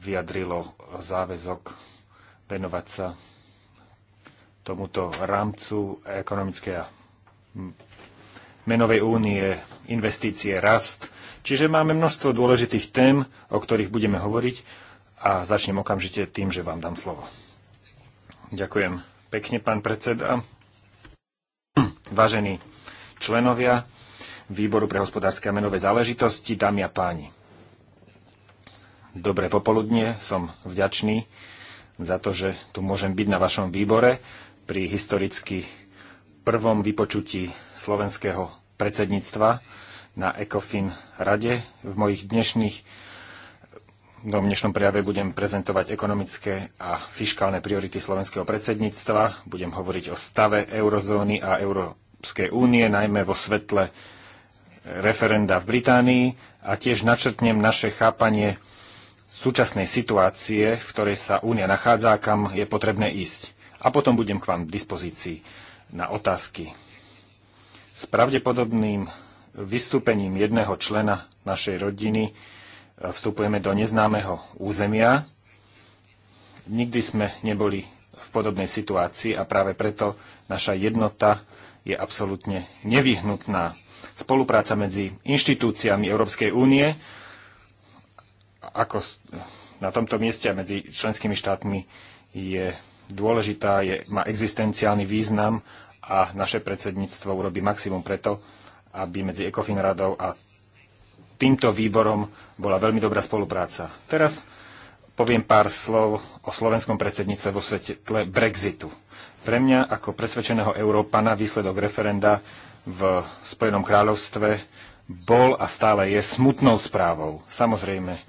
vyjadrilo záväzok venovať sa tomuto rámcu ekonomickej a menovej únie, investície, rast. Čiže máme množstvo dôležitých tém, o ktorých budeme hovoriť a začnem okamžite tým, že vám dám slovo. Ďakujem pekne, pán predseda. Vážení členovia Výboru pre hospodárske a menové záležitosti, dámy a páni. Dobré popoludnie, som vďačný za to, že tu môžem byť na vašom výbore pri historicky prvom vypočutí slovenského predsedníctva na ECOFIN rade. V mojich dnešných No, v dnešnom prejave budem prezentovať ekonomické a fiškálne priority slovenského predsedníctva. Budem hovoriť o stave eurozóny a Európskej únie, najmä vo svetle referenda v Británii a tiež načrtnem naše chápanie súčasnej situácie, v ktorej sa únia nachádza kam je potrebné ísť. A potom budem k vám k dispozícii na otázky. S pravdepodobným vystúpením jedného člena našej rodiny vstupujeme do neznámeho územia. Nikdy sme neboli v podobnej situácii a práve preto naša jednota je absolútne nevyhnutná. Spolupráca medzi inštitúciami Európskej únie, ako na tomto mieste a medzi členskými štátmi je dôležitá, je, má existenciálny význam a naše predsedníctvo urobí maximum preto, aby medzi ECOFIN radou a týmto výborom bola veľmi dobrá spolupráca. Teraz poviem pár slov o slovenskom predsednice vo svetle Brexitu. Pre mňa ako presvedčeného Európana výsledok referenda v Spojenom kráľovstve bol a stále je smutnou správou. Samozrejme,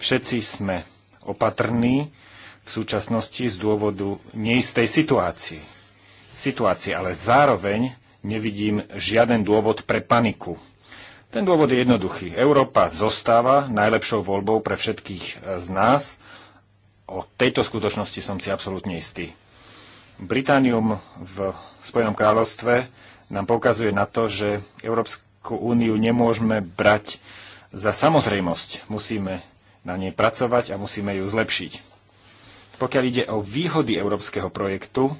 všetci sme opatrní v súčasnosti z dôvodu neistej situácie. Situácie, ale zároveň nevidím žiaden dôvod pre paniku ten dôvod je jednoduchý. Európa zostáva najlepšou voľbou pre všetkých eh, z nás. O tejto skutočnosti som si absolútne istý. Británium v Spojenom kráľovstve nám poukazuje na to, že Európsku úniu nemôžeme brať za samozrejmosť. Musíme na nej pracovať a musíme ju zlepšiť. Pokiaľ ide o výhody európskeho projektu,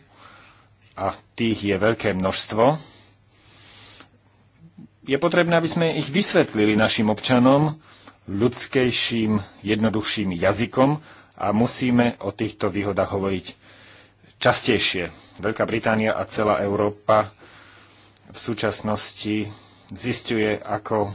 a tých je veľké množstvo, je potrebné, aby sme ich vysvetlili našim občanom ľudskejším, jednoduchším jazykom a musíme o týchto výhodách hovoriť častejšie. Veľká Británia a celá Európa v súčasnosti zistuje, ako,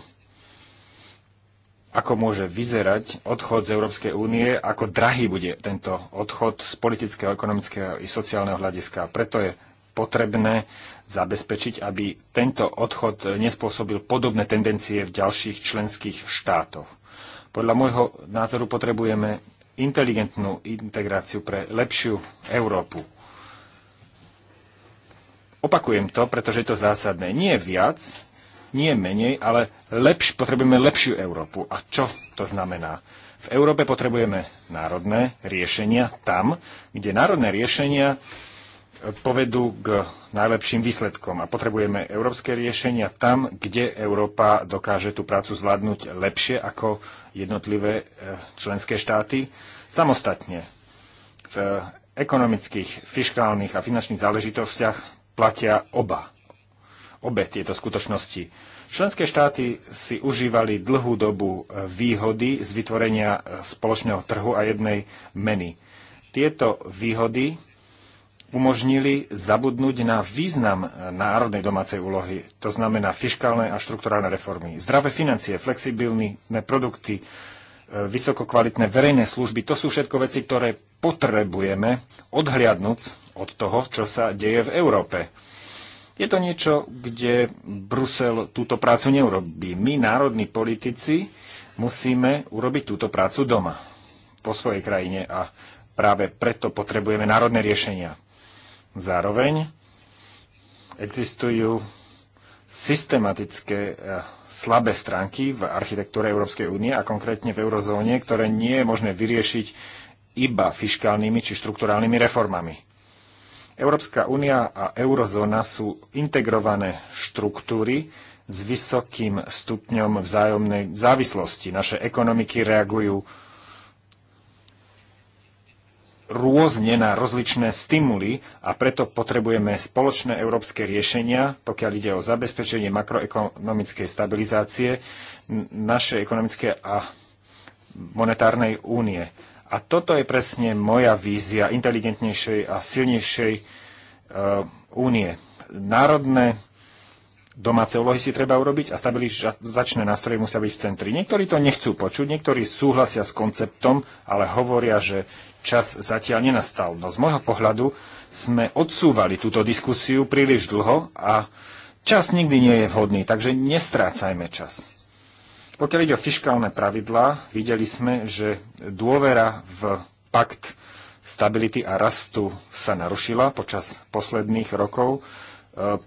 ako môže vyzerať odchod z Európskej únie, ako drahý bude tento odchod z politického, ekonomického i sociálneho hľadiska. Preto je potrebné zabezpečiť, aby tento odchod nespôsobil podobné tendencie v ďalších členských štátoch. Podľa môjho názoru potrebujeme inteligentnú integráciu pre lepšiu Európu. Opakujem to, pretože je to zásadné. Nie viac, nie menej, ale lepš, potrebujeme lepšiu Európu. A čo to znamená? V Európe potrebujeme národné riešenia tam, kde národné riešenia povedú k najlepším výsledkom. A potrebujeme európske riešenia tam, kde Európa dokáže tú prácu zvládnuť lepšie ako jednotlivé e, členské štáty samostatne. V ekonomických, fiskálnych a finančných záležitostiach platia oba. Obe tieto skutočnosti. Členské štáty si užívali dlhú dobu e, výhody z vytvorenia e, spoločného trhu a jednej meny. Tieto výhody umožnili zabudnúť na význam národnej domácej úlohy, to znamená fiskálne a štrukturálne reformy. Zdravé financie, flexibilné produkty, e, vysokokvalitné verejné služby, to sú všetko veci, ktoré potrebujeme odhliadnúť od toho, čo sa deje v Európe. Je to niečo, kde Brusel túto prácu neurobí. My, národní politici, musíme urobiť túto prácu doma, po svojej krajine a práve preto potrebujeme národné riešenia. Zároveň existujú systematické eh, slabé stránky v architektúre Európskej únie a konkrétne v eurozóne, ktoré nie je možné vyriešiť iba fiškálnymi či štrukturálnymi reformami. Európska únia a eurozóna sú integrované štruktúry s vysokým stupňom vzájomnej závislosti. Naše ekonomiky reagujú rôzne na rozličné stimuly a preto potrebujeme spoločné európske riešenia, pokiaľ ide o zabezpečenie makroekonomickej stabilizácie našej ekonomické a monetárnej únie. A toto je presne moja vízia inteligentnejšej a silnejšej e, únie. Národné domáce úlohy si treba urobiť a stabilizačné nástroje musia byť v centri. Niektorí to nechcú počuť, niektorí súhlasia s konceptom, ale hovoria, že čas zatiaľ nenastal. No z môjho pohľadu sme odsúvali túto diskusiu príliš dlho a čas nikdy nie je vhodný, takže nestrácajme čas. Pokiaľ ide o fiskálne pravidlá, videli sme, že dôvera v pakt stability a rastu sa narušila počas posledných rokov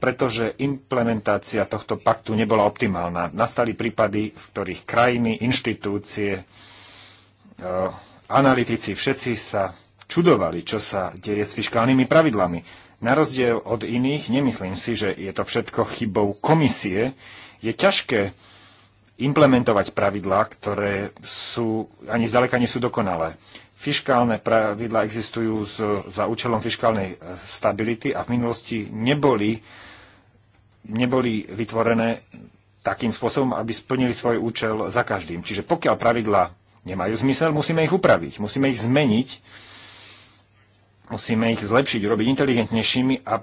pretože implementácia tohto paktu nebola optimálna. Nastali prípady, v ktorých krajiny, inštitúcie, e, analytici, všetci sa čudovali, čo sa deje s fiskálnymi pravidlami. Na rozdiel od iných, nemyslím si, že je to všetko chybou komisie. Je ťažké implementovať pravidlá, ktoré sú, ani zďaleka nie sú dokonalé. Fiškálne pravidla existujú z, za účelom fiškálnej e, stability a v minulosti neboli, neboli vytvorené takým spôsobom, aby splnili svoj účel za každým. Čiže pokiaľ pravidla nemajú zmysel, musíme ich upraviť, musíme ich zmeniť, musíme ich zlepšiť, robiť inteligentnejšími a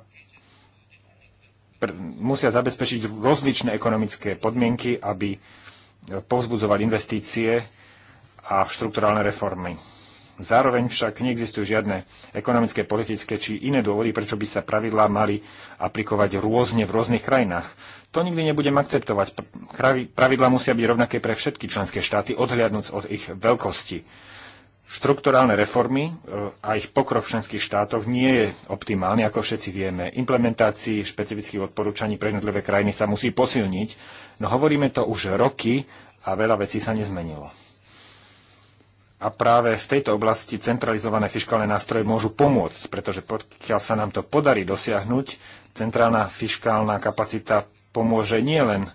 musia zabezpečiť rozličné ekonomické podmienky, aby e, povzbudzovali investície a štrukturálne reformy. Zároveň však neexistujú žiadne ekonomické, politické či iné dôvody, prečo by sa pravidlá mali aplikovať rôzne v rôznych krajinách. To nikdy nebudem akceptovať. Pravidlá musia byť rovnaké pre všetky členské štáty, odhliadnúc od ich veľkosti. Štrukturálne reformy e, a ich pokrok v členských štátoch nie je optimálny, ako všetci vieme. Implementácii špecifických odporúčaní pre jednotlivé krajiny sa musí posilniť, no hovoríme to už roky a veľa vecí sa nezmenilo. A práve v tejto oblasti centralizované fiškálne nástroje môžu pomôcť, pretože pokiaľ sa nám to podarí dosiahnuť, centrálna fiškálna kapacita pomôže nielen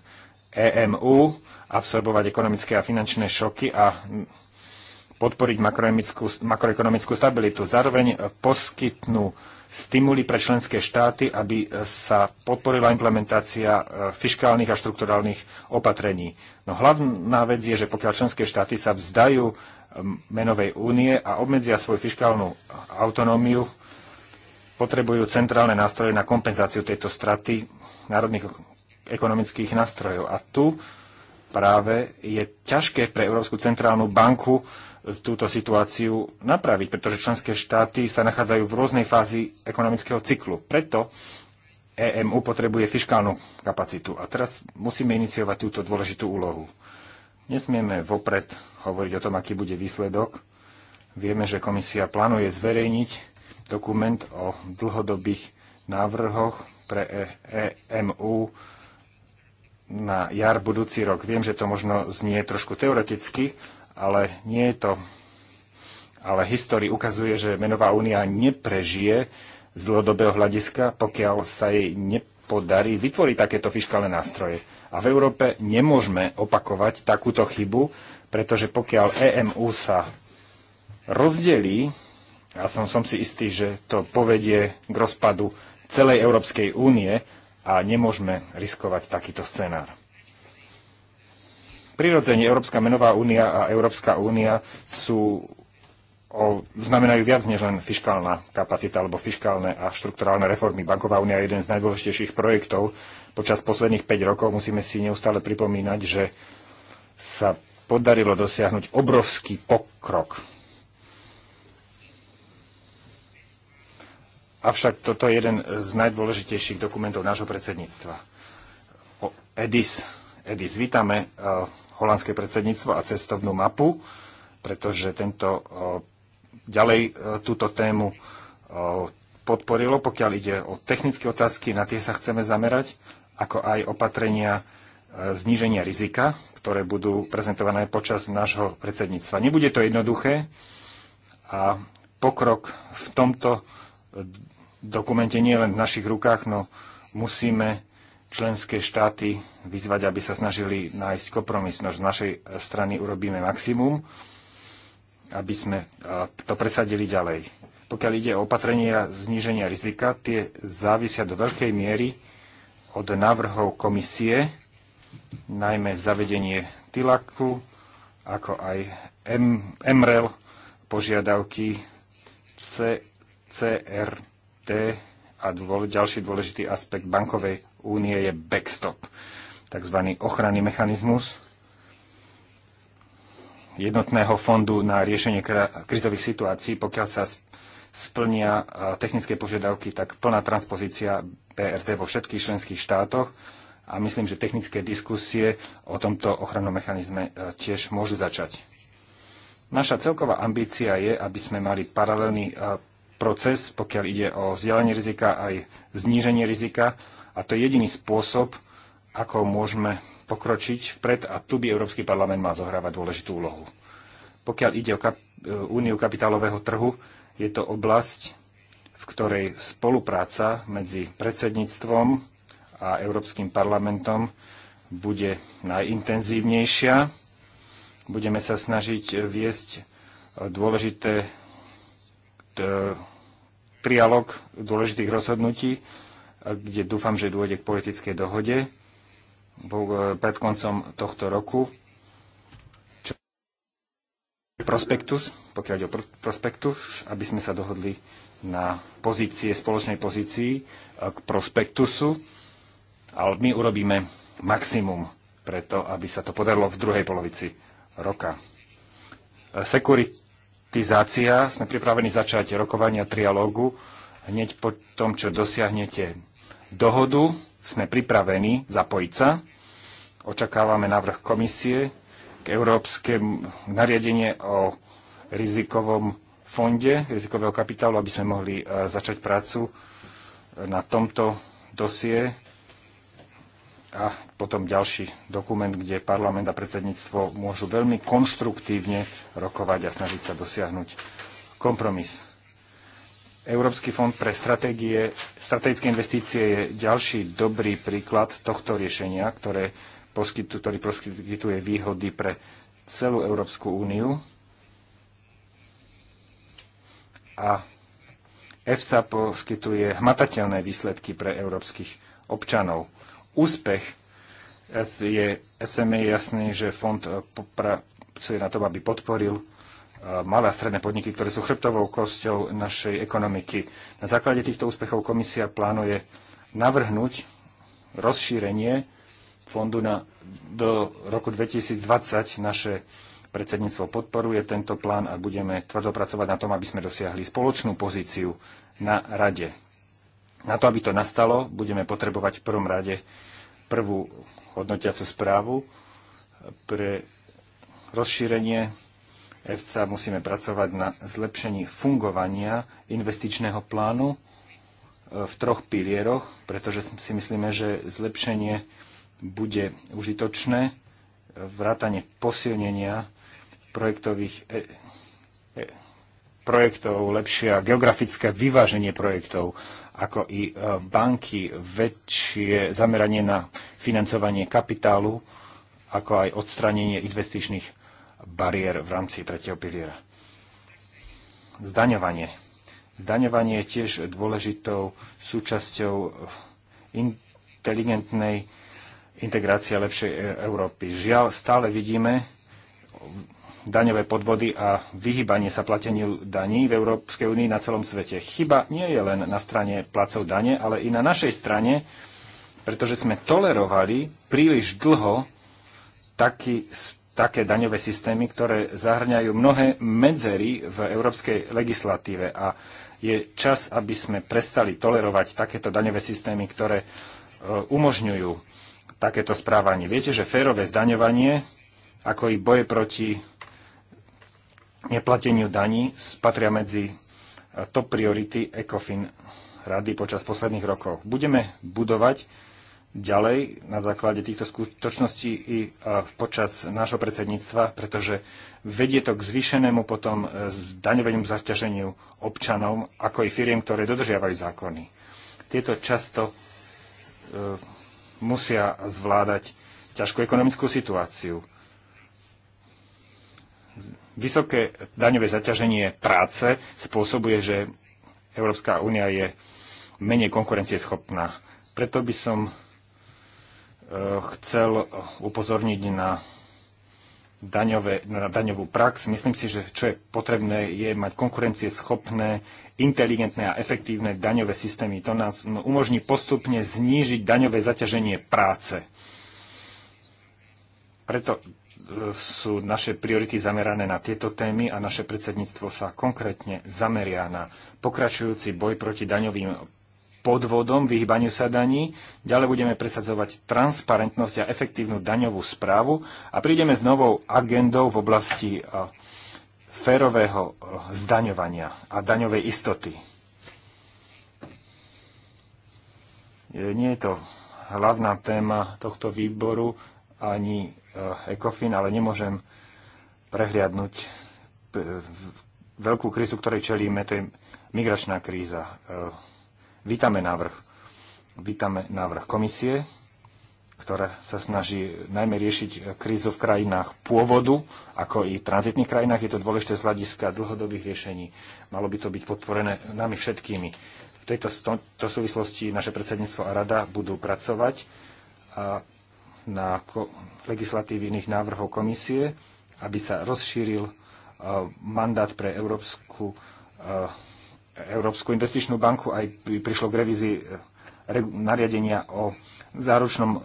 EMU absorbovať ekonomické a finančné šoky a podporiť makroekonomickú stabilitu. Zároveň poskytnú stimuly pre členské štáty, aby sa podporila implementácia e, fiškálnych a štrukturálnych opatrení. No hlavná vec je, že pokiaľ členské štáty sa vzdajú menovej únie a obmedzia svoju fiskálnu autonómiu, potrebujú centrálne nástroje na kompenzáciu tejto straty národných ekonomických nástrojov. A tu práve je ťažké pre Európsku centrálnu banku túto situáciu napraviť, pretože členské štáty sa nachádzajú v rôznej fázi ekonomického cyklu. Preto EMU potrebuje fiskálnu kapacitu a teraz musíme iniciovať túto dôležitú úlohu. Nesmieme vopred hovoriť o tom, aký bude výsledok. Vieme, že komisia plánuje zverejniť dokument o dlhodobých návrhoch pre EMU e na jar budúci rok. Viem, že to možno znie trošku teoreticky, ale nie je to. Ale história ukazuje, že menová únia neprežije z dlhodobého hľadiska, pokiaľ sa jej nepodarí vytvoriť takéto fiskálne nástroje. A v Európe nemôžeme opakovať takúto chybu, pretože pokiaľ EMU sa rozdelí, a som, som si istý, že to povedie k rozpadu celej Európskej únie a nemôžeme riskovať takýto scenár. Prirodzene Európska menová únia a Európska únia sú o, znamenajú viac než len fiskálna kapacita alebo fiskálne a štrukturálne reformy. Banková únia je jeden z najdôležitejších projektov. Počas posledných 5 rokov musíme si neustále pripomínať, že sa podarilo dosiahnuť obrovský pokrok. Avšak toto je jeden z najdôležitejších dokumentov nášho predsedníctva. O EDIS. EDIS, vítame eh, holandské predsedníctvo a cestovnú mapu, pretože tento eh, ďalej e, túto tému e, podporilo, pokiaľ ide o technické otázky, na tie sa chceme zamerať, ako aj opatrenia e, zníženia rizika, ktoré budú prezentované počas nášho predsedníctva. Nebude to jednoduché a pokrok v tomto dokumente nie je len v našich rukách, no musíme členské štáty vyzvať, aby sa snažili nájsť kompromis. No z našej strany urobíme maximum aby sme to presadili ďalej. Pokiaľ ide o opatrenia zníženia rizika, tie závisia do veľkej miery od návrhov komisie, najmä zavedenie TILAKu, ako aj MREL, požiadavky CCRT a ďalší dôležitý aspekt bankovej únie je backstop, tzv. ochranný mechanizmus, jednotného fondu na riešenie krizových situácií, pokiaľ sa splnia technické požiadavky, tak plná transpozícia BRT vo všetkých členských štátoch a myslím, že technické diskusie o tomto ochrannom mechanizme e, tiež môžu začať. Naša celková ambícia je, aby sme mali paralelný e, proces, pokiaľ ide o vzdialenie rizika aj zníženie rizika a to je jediný spôsob, ako môžeme pokročiť vpred a tu by Európsky parlament mal zohrávať dôležitú úlohu. Pokiaľ ide o kap- e, úniu kapitálového trhu, je to oblasť, v ktorej spolupráca medzi predsedníctvom a Európskym parlamentom bude najintenzívnejšia. Budeme sa snažiť viesť dôležité trialog dôležitých rozhodnutí, kde dúfam, že dôjde k politickej dohode E, pred koncom tohto roku prospektus, pokiaľ ide o prospektus, aby sme sa dohodli na pozície, spoločnej pozícii e, k prospektusu, ale my urobíme maximum preto, aby sa to podarilo v druhej polovici roka. E, sekuritizácia, sme pripravení začať rokovania trialógu hneď po tom, čo dosiahnete dohodu sme pripravení zapojiť sa. Očakávame návrh komisie k európskemu nariadenie o rizikovom fonde rizikového kapitálu, aby sme mohli e, začať prácu e, na tomto dosie a potom ďalší dokument, kde parlament a predsedníctvo môžu veľmi konštruktívne rokovať a snažiť sa dosiahnuť kompromis. Európsky fond pre stratégie, strategické investície je ďalší dobrý príklad tohto riešenia, ktoré poskytu, ktorý poskytuje výhody pre celú Európsku úniu. A EFSA poskytuje hmatateľné výsledky pre európskych občanov. Úspech je SME je jasný, že fond pracuje na tom, aby podporil malé a stredné podniky, ktoré sú chrbtovou kosťou našej ekonomiky. Na základe týchto úspechov komisia plánuje navrhnúť rozšírenie fondu na, do roku 2020. Naše predsedníctvo podporuje tento plán a budeme tvrdo pracovať na tom, aby sme dosiahli spoločnú pozíciu na rade. Na to, aby to nastalo, budeme potrebovať v prvom rade prvú hodnotiacu správu pre rozšírenie EFSA musíme pracovať na zlepšení fungovania investičného plánu e, v troch pilieroch, pretože si myslíme, že zlepšenie bude užitočné, vrátanie posilnenia projektových e, e, projektov, geografické vyváženie projektov, ako i e, banky, väčšie zameranie na financovanie kapitálu, ako aj odstranenie investičných bariér v rámci tretieho piliera. Zdaňovanie. Zdaňovanie je tiež dôležitou súčasťou inteligentnej integrácie lepšej e- Európy. Žiaľ, stále vidíme daňové podvody a vyhybanie sa plateniu daní v Európskej únii na celom svete. Chyba nie je len na strane placov dane, ale i na našej strane, pretože sme tolerovali príliš dlho taký také daňové systémy, ktoré zahrňajú mnohé medzery v európskej legislatíve a je čas, aby sme prestali tolerovať takéto daňové systémy, ktoré e, umožňujú takéto správanie. Viete, že férové zdaňovanie, ako i boje proti neplateniu daní, patria medzi e, top priority ECOFIN rady počas posledných rokov. Budeme budovať ďalej na základe týchto skutočností i e, počas nášho predsedníctva, pretože vedie to k zvýšenému potom e, daňovému zaťaženiu občanov, ako i firiem, ktoré dodržiavajú zákony. Tieto často e, musia zvládať ťažkú ekonomickú situáciu. Vysoké daňové zaťaženie práce spôsobuje, že Európska únia je menej konkurencieschopná. Preto by som chcel upozorniť na, daňové, na daňovú prax. Myslím si, že čo je potrebné, je mať schopné, inteligentné a efektívne daňové systémy. To nás umožní postupne znížiť daňové zaťaženie práce. Preto e, sú naše priority zamerané na tieto témy a naše predsedníctvo sa konkrétne zameria na pokračujúci boj proti daňovým podvodom, vyhýbaniu sa daní. Ďalej budeme presadzovať transparentnosť a efektívnu daňovú správu a prídeme s novou agendou v oblasti e, férového e, zdaňovania a daňovej istoty. E, nie je to hlavná téma tohto výboru ani ECOFIN, ale nemôžem prehliadnúť veľkú krízu, ktorej čelíme, to je migračná kríza Vítame návrh, vítame návrh komisie, ktorá sa snaží najmä riešiť krízu v krajinách pôvodu, ako i v tranzitných krajinách. Je to dôležité z hľadiska dlhodobých riešení. Malo by to byť podporené nami všetkými. V tejto to súvislosti naše predsedníctvo a rada budú pracovať a na legislatívnych návrhov komisie, aby sa rozšíril mandát pre Európsku Európsku investičnú banku aj prišlo k revízii eh, nariadenia o záručnom eh,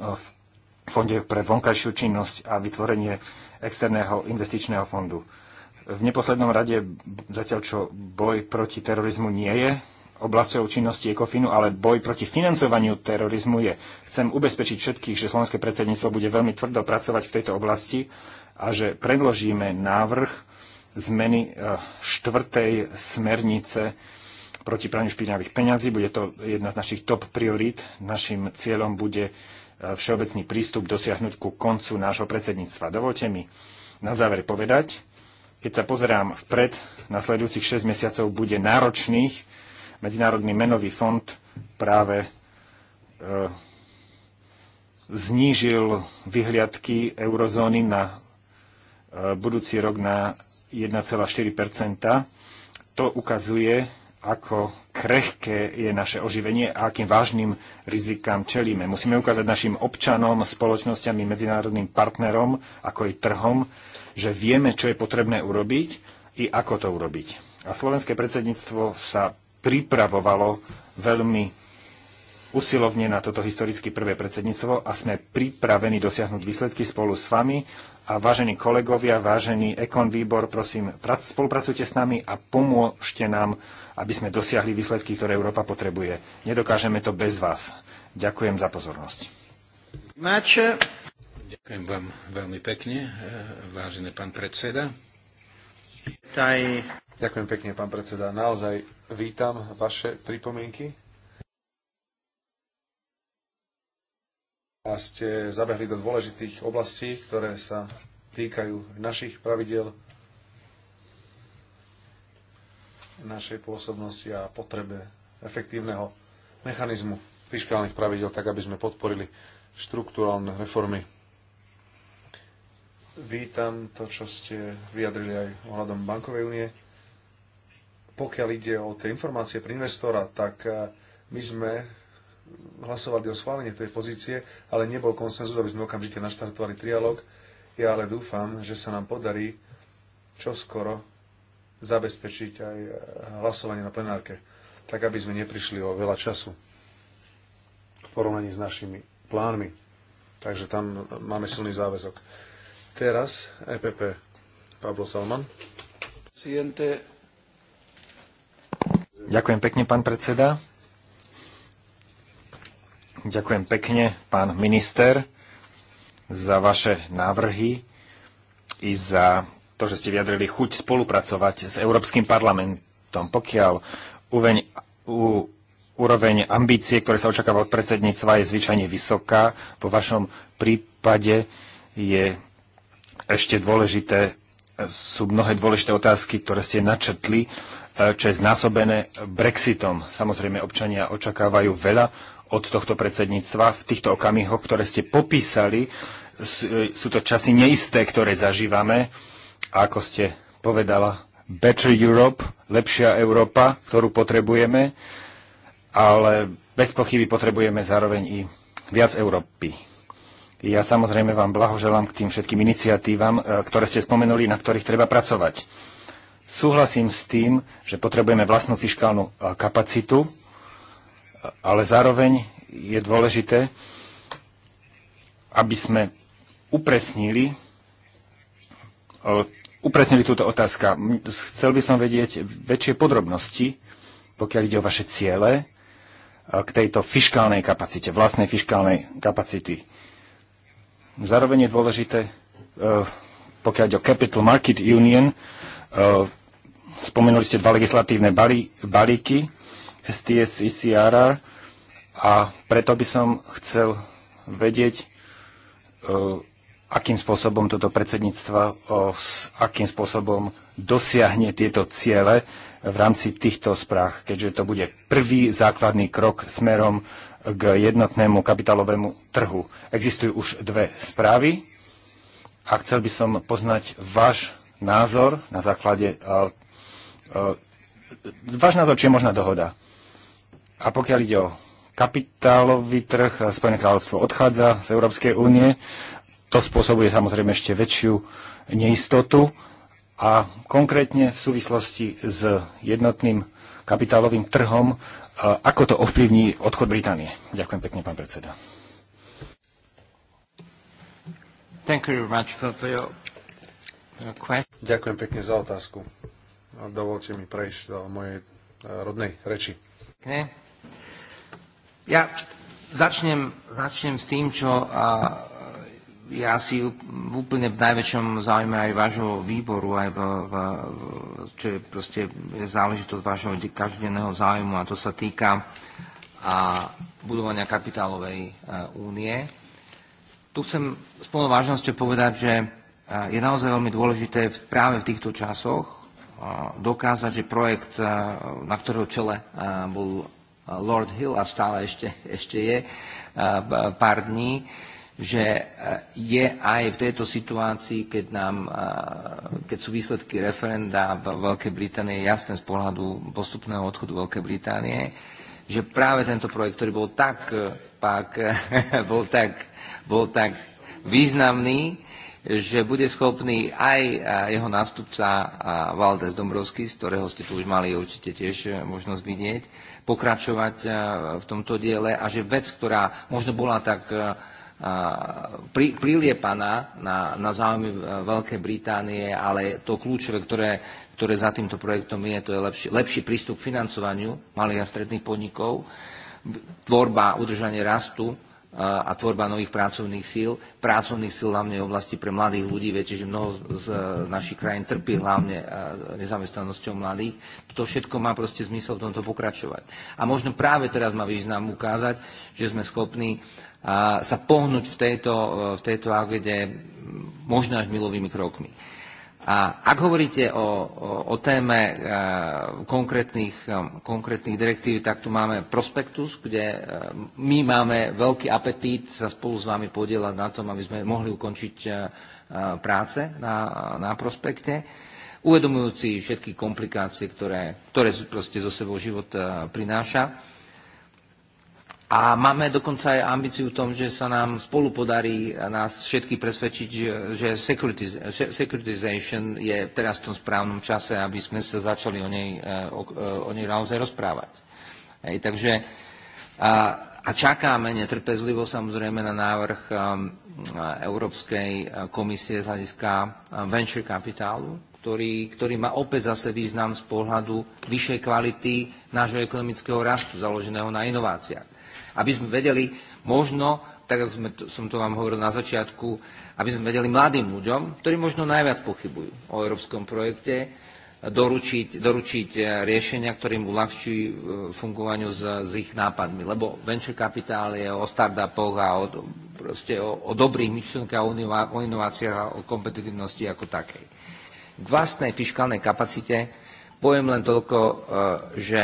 fonde pre vonkajšiu činnosť a vytvorenie externého investičného fondu. V neposlednom rade, zatiaľ čo boj proti terorizmu nie je oblasťou činnosti ECOFINu, ale boj proti financovaniu terorizmu je. Chcem ubezpečiť všetkých, že slovenské predsedníctvo bude veľmi tvrdo pracovať v tejto oblasti a že predložíme návrh zmeny eh, štvrtej smernice proti praniu špinavých peňazí. Bude to jedna z našich top priorít. Našim cieľom bude e, všeobecný prístup dosiahnuť ku koncu nášho predsedníctva. Dovolte mi na záver povedať, keď sa pozerám vpred, nasledujúcich 6 mesiacov bude náročných. Medzinárodný menový fond práve e, znížil vyhliadky eurozóny na e, budúci rok na 1,4 To ukazuje, ako krehké je naše oživenie a akým vážnym rizikám čelíme. Musíme ukázať našim občanom, spoločnosťam i medzinárodným partnerom, ako aj trhom, že vieme, čo je potrebné urobiť i ako to urobiť. A slovenské predsedníctvo sa pripravovalo veľmi usilovne na toto historicky prvé predsedníctvo a sme pripravení dosiahnuť výsledky spolu s vami a vážení kolegovia, vážený Ekon výbor, prosím, spolupracujte s nami a pomôžte nám, aby sme dosiahli výsledky, ktoré Európa potrebuje. Nedokážeme to bez vás. Ďakujem za pozornosť. Máče. Ďakujem vám veľmi pekne, e, vážený pán predseda. Taj. Ďakujem pekne, pán predseda. Naozaj vítam vaše pripomienky. a ste zabehli do dôležitých oblastí, ktoré sa týkajú našich pravidel, našej pôsobnosti a potrebe efektívneho mechanizmu fiskálnych pravidel, tak aby sme podporili štruktúralne reformy. Vítam to, čo ste vyjadrili aj ohľadom bankovej únie. Pokiaľ ide o tie informácie pre investora, tak eh, my sme hlasovali o schválenie tej pozície, ale nebol konsenzus, aby sme okamžite naštartovali trialog. Ja ale dúfam, že sa nám podarí čoskoro zabezpečiť aj eh, hlasovanie na plenárke, tak aby sme neprišli o veľa času v porovnaní s našimi plánmi. Takže tam eh, máme silný záväzok. Teraz EPP Pablo Salman. Ďakujem pekne, pán predseda. Ďakujem pekne, pán minister, za vaše návrhy i za to, že ste vyjadrili chuť spolupracovať s Európskym parlamentom. Pokiaľ uveň, u, úroveň ambície, ktoré sa očakáva od predsedníctva, je zvyčajne vysoká, vo vašom prípade je ešte dôležité, sú mnohé dôležité otázky, ktoré ste načetli, eh, čo je znásobené Brexitom. Samozrejme, občania očakávajú veľa od tohto predsedníctva v týchto okamihoch, ktoré ste popísali. E, sú to časy neisté, ktoré zažívame. A ako ste povedala, Better Europe, lepšia Európa, ktorú potrebujeme, ale bez pochyby potrebujeme zároveň i viac Európy. Ja samozrejme vám blahoželám k tým všetkým iniciatívam, e, ktoré ste spomenuli, na ktorých treba pracovať. Súhlasím s tým, že potrebujeme vlastnú fiskálnu e, kapacitu, ale zároveň je dôležité, aby sme upresnili, upresnili túto otázka. Chcel by som vedieť väčšie podrobnosti, pokiaľ ide o vaše ciele e, k tejto fiškálnej kapacite, vlastnej fiskálnej kapacity. Zároveň je dôležité, e, pokiaľ ide o Capital Market Union, e, spomenuli ste dva legislatívne balíky, STS ECRR a preto by som chcel vedieť, e, akým spôsobom toto predsedníctva, akým spôsobom dosiahne tieto ciele v rámci týchto správ, keďže to bude prvý základný krok smerom k jednotnému kapitálovému trhu. Existujú už dve správy a chcel by som poznať váš názor na základe e, e, váš názor, či je možná dohoda. A pokiaľ ide o kapitálový trh, Spojené kráľovstvo odchádza z Európskej únie, to spôsobuje samozrejme ešte väčšiu neistotu a konkrétne v súvislosti s jednotným kapitálovým trhom, ako to ovplyvní odchod Británie. Ďakujem pekne, pán predseda. Uh, Ďakujem pekne za otázku. Dovolte mi prejsť do mojej uh, rodnej reči. Okay. Ja začnem, začnem s tým, čo a, je asi úplne v najväčšom záujme aj vášho výboru, aj v, v, čo je proste je záležitosť vášho každodenného záujmu a to sa týka a budovania kapitálovej e, únie. Tu chcem s plnou vážnosťou povedať, že e, je naozaj veľmi dôležité v, práve v týchto časoch dokázať, že projekt, e, na ktorého čele bol Lord Hill a stále ešte, ešte je pár dní, že e, je aj v tejto situácii, keď, nám, keď sú výsledky referenda v Veľkej Británie jasné z pohľadu postupného odchodu Veľkej Británie, že práve tento projekt, ktorý bol tak, e, pak, bol tak, bol tak významný, že bude schopný aj jeho nástupca Valdez Dombrovský, z ktorého ste tu už mali určite tiež e, možnosť vidieť, pokračovať e, v tomto diele a že vec, ktorá možno bola tak e, priliepaná na, na záujmy Veľkej Británie, ale to kľúčové, ktoré, ktoré za týmto projektom je, to je lepší, lepší prístup k financovaniu malých a stredných podnikov, tvorba, udržanie rastu, a tvorba nových pracovných síl, pracovných síl hlavne v oblasti pre mladých ľudí. Viete, že mnoho z našich krajín trpí hlavne nezamestnanosťou mladých. To všetko má proste zmysel v tomto pokračovať. A možno práve teraz má význam ukázať, že sme schopní sa pohnúť v tejto, v tejto možno až milovými krokmi. A ak hovoríte o, o, o téme e, konkrétnych, e, konkrétnych direktív, tak tu máme prospektus, kde e, my máme veľký apetít sa spolu s vami podielať na tom, aby sme mohli ukončiť práce na, na prospekte, uvedomujúci všetky komplikácie, ktoré, ktoré proste zo sebou život prináša. A máme dokonca aj ambíciu v tom, že sa nám spolu podarí nás všetky presvedčiť, že securitization je teraz v tom správnom čase, aby sme sa začali o nej, e, o, e, o nej naozaj rozprávať. Hej, takže a, a čakáme netrpezlivo samozrejme na návrh e, Európskej komisie z hľadiska venture kapitálu, ktorý, ktorý má opäť zase význam z pohľadu vyššej kvality nášho ekonomického rastu, založeného na inováciách aby sme vedeli možno, tak ako sme, som to vám hovoril na začiatku, aby sme vedeli mladým ľuďom, ktorí možno najviac pochybujú o európskom projekte, doručiť, doručiť e, riešenia, ktorým uľahčí e, fungovaniu s, s ich nápadmi. Lebo venture kapitál je o startupoch a o, proste o, o dobrých myšlienkach, o inováciách a o kompetitívnosti ako takej. K vlastnej fiskálnej kapacite poviem len toľko, e, že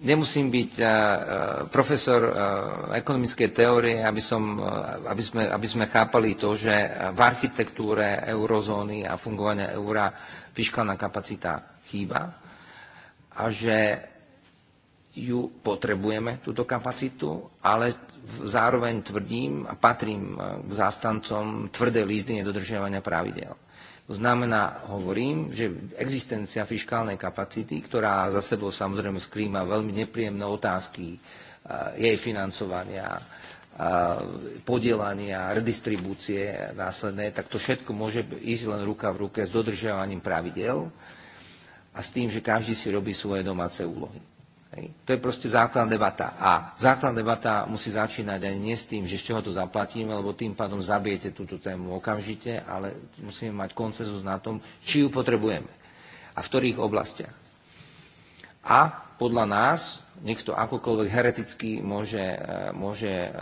nemusím byť eh, eh, profesor eh, ekonomickej teórie, aby, som, aby, sme, aby sme chápali to, že v architektúre eurozóny a fungovania eura fiskálna kapacita chýba a že ju potrebujeme, túto kapacitu, ale zároveň tvrdím a patrím k zástancom tvrdej lízny nedodržiavania pravidel. To znamená, hovorím, že existencia fiškálnej kapacity, ktorá za sebou samozrejme skrýma veľmi nepríjemné otázky jej financovania, podielania, redistribúcie následné, tak to všetko môže ísť len ruka v ruke s dodržiavaním pravidel a s tým, že každý si robí svoje domáce úlohy. To je proste základná debata. A základná debata musí začínať aj nie s tým, že z čoho to zaplatíme, lebo tým pádom zabijete túto tému okamžite, ale musíme mať koncenzus na tom, či ju potrebujeme a v ktorých oblastiach. A podľa nás niekto akokoľvek hereticky môže, e, môže e,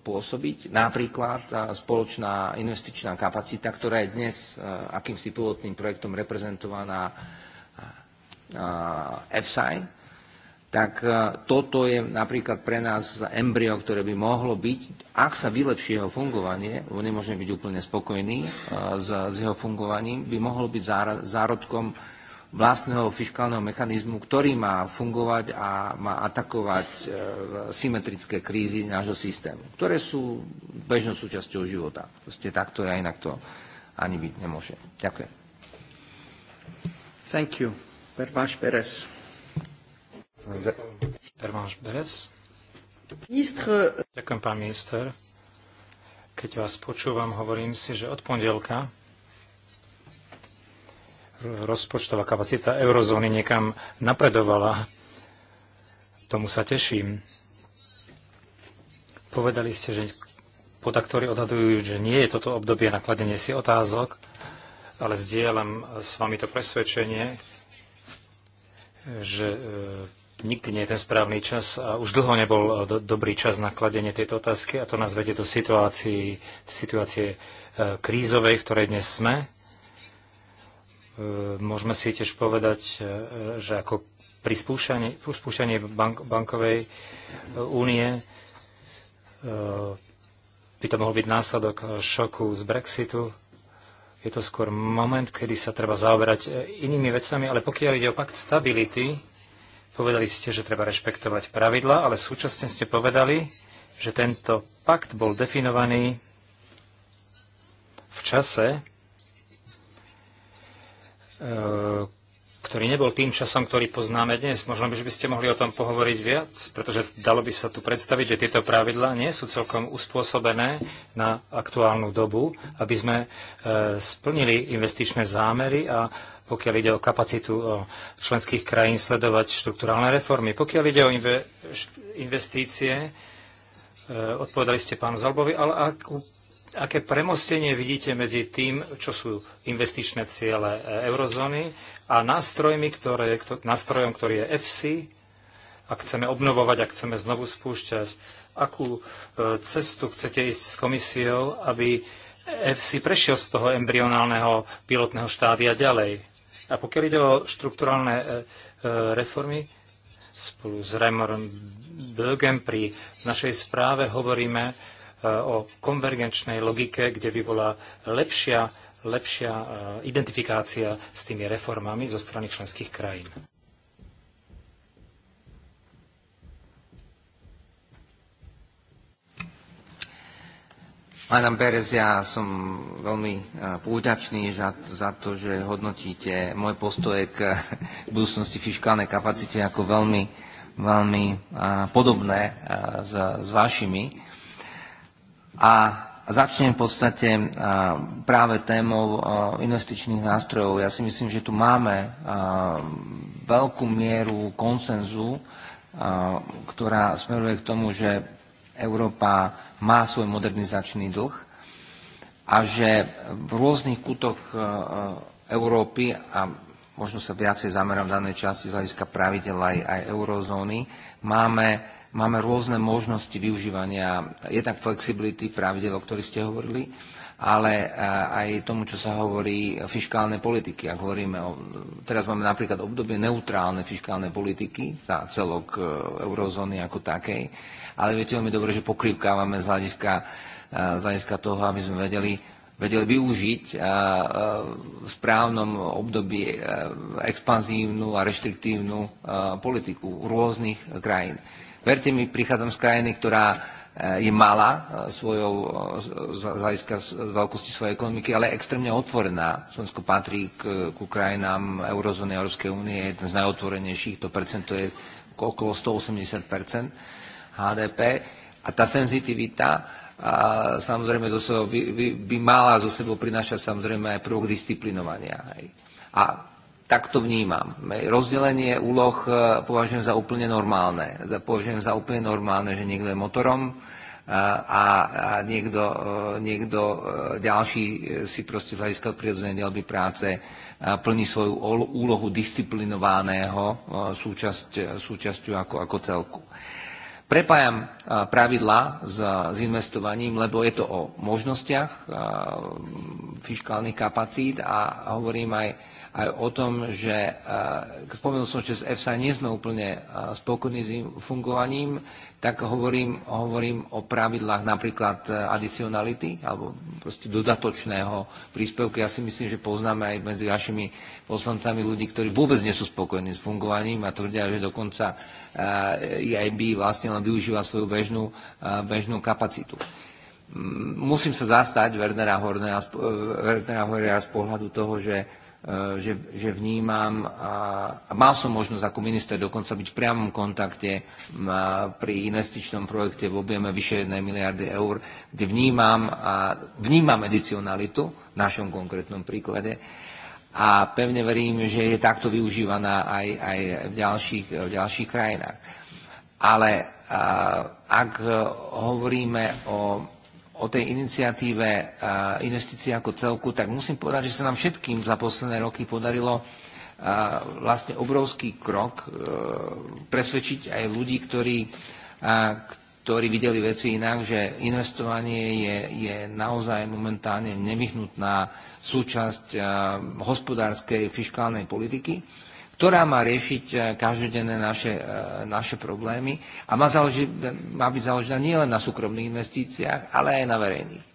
pôsobiť. Napríklad spoločná investičná kapacita, ktorá je dnes e, akýmsi pilotným projektom reprezentovaná EFSAI, tak e, toto je napríklad pre nás embryo, ktoré by mohlo byť, ak sa vylepší jeho fungovanie, lebo nemôžeme byť úplne spokojní e, s, s jeho fungovaním, by mohlo byť zárodkom vlastného fiskálneho mechanizmu, ktorý má fungovať a má atakovať e, symetrické krízy nášho systému, ktoré sú bežnou súčasťou života. Proste takto je, inak to ani byť nemôže. Ďakujem. Thank you. Perváš Perez. Ďakujem, pán minister. Keď vás počúvam, hovorím si, že od pondelka rozpočtová kapacita eurozóny niekam napredovala. Tomu sa teším. Povedali ste, že podaktory odhadujú, že nie je toto obdobie nakladenie si otázok, ale zdieľam s vami to presvedčenie, že e, nikdy nie je ten správny čas a už dlho nebol e, do, dobrý čas na kladenie tejto otázky a to nás vedie do situácii, situácie e, krízovej, v ktorej dnes sme. E, môžeme si tiež povedať, e, že ako pri spúšťaní, bank, bankovej e, únie e, by to mohol byť následok šoku z Brexitu. Je to skôr moment, kedy sa treba zaoberať inými vecami, ale pokiaľ ide o pakt stability, Povedali ste, že treba rešpektovať pravidla, ale súčasne ste povedali, že tento pakt bol definovaný v čase, e, ktorý nebol tým časom, ktorý poznáme dnes. Možno by ste mohli o tom pohovoriť viac, pretože dalo by sa tu predstaviť, že tieto pravidlá nie sú celkom uspôsobené na aktuálnu dobu, aby sme e, splnili investičné zámery a pokiaľ ide o kapacitu členských krajín sledovať štruktúrálne reformy. Pokiaľ ide o investície, e, odpovedali ste pánu Zalbovi, ale akú, aké premostenie vidíte medzi tým, čo sú investičné ciele e, eurozóny a nástrojmi, ktoré, nástrojom, ktorý je EFSI, ak chceme obnovovať, ak chceme znovu spúšťať, akú e, cestu chcete ísť s komisiou, aby EFSI prešiel z toho embryonálneho pilotného štádia ďalej. A pokiaľ ide o štrukturálne e, e, reformy, spolu s Reimerom Bögem pri našej správe hovoríme e, o konvergenčnej logike, kde by bola lepšia, lepšia identifikácia s tými reformami zo strany členských krajín. Adam Pérez, ja som veľmi e, púťačný za to, že hodnotíte môj postoj k budúcnosti fiskálnej kapacite ako veľmi, veľmi e, podobné e, s, s vašimi. A začnem v podstate práve témou investičných nástrojov. Ja si myslím, že tu máme veľkú mieru koncenzu, ktorá smeruje k tomu, že Európa má svoj modernizačný dlh a že v rôznych kútoch e, e, Európy a možno sa viacej zamerám v danej časti z hľadiska pravidel aj, aj eurozóny, máme, máme rôzne možnosti využívania jednak flexibility pravidel, o ktorých ste hovorili, ale e, aj tomu, čo sa hovorí fiskálne politiky. Ak hovoríme o, teraz máme napríklad obdobie neutrálne fiskálnej politiky za celok eurozóny ako takej ale viete veľmi dobre, že pokrývkávame z hľadiska, e, z hľadiska toho, aby sme vedeli, vedeli využiť e, e, v správnom období expanzívnu a reštriktívnu politiku rôznych krajín. Verte mi, prichádzam z krajiny, ktorá je malá svojou, z hľadiska veľkosti svojej ekonomiky, ale extrémne otvorená. Slovensko patrí k, k krajinám eurozóny Európskej únie, jeden z najotvorenejších, to percento je okolo 180 HDP a tá senzitivita a samozrejme zo sebou by, by, by mala zo sebou prinašať samozrejme aj prvok disciplinovania. Hej. A tak to vnímam. Rozdelenie úloh e, považujem za úplne normálne. Považujem za úplne normálne, že niekto je motorom e, a, a niekto, e, niekto ďalší si proste z hľadiska prirodzenej práce plní svoju úlohu disciplinovaného súčasť, súčasťou ako, ako celku prepájam pravidlá s, s investovaním, lebo je to o možnostiach fiskálnych kapacít a hovorím aj, aj o tom, že spomenul som, že z EFSA nie sme úplne spokojní s fungovaním, tak hovorím, hovorím o pravidlách napríklad e, adicionality alebo proste dodatočného príspevku. Ja si myslím, že poznáme aj medzi vašimi poslancami ľudí, ktorí vôbec nie sú spokojní s fungovaním a tvrdia, že dokonca EIB e vlastne len využíva svoju bežnú, eh, bežnú kapacitu. Mm, musím sa zastať Wernera Hornera, eh, Wernera Hornera z pohľadu toho, že, eh, že, že vnímam, a mal som možnosť ako minister dokonca byť v priamom kontakte mm, pri investičnom projekte v objeme vyše 1 miliardy eur, kde vnímam, a vnímam medicionalitu v našom konkrétnom príklade a pevne verím, že je takto využívaná aj, aj v, ďalších, v ďalších krajinách. Ale ak hovoríme o, o tej iniciatíve investícií ako celku, tak musím povedať, že sa nám všetkým za posledné roky podarilo vlastne obrovský krok e, presvedčiť aj ľudí, ktorí, ktorí videli veci inak, že investovanie je, je naozaj momentálne nevyhnutná súčasť hospodárskej fiskálnej politiky ktorá má riešiť e, každodenné naše, e, naše problémy a má, založi- má byť založená nielen na súkromných investíciách, ale aj na verejných.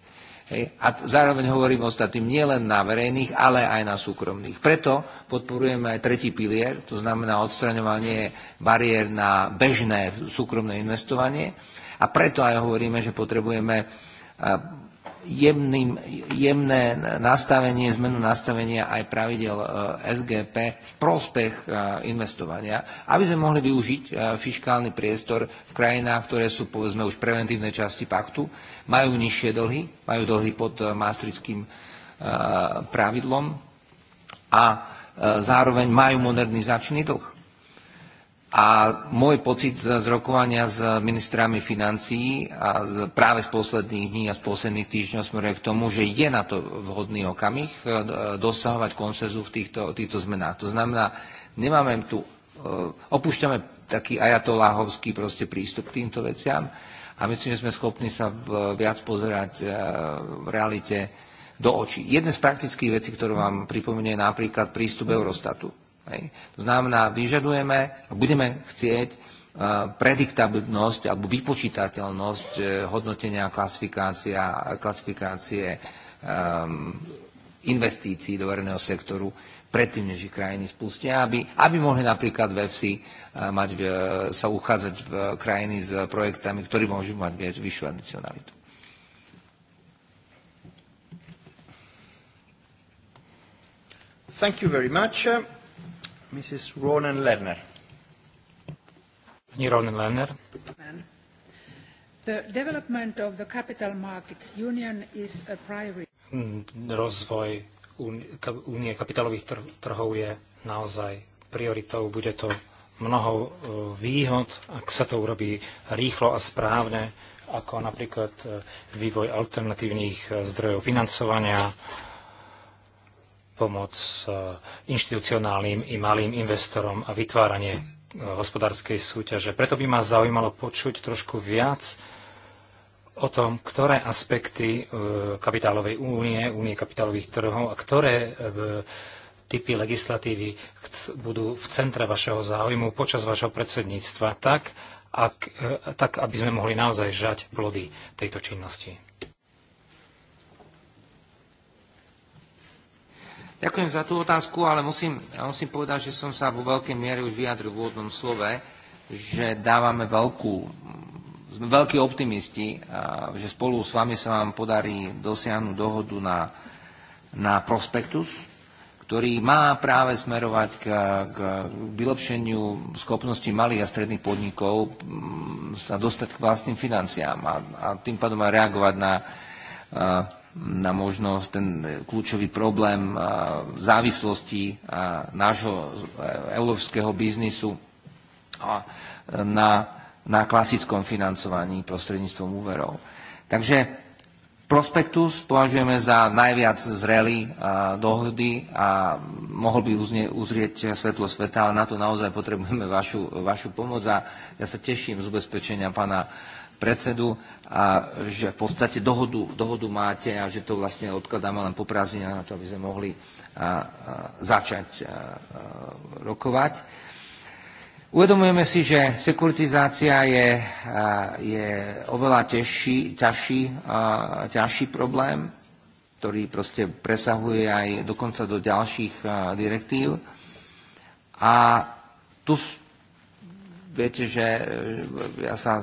Hej. A zároveň hovorím ostatným nielen na verejných, ale aj na súkromných. Preto podporujeme aj tretí pilier, to znamená odstraňovanie bariér na bežné súkromné investovanie. A preto aj hovoríme, že potrebujeme e, jemným, jemné nastavenie, zmenu nastavenia aj pravidel eh, SGP v prospech eh, investovania, aby sme mohli využiť eh, fiskálny priestor v krajinách, ktoré sú povedzme už preventívnej časti paktu, majú nižšie dlhy, majú dlhy pod maastrickým pravidlom a zároveň majú modernizačný dlh. A môj pocit z rokovania s ministrami financií a z, práve z posledných dní a z posledných týždňov smeruje k tomu, že je na to vhodný okamih e, dosahovať konsenzu v týchto, týchto zmenách. To znamená, nemáme tu, e, opúšťame taký ajatoláhovský proste prístup k týmto veciam a myslím, že sme schopní sa viac pozerať e, v realite do očí. Jedna z praktických vecí, ktorú vám pripomenie, je napríklad prístup Eurostatu Hej. To znamená, vyžadujeme a budeme chcieť e, prediktabilnosť alebo vypočítateľnosť e, hodnotenia klasifikácia, klasifikácie um, investícií do verejného sektoru predtým, než ich krajiny spustia, aby, aby mohli napríklad v EFSI e, mať, sa uchádzať v krajiny s projektami, ktorí môžu mať vyššiu adicionalitu. Thank you very much. Mrs. Ronan Lerner. Pani Ronan Lerner. The development of the capital markets union is a priority. Hmm, rozvoj únie kapitálových trhov je naozaj prioritou. Bude to mnoho e, výhod, ak sa to urobí rýchlo a správne, ako napríklad e, vývoj alternatívnych e, zdrojov financovania, pomoc eh, inštitucionálnym i malým investorom a vytváranie eh, hospodárskej súťaže. Preto by ma zaujímalo počuť trošku viac o tom, ktoré aspekty eh, kapitálovej únie, únie kapitálových trhov a ktoré typy legislatívy budú v centre vašeho záujmu počas vašho predsedníctva tak, ak, tak, aby sme mohli naozaj žať plody tejto činnosti. Ďakujem za tú otázku, ale musím, musím povedať, že som sa vo veľkej miere už vyjadril v úvodnom slove, že dávame veľkú, sme veľkí optimisti, že spolu s vami sa vám podarí dosiahnuť dohodu na, na prospektus, ktorý má práve smerovať k, k vylepšeniu schopnosti malých a stredných podnikov mm, sa dostať k vlastným financiám a, a tým pádom aj reagovať na na možnosť ten kľúčový problém závislosti nášho e, európskeho biznisu na, na klasickom financovaní prostredníctvom úverov. Takže Prospektus považujeme za najviac zrelý dohody a mohol by uzrieť svetlo sveta, ale na to naozaj potrebujeme vašu, vašu pomoc a ja sa teším z ubezpečenia pána predsedu a že v podstate dohodu, dohodu máte a že to vlastne odkladáme len po prázdninách na to, aby sme mohli a, a, začať a, rokovať. Uvedomujeme si, že sekuritizácia je, je oveľa težší, ťažší, ťažší problém, ktorý proste presahuje aj dokonca do ďalších direktív. A tu, viete, že e, ja sa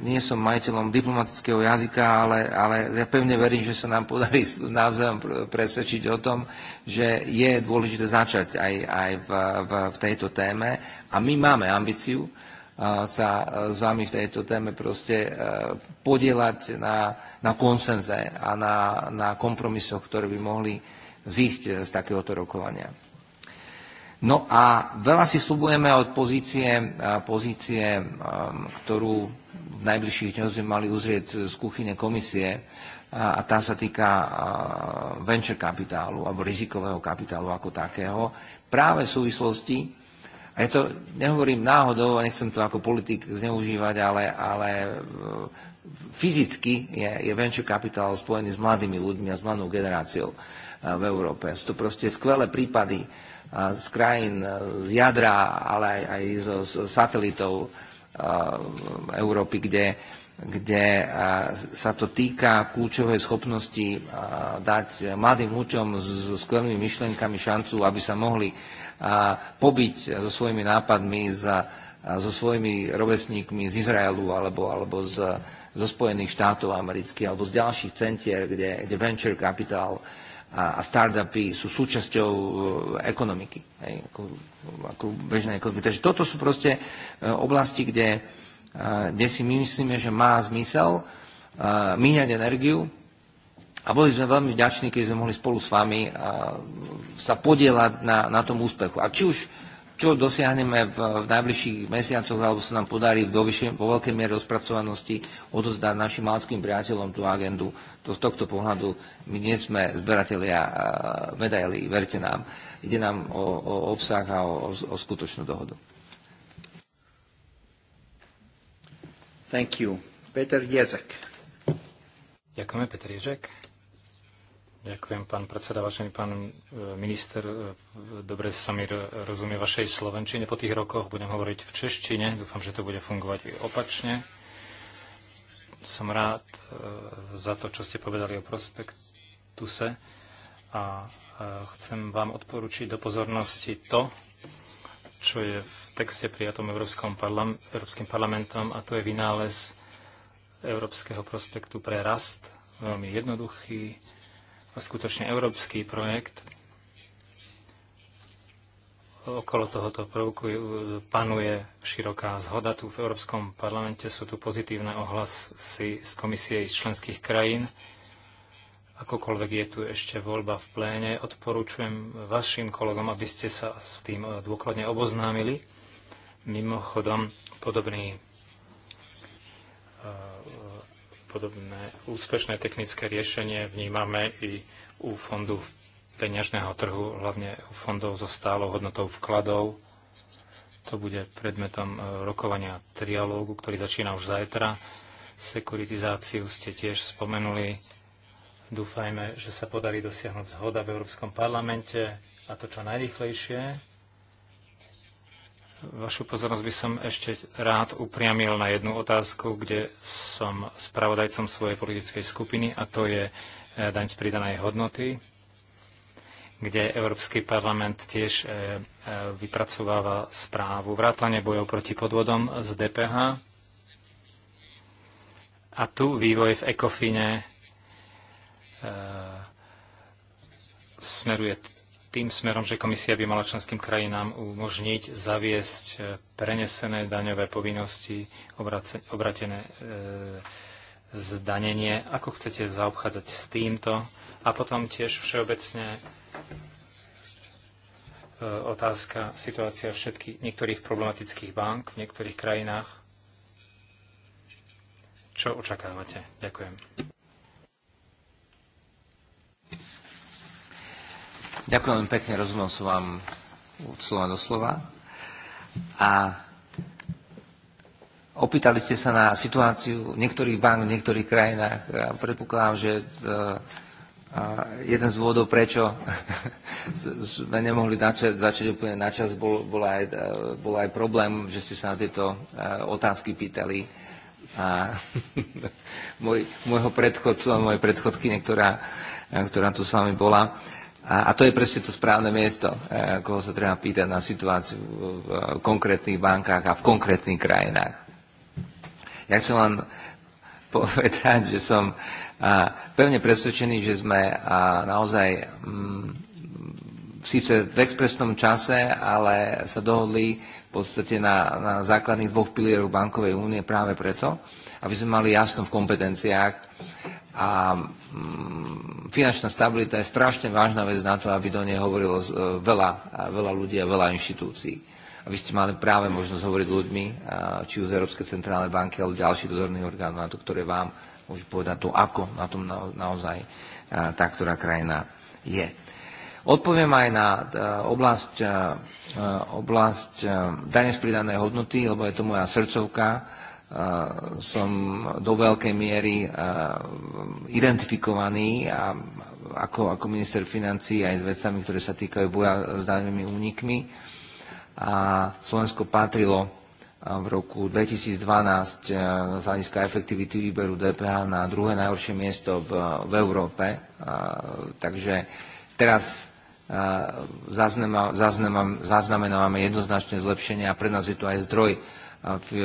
nie som majiteľom diplomatického jazyka, ale, ale ja pevne verím, že sa nám podarí navzájom presvedčiť o tom, že je dôležité začať aj, aj v, v, v tejto téme. A my máme ambíciu e, sa e, s vami v tejto téme proste podielať na, na konsenze a na, na kompromisoch, ktoré by mohli zísť z takéhoto rokovania. No a veľa si slubujeme od pozície, pozície um, ktorú v najbližších dňoch sme mali uzrieť z kuchyne komisie a tá sa týka venture kapitálu alebo rizikového kapitálu ako takého práve v súvislosti a ja to nehovorím náhodou a nechcem to ako politik zneužívať, ale, ale e, fyzicky je, je venture kapitál spojený s mladými ľuďmi a s mladou generáciou e, v Európe. Sú to proste skvelé prípady z krajín, e, z jadra, ale aj, aj zo satelitov e, Európy, kde, kde e, sa to týka kľúčovej schopnosti dať mladým ľuďom so skvelými myšlenkami šancu, aby sa mohli pobiť so svojimi nápadmi, za, so svojimi rovesníkmi z Izraelu alebo, alebo z, zo Spojených štátov amerických alebo z ďalších centier, kde, kde venture capital uh, a, a startupy sú súčasťou e, ekonomiky, hej, ako, ako bežnej ekonomiky. Takže toto sú proste e, oblasti, kde, kde si my myslíme, že má zmysel e, míňať energiu a boli sme veľmi vďační, keď sme mohli spolu s vami sa podielať na, na tom úspechu. A či už čo dosiahneme v, v najbližších mesiacoch, alebo sa nám podarí vo, vyššie, vo veľkej miere rozpracovanosti odozdať našim malským priateľom tú agendu. To z tohto pohľadu my nie sme zberatelia medaily, verte nám. Ide nám o, o obsah a o, o skutočnú dohodu. Thank you. Peter Jezek. Ďakujeme, Peter Ježek. Ďakujem, pán predseda, vážený pán e, minister. E, dobre sa mi rozumie vašej slovenčine. Po tých rokoch budem hovoriť v češtine. Dúfam, že to bude fungovať i opačne. Som rád e, za to, čo ste povedali o prospektuse a chcem vám odporučiť do pozornosti to, čo je v texte prijatom Európskom parlam- Európskym parlamentom a to je vynález Európskeho prospektu pre rast. Veľmi jednoduchý, skutočne európsky projekt. Okolo tohoto prvku panuje široká zhoda tu v Európskom parlamente. Sú tu pozitívne ohlasy z komisie z členských krajín. Akokoľvek je tu ešte voľba v pléne, odporúčujem vašim kolegom, aby ste sa s tým e, dôkladne oboznámili. Mimochodom, podobný e, Podobné úspešné technické riešenie vnímame i u fondu peňažného trhu, hlavne u fondov so stálou hodnotou vkladov. To bude predmetom e, rokovania trialógu, ktorý začína už zajtra. Sekuritizáciu ste tiež spomenuli. Dúfajme, že sa podarí dosiahnuť zhoda v Európskom parlamente a to čo najrychlejšie Vašu pozornosť by som ešte rád upriamil na jednu otázku, kde som spravodajcom svojej politickej skupiny a to je eh, daň z pridanej hodnoty, kde Európsky parlament tiež eh, eh, vypracováva správu vrátane bojov proti podvodom z DPH. A tu vývoj v ECOFINE smeruje tým smerom, že komisia by mala členským krajinám umožniť zaviesť e, prenesené daňové povinnosti, obratené e, zdanenie, ako chcete zaobchádzať s týmto a potom tiež všeobecne e, otázka, situácia všetkých, niektorých problematických bank v niektorých krajinách. Čo očakávate? Ďakujem. Ďakujem pekne, rozumiem som vám od slova do slova. A opýtali ste sa na situáciu niektorých bank v niektorých krajinách. Ja predpokladám, že e, jeden z dôvodov, prečo sme nemohli začať, začať úplne načas, bol, bol, aj, e, bol aj problém, že ste sa na tieto e, otázky pýtali. A môj, môjho predchodcu a mojej predchodky, ktorá, ktorá tu s vami bola, a, a to je presne to správne miesto, e, koho sa treba pýtať na situáciu v, v konkrétnych bankách a v konkrétnych krajinách. Ja chcem len povedať, že som a, pevne presvedčený, že sme a, naozaj m, mm, síce v expresnom čase, ale sa dohodli v podstate na, na základných dvoch pilierov bankovej únie práve preto, aby sme mali jasno v kompetenciách a mm, finančná stabilita je strašne vážna vec na to, aby do nej hovorilo e, veľa, veľa ľudí a veľa inštitúcií. A vy ste mali práve možnosť hovoriť ľuďmi, či už z Európskej centrálnej banky alebo ďalších dozorných orgánov na to, ktoré vám môžu povedať to, ako na tom naozaj e, tá, ktorá krajina je. Odpoviem aj na e, oblasť, oblasť dane z pridanej hodnoty, lebo je to moja srdcovka som do veľkej miery identifikovaný a ako, ako minister financí aj s vecami, ktoré sa týkajú boja s daňovými únikmi. A Slovensko patrilo v roku 2012 z hľadiska efektivity výberu DPH na druhé najhoršie miesto v, v Európe. Takže teraz zaznamenávame jednoznačné zlepšenie a pre nás je to aj zdroj v e,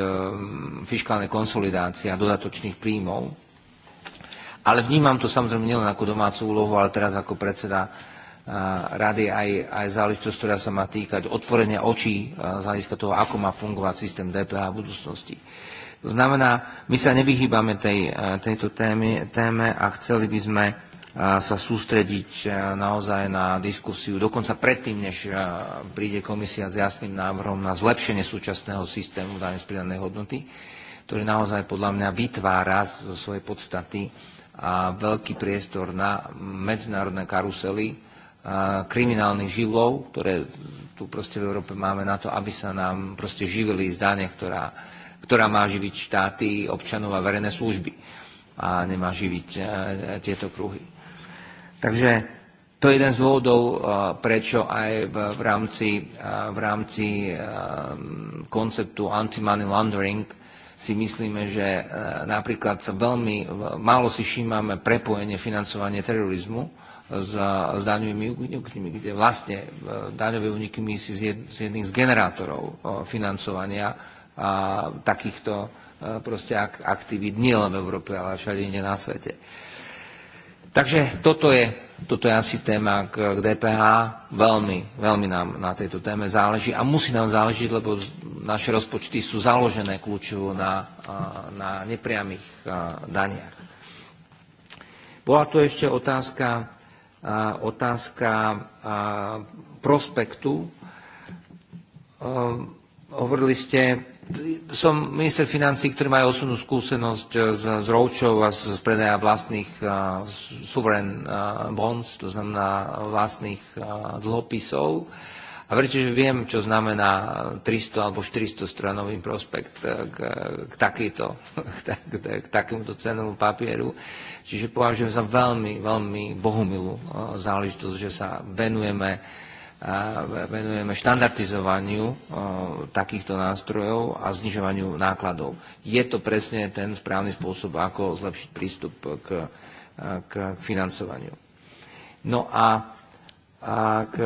fiskálnej konsolidácii a dodatočných príjmov. Ale vnímam to samozrejme nielen ako domácu úlohu, ale teraz ako predseda e, rady aj, aj záležitosť, ktorá sa má týkať otvorenia očí e, z hľadiska toho, ako má fungovať systém DPH v budúcnosti. To znamená, my sa nevyhýbame tej, tejto téme, téme a chceli by sme sa sústrediť e, naozaj na diskusiu, dokonca predtým, než e, príde komisia s jasným návrhom na zlepšenie súčasného systému dane z pridanej hodnoty, ktorý naozaj podľa mňa vytvára zo svojej podstaty a veľký priestor na medzinárodné karusely e, kriminálnych živlov, ktoré tu proste v Európe máme na to, aby sa nám proste živili zdanie, ktorá, ktorá má živiť štáty, občanov a verejné služby a nemá živiť tieto kruhy. Takže to je jeden z dôvodov, eh, prečo aj v, rámci, v rámci eh, eh, konceptu anti-money laundering si myslíme, že napríklad sa veľmi málo si všímame prepojenie financovania terorizmu s, s daňovými únikmi, kde vlastne daňové úniky si z, z jedných z generátorov financovania a takýchto proste aktivít nielen v Európe, ale všade na svete. Takže toto je, toto je asi téma k, k DPH. Veľmi, veľmi nám na tejto téme záleží a musí nám záležiť, lebo naše rozpočty sú založené kľúčovo na, na nepriamých daniach. Bola tu ešte otázka, otázka prospektu. Ehm, hovorili ste som minister financí, ktorý má osobnú skúsenosť eh, s, s roučou a z, predaja vlastných uh, eh, sovereign uh, eh, bonds, to znamená vlastných uh, dlhopisov. A verite, že viem, čo znamená 300 alebo 400 stranový prospekt k, k, takýto, k, tak, k takémuto cenovému papieru. Čiže považujem za veľmi, veľmi bohumilú záležitosť, že sa venujeme uh, venujeme štandardizovaniu takýchto nástrojov a znižovaniu nákladov. Je to presne ten správny spôsob, ako zlepšiť prístup k, k financovaniu. No a, a k,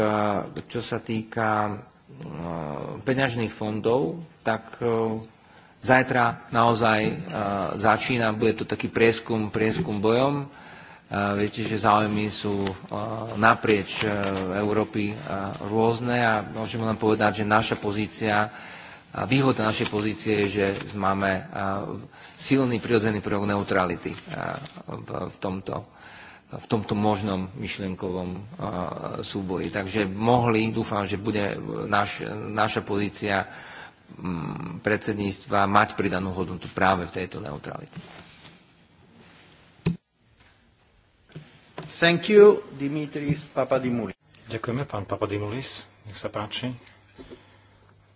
čo sa týka peňažných fondov, tak zajtra naozaj začína, bude to taký prieskum, prieskum bojom Viete, že záujmy sú e, naprieč e, Európy e, rôzne a môžeme len povedať, že naša pozícia, výhoda našej pozície je, že máme silný prirodzený prvok neutrality v tomto, v tomto možnom myšlienkovom súboji. Takže mohli, dúfam, že bude naš, naša pozícia mm, predsedníctva mať pridanú hodnotu práve v tejto neutralite. Thank you, Dimitris Papadimulis. Ďakujeme, pán Papadimulis. Nech sa páči.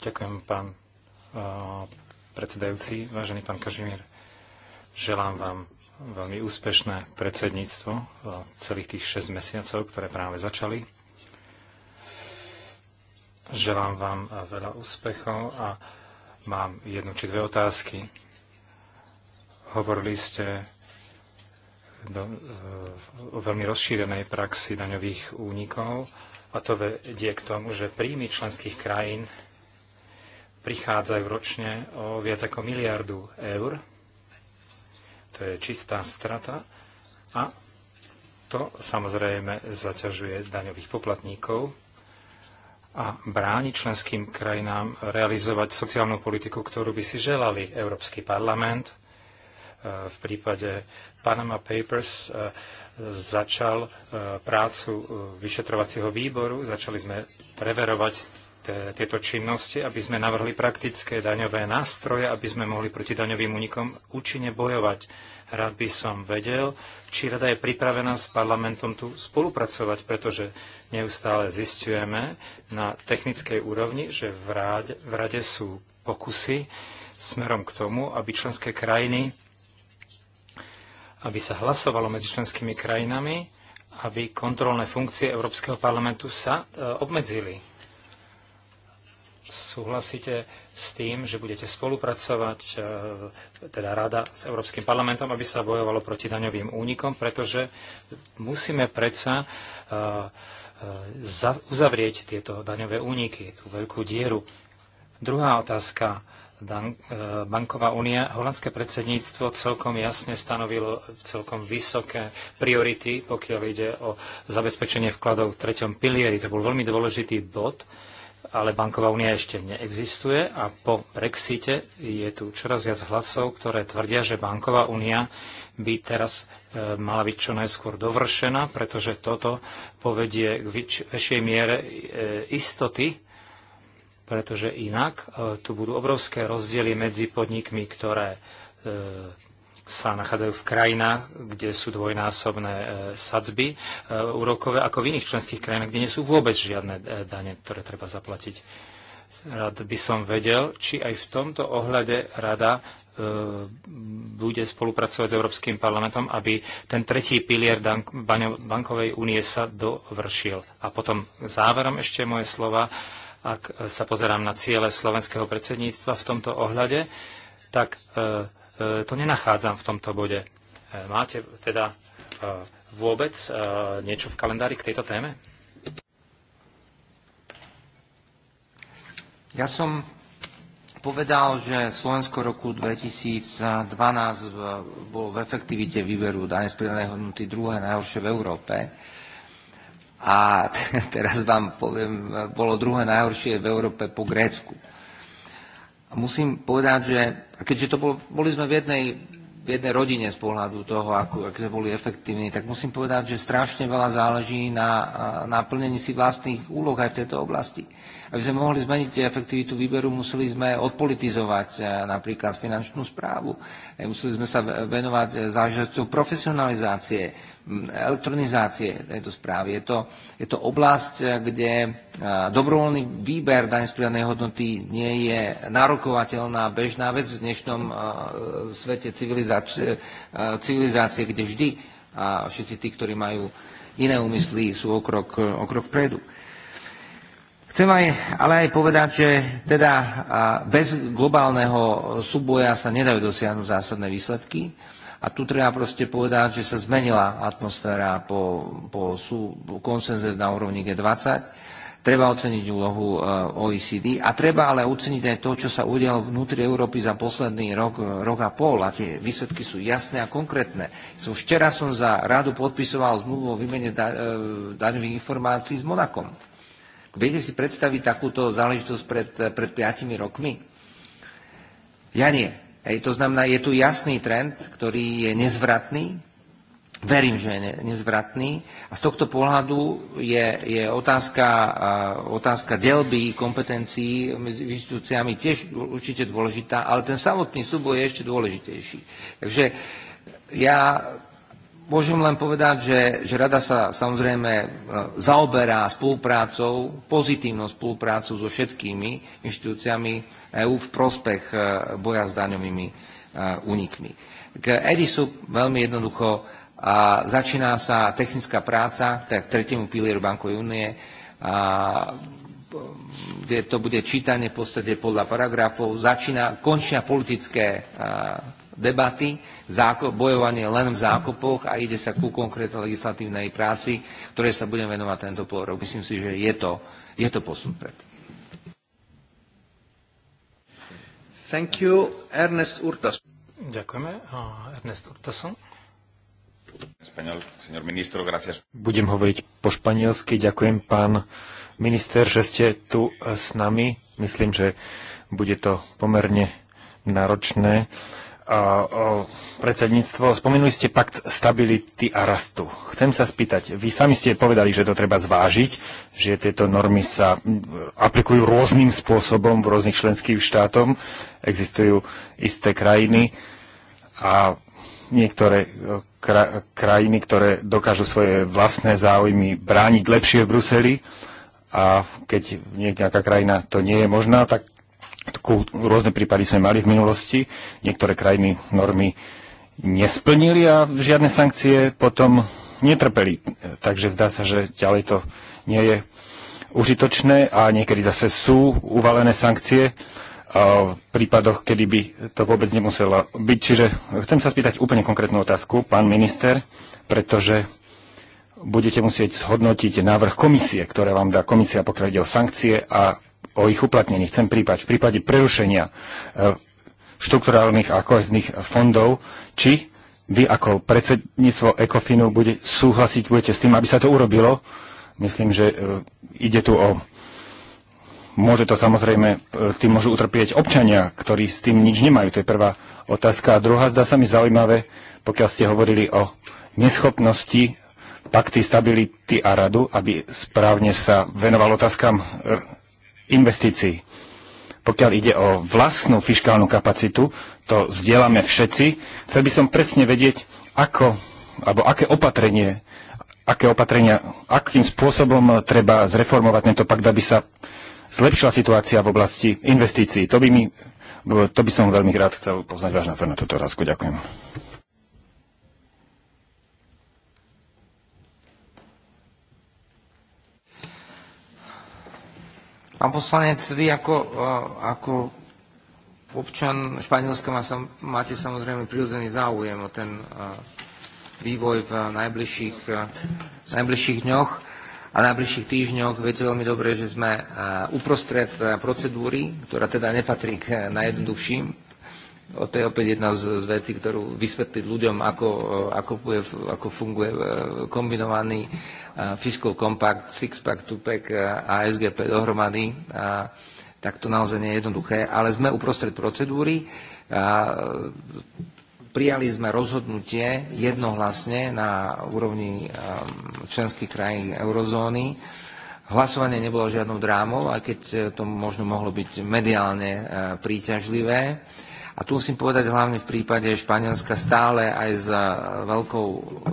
Ďakujem, pán uh, predsedajúci. Vážený pán Kažimír, želám vám veľmi úspešné predsedníctvo eh, celých tých 6 mesiacov, ktoré práve začali. Želám vám eh, veľa úspechov a mám jednu či dve otázky. Hovorili ste o e, veľmi rozšírenej praxi daňových únikov a to vedie k tomu, že príjmy členských krajín prichádzajú ročne o viac ako miliardu eur. To je čistá strata a to samozrejme zaťažuje daňových poplatníkov a bráni členským krajinám realizovať sociálnu politiku, ktorú by si želali Európsky parlament e, v prípade Panama Papers e, začal e, prácu e, vyšetrovacieho výboru, začali sme preverovať tieto činnosti, aby sme navrhli praktické daňové nástroje, aby sme mohli proti daňovým únikom účinne bojovať. Rád by som vedel, či rada je pripravená s parlamentom tu spolupracovať, pretože neustále zistujeme na technickej úrovni, že v rade, v rade sú pokusy smerom k tomu, aby členské krajiny aby sa hlasovalo medzi členskými krajinami, aby kontrolné funkcie Európskeho parlamentu sa e, obmedzili. Súhlasíte s tým, že budete spolupracovať, e, teda rada s Európskym parlamentom, aby sa bojovalo proti daňovým únikom, pretože musíme predsa e, uzavrieť tieto daňové úniky, tú veľkú dieru. Druhá otázka E, banková únia, holandské predsedníctvo celkom jasne stanovilo celkom vysoké priority, pokiaľ ide o zabezpečenie vkladov v treťom pilieri. To bol veľmi dôležitý bod, ale banková únia ešte neexistuje a po Brexite je tu čoraz viac hlasov, ktoré tvrdia, že banková únia by teraz e, mala byť čo najskôr dovršená, pretože toto povedie k väčšej miere e, istoty pretože inak e, tu budú obrovské rozdiely medzi podnikmi, ktoré e, sa nachádzajú v krajinách, kde sú dvojnásobné e, sadzby úrokové, ako v iných členských krajinách, kde nie sú vôbec žiadne dane, ktoré treba zaplatiť. Rád by som vedel, či aj v tomto ohľade rada bude spolupracovať s Európskym parlamentom, aby ten tretí pilier bankovej únie sa dovršil. A potom záverom ešte moje slova ak e, sa pozerám na ciele slovenského predsedníctva v tomto ohľade, tak e, e, to nenachádzam v tomto bode. Máte teda vôbec niečo v kalendári k tejto téme? Ja som povedal, že Slovensko roku 2012 bolo v efektivite výberu dane z pridanej hodnoty druhé najhoršie v Európe. A teraz vám poviem, bolo druhé najhoršie v Európe po Grécku. A musím povedať, že keďže to bol, boli sme v jednej, v jednej rodine z pohľadu toho, ako, ako sme boli efektívni, tak musím povedať, že strašne veľa záleží na, na plnení si vlastných úloh aj v tejto oblasti. Aby sme mohli zmeniť efektivitu výberu, museli sme odpolitizovať e, napríklad finančnú správu. E, museli sme sa venovať zážitcov profesionalizácie, elektronizácie tejto správy. Je to, je to oblasť, e, kde dobrovoľný výber daň z pridanej hodnoty nie je nárokovateľná bežná vec v dnešnom svete civilizácie, civilizácie kde vždy všetci tí, ktorí majú iné úmysly, sú o krok, o krok vpredu. Chcem aj, ale aj povedať, že teda bez globálneho súboja sa nedajú dosiahnuť zásadné výsledky. A tu treba proste povedať, že sa zmenila atmosféra po, po, sú, po konsenze na úrovni G20. Treba oceniť úlohu e, OECD a treba ale oceniť aj to, čo sa udialo vnútri Európy za posledný rok, rok a pol. A tie výsledky sú jasné a konkrétne. Som, včera som za radu podpisoval zmluvu o výmene da, e, daňových informácií s Monakom. Viete si predstaviť takúto záležitosť pred, pred 5 rokmi? Ja nie. Ej, to znamená, je tu jasný trend, ktorý je nezvratný. Verím, že je nezvratný. A z tohto pohľadu je, je otázka, otázka delby kompetencií medzi inštitúciami tiež určite dôležitá, ale ten samotný súboj je ešte dôležitejší. Takže ja Môžem len povedať, že, že rada sa samozrejme e, zaoberá spoluprácou, pozitívnou spoluprácou so všetkými inštitúciami EÚ v prospech e, boja s daňovými e, únikmi. K EDISu veľmi jednoducho a začína sa technická práca k tretiemu pilieru bankovej únie, kde to bude čítanie v podstate podľa paragrafov, začína, končia politické a, debaty, záko- bojovanie len v zákopoch a ide sa ku konkrétnej legislatívnej práci, ktorej sa budem venovať tento pol rok. Myslím si, že je to, je to posun pred. Thank you, Ernest Urtas. Ďakujeme. Ernest gracias. Budem hovoriť po španielsky. Ďakujem, pán minister, že ste tu eh, s nami. Myslím, že bude to pomerne náročné predsedníctvo. Spomenuli ste pakt stability a rastu. Chcem sa spýtať, vy sami ste povedali, že to treba zvážiť, že tieto normy sa aplikujú rôznym spôsobom v rôznych členských štátom. Existujú isté krajiny a niektoré e, krajiny, ktoré dokážu svoje vlastné záujmy brániť lepšie v Bruseli a keď nejaká krajina to nie je možná, tak Rôzne prípady sme mali v minulosti. Niektoré krajiny normy nesplnili a žiadne sankcie potom netrpeli. Takže zdá sa, že ďalej to nie je užitočné a niekedy zase sú uvalené sankcie v prípadoch, kedy by to vôbec nemuselo byť. Čiže chcem sa spýtať úplne konkrétnu otázku, pán minister, pretože budete musieť zhodnotiť návrh komisie, ktoré vám dá komisia, pokiaľ ide o sankcie a o ich uplatnení. Chcem prípať, v prípade prerušenia e, štrukturálnych a kohezných fondov, či vy ako predsedníctvo ECOFINu bude, súhlasiť budete s tým, aby sa to urobilo. Myslím, že e, ide tu o... Môže to samozrejme, e, tým môžu utrpieť občania, ktorí s tým nič nemajú. To je prvá otázka. A druhá, zdá sa mi zaujímavé, pokiaľ ste hovorili o neschopnosti pakty stability a radu, aby správne sa venoval otázkam investícií. Pokiaľ ide o vlastnú fiskálnu kapacitu, to zdieľame všetci. Chcel by som presne vedieť, ako, alebo aké opatrenie, aké opatrenia, akým spôsobom treba zreformovať tento pakt, aby sa zlepšila situácia v oblasti investícií. To by, mi, to by som veľmi rád chcel poznať váš názor na túto otázku. Ďakujem. Pán poslanec, vy ako, ako občan Španielska máte samozrejme prirodzený záujem o ten vývoj v najbližších, najbližších dňoch a najbližších týždňoch. Viete veľmi dobre, že sme uprostred procedúry, ktorá teda nepatrí k najjednoduchším to je opäť jedna z, z vecí, ktorú vysvetliť ľuďom, ako, e, ako, bude, ako funguje e, kombinovaný e, Fiscal Compact, Sixpack, Tupac a SGP dohromady. A, tak to naozaj nie je jednoduché, ale sme uprostred procedúry. A, prijali sme rozhodnutie jednohlasne na úrovni členských krajín eurozóny. Hlasovanie nebolo žiadnou drámou, aj keď to možno mohlo byť mediálne príťažlivé a tu musím povedať hlavne v prípade Španielska stále aj s eh, veľkou,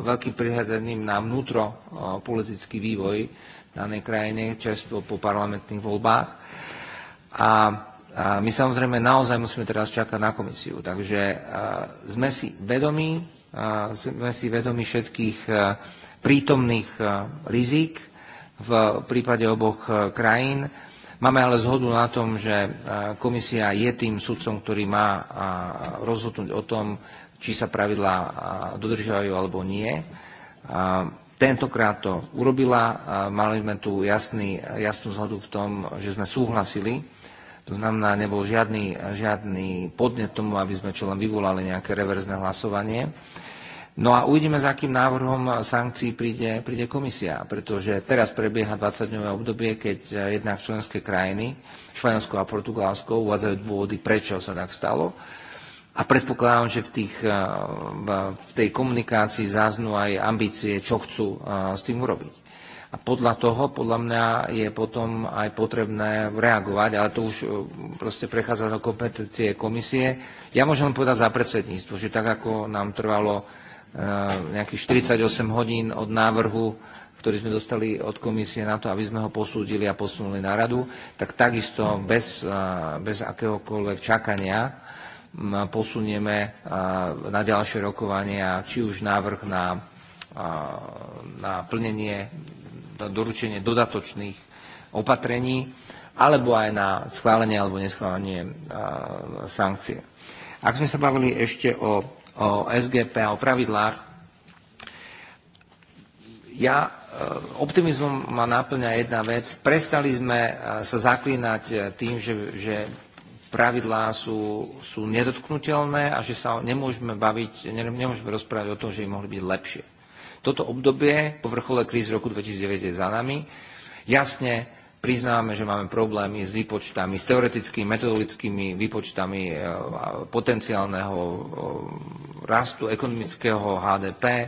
veľkým prihľadením na vnútro eh, politický vývoj danej krajine, čerstvo po parlamentných voľbách. A a my samozrejme naozaj musíme teraz čakať na komisiu. Takže eh, sme si vedomí, sme si vedomí všetkých prítomných rizik v prípade oboch krajín Máme ale zhodu na tom, že e, komisia je tým sudcom, ktorý má e, rozhodnúť o tom, či sa pravidlá e, dodržiavajú alebo nie. Tentokrát to urobila, mali sme tu jasný, jasnú zhodu v tom, že sme súhlasili. To znamená, nebol žiadny, žiadny podnet tomu, aby sme čo len vyvolali nejaké reverzné hlasovanie. No a uvidíme, za akým návrhom sankcií príde, príde komisia, pretože teraz prebieha 20-dňové obdobie, keď eh, jednak členské krajiny, Španielsko a Portugalsko, uvádzajú dôvody, prečo sa tak stalo. A predpokladám, že v, tých, eh, v tej komunikácii záznú aj ambície, čo chcú eh, s tým urobiť. A podľa toho, podľa mňa, je potom aj potrebné reagovať, ale to už proste prechádza do kompetencie komisie. Ja môžem len povedať za predsedníctvo, že tak ako nám trvalo Eh, nejakých 48 hodín od návrhu, ktorý sme dostali od komisie na to, aby sme ho posúdili a posunuli na radu, tak takisto bez, eh, bez akéhokoľvek čakania mm, posunieme eh, na ďalšie rokovania, či už návrh na, na plnenie, na doručenie dodatočných opatrení, alebo aj na schválenie alebo neschválenie sankcie. Ak sme sa bavili ešte o o SGP a o pravidlách. Ja e, optimizmom ma náplňa jedna vec. Prestali sme e, sa zaklínať e, tým, že, že pravidlá sú, sú nedotknutelné a že sa nemôžeme baviť, nemôžeme rozprávať o tom, že by mohli byť lepšie. Toto obdobie po vrchole krízy roku 2009 je za nami. Jasne, priznáme, že máme problémy s výpočtami, s teoretickými, metodologickými výpočtami e, potenciálneho e, rastu ekonomického HDP, e,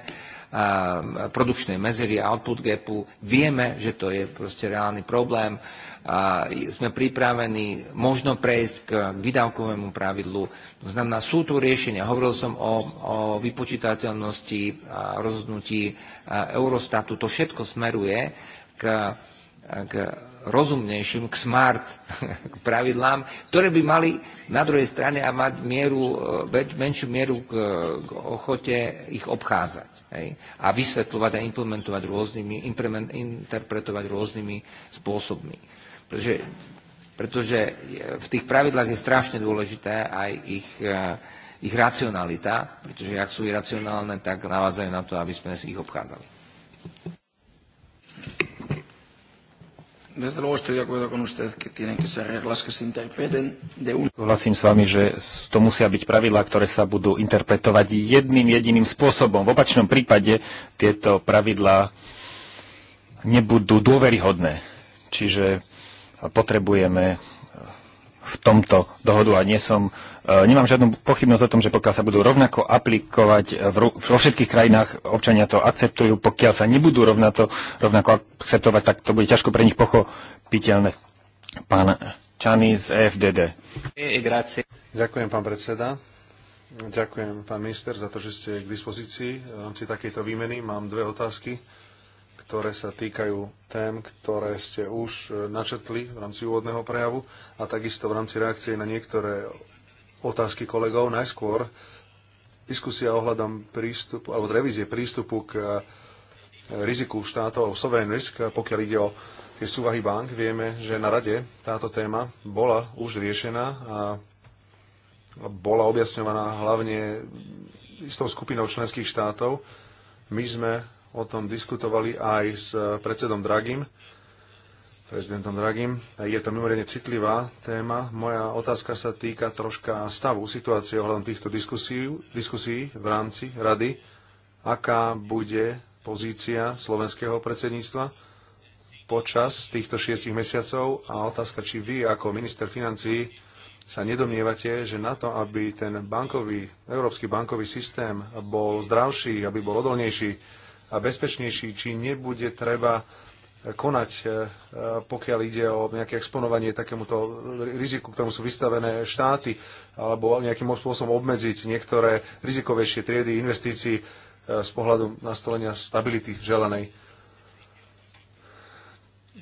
produkčnej mezery a output gapu. Vieme, že to je proste reálny problém. A sme pripravení možno prejsť k vydávkovému pravidlu. To znamená, sú tu riešenia. Hovoril som o, o vypočítateľnosti rozhodnutí Eurostatu. To všetko smeruje k k rozumnejším, k smart k pravidlám, ktoré by mali na druhej strane a mať mieru, e, menšiu mieru k, k ochote ich obchádzať. Hej? A vysvetľovať a implementovať rôznymi, interpretovať rôznymi spôsobmi. Pretože, pretože v tých pravidlách je strašne dôležité aj ich, e, ich racionalita, pretože ak sú iracionálne, tak navádzajú na to, aby sme si ich obchádzali. Desde luego estoy de acuerdo con usted que tienen que ser reglas que se interpreten de un... Súhlasím s vami, že to musia byť pravidlá, ktoré sa budú interpretovať jedným jediným spôsobom. V opačnom prípade tieto pravidlá nebudú dôveryhodné. Čiže potrebujeme v tomto dohodu a nie som, e, nemám žiadnu pochybnosť o tom, že pokiaľ sa budú rovnako aplikovať vo všetkých krajinách, občania to akceptujú, pokiaľ sa nebudú rovnato, rovnako akceptovať, tak to bude ťažko pre nich pochopiteľné. Pán Čany z e FDD. Ďakujem, pán predseda. Ďakujem, pán minister, za to, že ste k dispozícii v rámci takejto výmeny. Mám dve otázky ktoré sa týkajú tém, ktoré ste už e, načetli v rámci úvodného prejavu a takisto v rámci reakcie na niektoré otázky kolegov. Najskôr diskusia ohľadom prístupu, alebo revízie prístupu k e, riziku štátov, alebo sovereign risk, pokiaľ ide o tie súvahy bank. Vieme, že na rade táto téma bola už riešená a bola objasňovaná hlavne istou skupinou členských štátov. My sme o tom diskutovali aj s eh, predsedom Dragim, prezidentom Dragim. Eh, je to mimoriadne citlivá téma. Moja otázka sa týka troška stavu situácie ohľadom týchto diskusí, diskusí v rámci rady. Aká bude pozícia slovenského predsedníctva počas týchto šiestich mesiacov a otázka, či vy ako minister financií sa nedomnievate, že na to, aby ten bankový, európsky bankový systém bol zdravší, aby bol odolnejší, a bezpečnejší, či nebude treba konať, e, pokiaľ ide o nejaké exponovanie takémuto riziku, ktorému sú vystavené štáty, alebo nejakým spôsobom obmedziť niektoré rizikovejšie triedy investícií e, z pohľadu nastolenia stability želenej.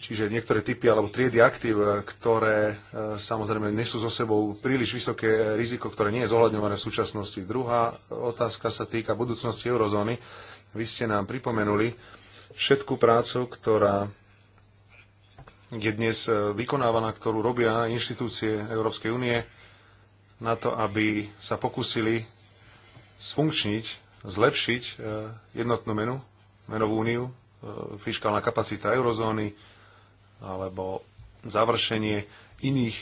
Čiže niektoré typy alebo triedy aktív, e, ktoré samozrejme nesú so sebou príliš vysoké riziko, ktoré nie je zohľadňované v súčasnosti. Druhá otázka sa týka budúcnosti eurozóny vy ste nám pripomenuli všetku prácu, ktorá je dnes e, vykonávaná, ktorú robia inštitúcie Európskej únie na to, aby sa pokúsili sfunkčniť, zlepšiť e, jednotnú menu, menovú úniu, e, fiskálna kapacita eurozóny alebo završenie iných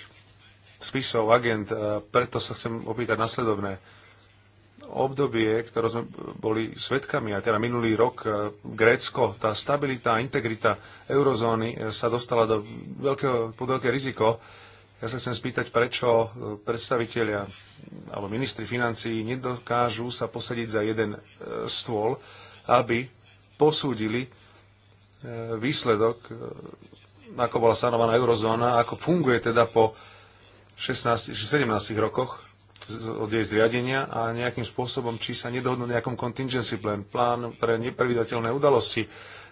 spisov, agent. Preto sa chcem opýtať nasledovné obdobie, ktoré sme boli svetkami, a teda minulý rok e, Grécko, tá stabilita a integrita eurozóny e, sa dostala do veľkého, pod veľké riziko. Ja sa chcem spýtať, prečo e, predstavitelia alebo ministri financií nedokážu sa posadiť za jeden stôl, aby posúdili výsledok, ako bola stanovaná eurozóna, ako funguje teda po 16, 17 rokoch od jej zriadenia a nejakým spôsobom, či sa nedohodnú nejakom contingency plan, plán pre nepredvidateľné udalosti,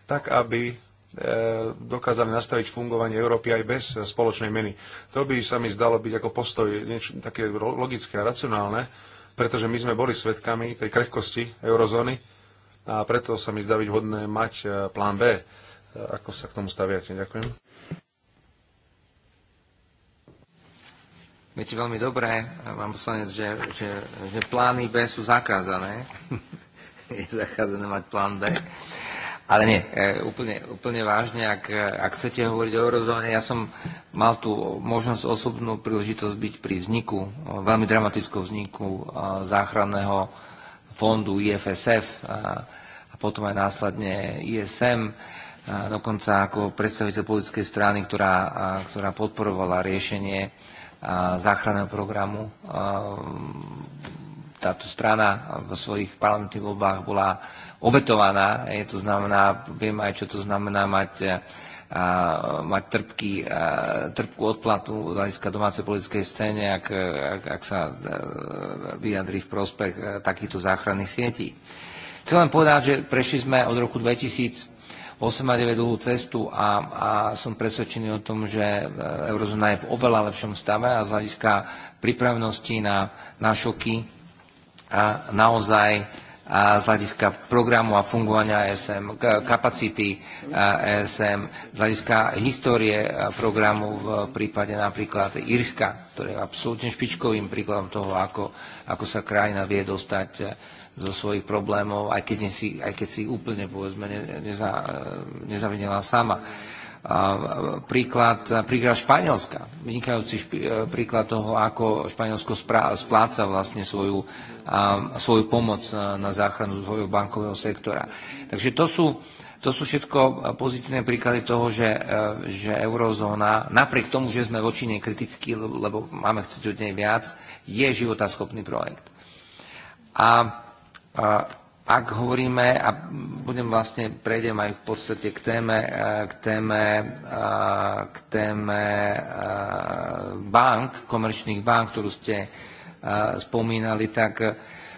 tak aby e, dokázali nastaviť fungovanie Európy aj bez spoločnej meny. To by sa mi zdalo byť ako postoj niečo také logické a racionálne, pretože my sme boli svedkami tej krehkosti eurozóny a preto sa mi zdá byť hodné mať e, plán B. E, ako sa k tomu staviate? Ďakujem. Viete veľmi dobre, vám poslanec, že, že, že plány B sú zakázané. je zakázané mať plán B. Ale nie, e, úplne, úplne vážne, ak, e, ak chcete hovoriť o eurozóne, ja som mal tú možnosť osobnú príležitosť byť pri vzniku, e, veľmi dramatickom vzniku záchranného fondu IFSF a, a potom aj následne ISM dokonca ako predstaviteľ politickej strany, ktorá, ktorá podporovala riešenie záchranného programu. Táto strana vo svojich parlamentných voľbách bola obetovaná, je to znamená, viem aj, čo to znamená mať a mať trpky, a trpkú odplatu z hľadiska domácej politickej scény, ak, ak, ak sa e, vyjadri v prospech e, takýchto záchranných sietí. Chcem len povedať, že prešli sme od roku 2000 dlhú cestu a, a som presvedčený o tom, že e, eurozóna je v oveľa lepšom stave a z hľadiska pripravenosti na, na šoky a naozaj a z hľadiska programu a fungovania ESM, kapacity ESM, z hľadiska histórie e, programu v prípade napríklad Írska, ktoré je absolútne špičkovým príkladom toho, ako, ako sa krajina vie dostať e, zo svojich problémov, aj keď si, aj keď si úplne povedzme, neza, nezavinila sama. A príklad, príklad Španielska, vynikajúci špi, e, príklad toho, ako Španielsko spláca vlastne svoju, a, svoju pomoc na záchranu svojho bankového sektora. Takže to sú, to sú všetko pozitívne príklady toho, že, e, že eurozóna, napriek tomu, že sme voči nej kritickí, lebo máme chcieť od nej viac, je životaschopný projekt. A ak hovoríme, a budem vlastne, prejdem aj v podstate k téme, e, k téme, e, k téme e, bank, komerčných bank, ktorú ste spomínali, tak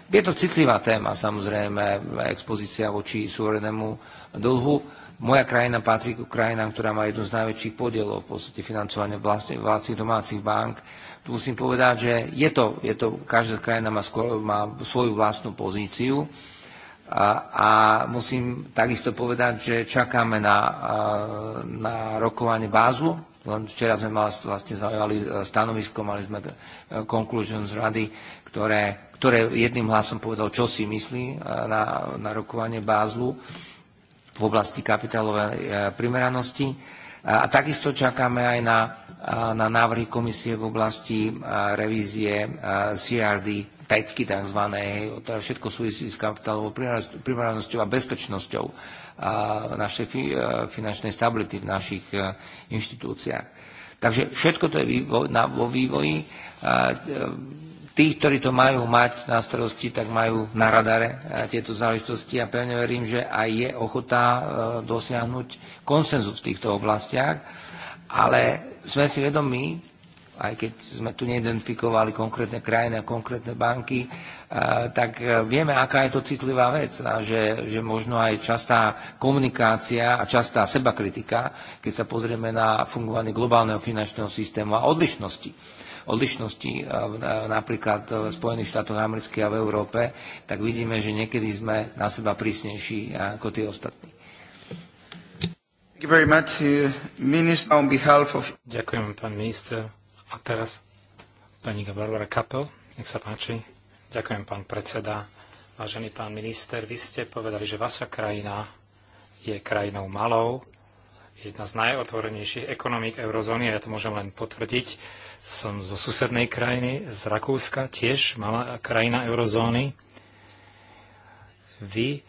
je to citlivá téma, samozrejme, expozícia voči súverenému dlhu. Moja krajina patrí k krajinám, ktorá má jednu z najväčších podielov v podstate financovania vlastných domácich bank. Tu musím povedať, že je to, je to každá krajina má, skôr, má svoju vlastnú pozíciu a, a musím takisto povedať, že čakáme na, na rokovanie bázu. Len včera sme mali, vlastne zaujali e, stanovisko, mali sme e, conclusion z rady, ktoré, ktoré jedným hlasom povedal, čo si myslí e, na, na rokovanie bázlu v oblasti kapitálovej primeranosti. A takisto čakáme aj na na návrhy komisie v oblasti revízie CRD 5 tzv. To všetko súvisí s kapitálovou primárnosťou a bezpečnosťou našej finančnej stability v našich inštitúciách. Takže všetko to je vo vývoji. E, tí, ktorí to majú mať na starosti, tak majú na radare tieto záležitosti a pevne verím, že aj je ochota e, dosiahnuť konsenzu v týchto oblastiach ale sme si vedomí, aj keď sme tu neidentifikovali konkrétne krajiny a konkrétne banky, eh, tak eh, vieme, aká je to citlivá vec a že, že možno aj častá komunikácia a častá sebakritika, keď sa pozrieme na fungovanie globálneho finančného systému a odlišnosti odlišnosti eh, napríklad v Spojených štátoch amerických a v Európe, tak vidíme, že niekedy sme na seba prísnejší ako tie ostatní. Uh, Ďakujem, pán minister. A teraz pani Barbara Kapel, nech sa páči. Ďakujem, pán predseda. Vážený pán minister, vy ste povedali, že vaša krajina je krajinou malou, jedna z najotvorenejších ekonomík eurozóny, a ja to môžem len potvrdiť. Som zo susednej krajiny, z Rakúska, tiež malá krajina eurozóny. Vy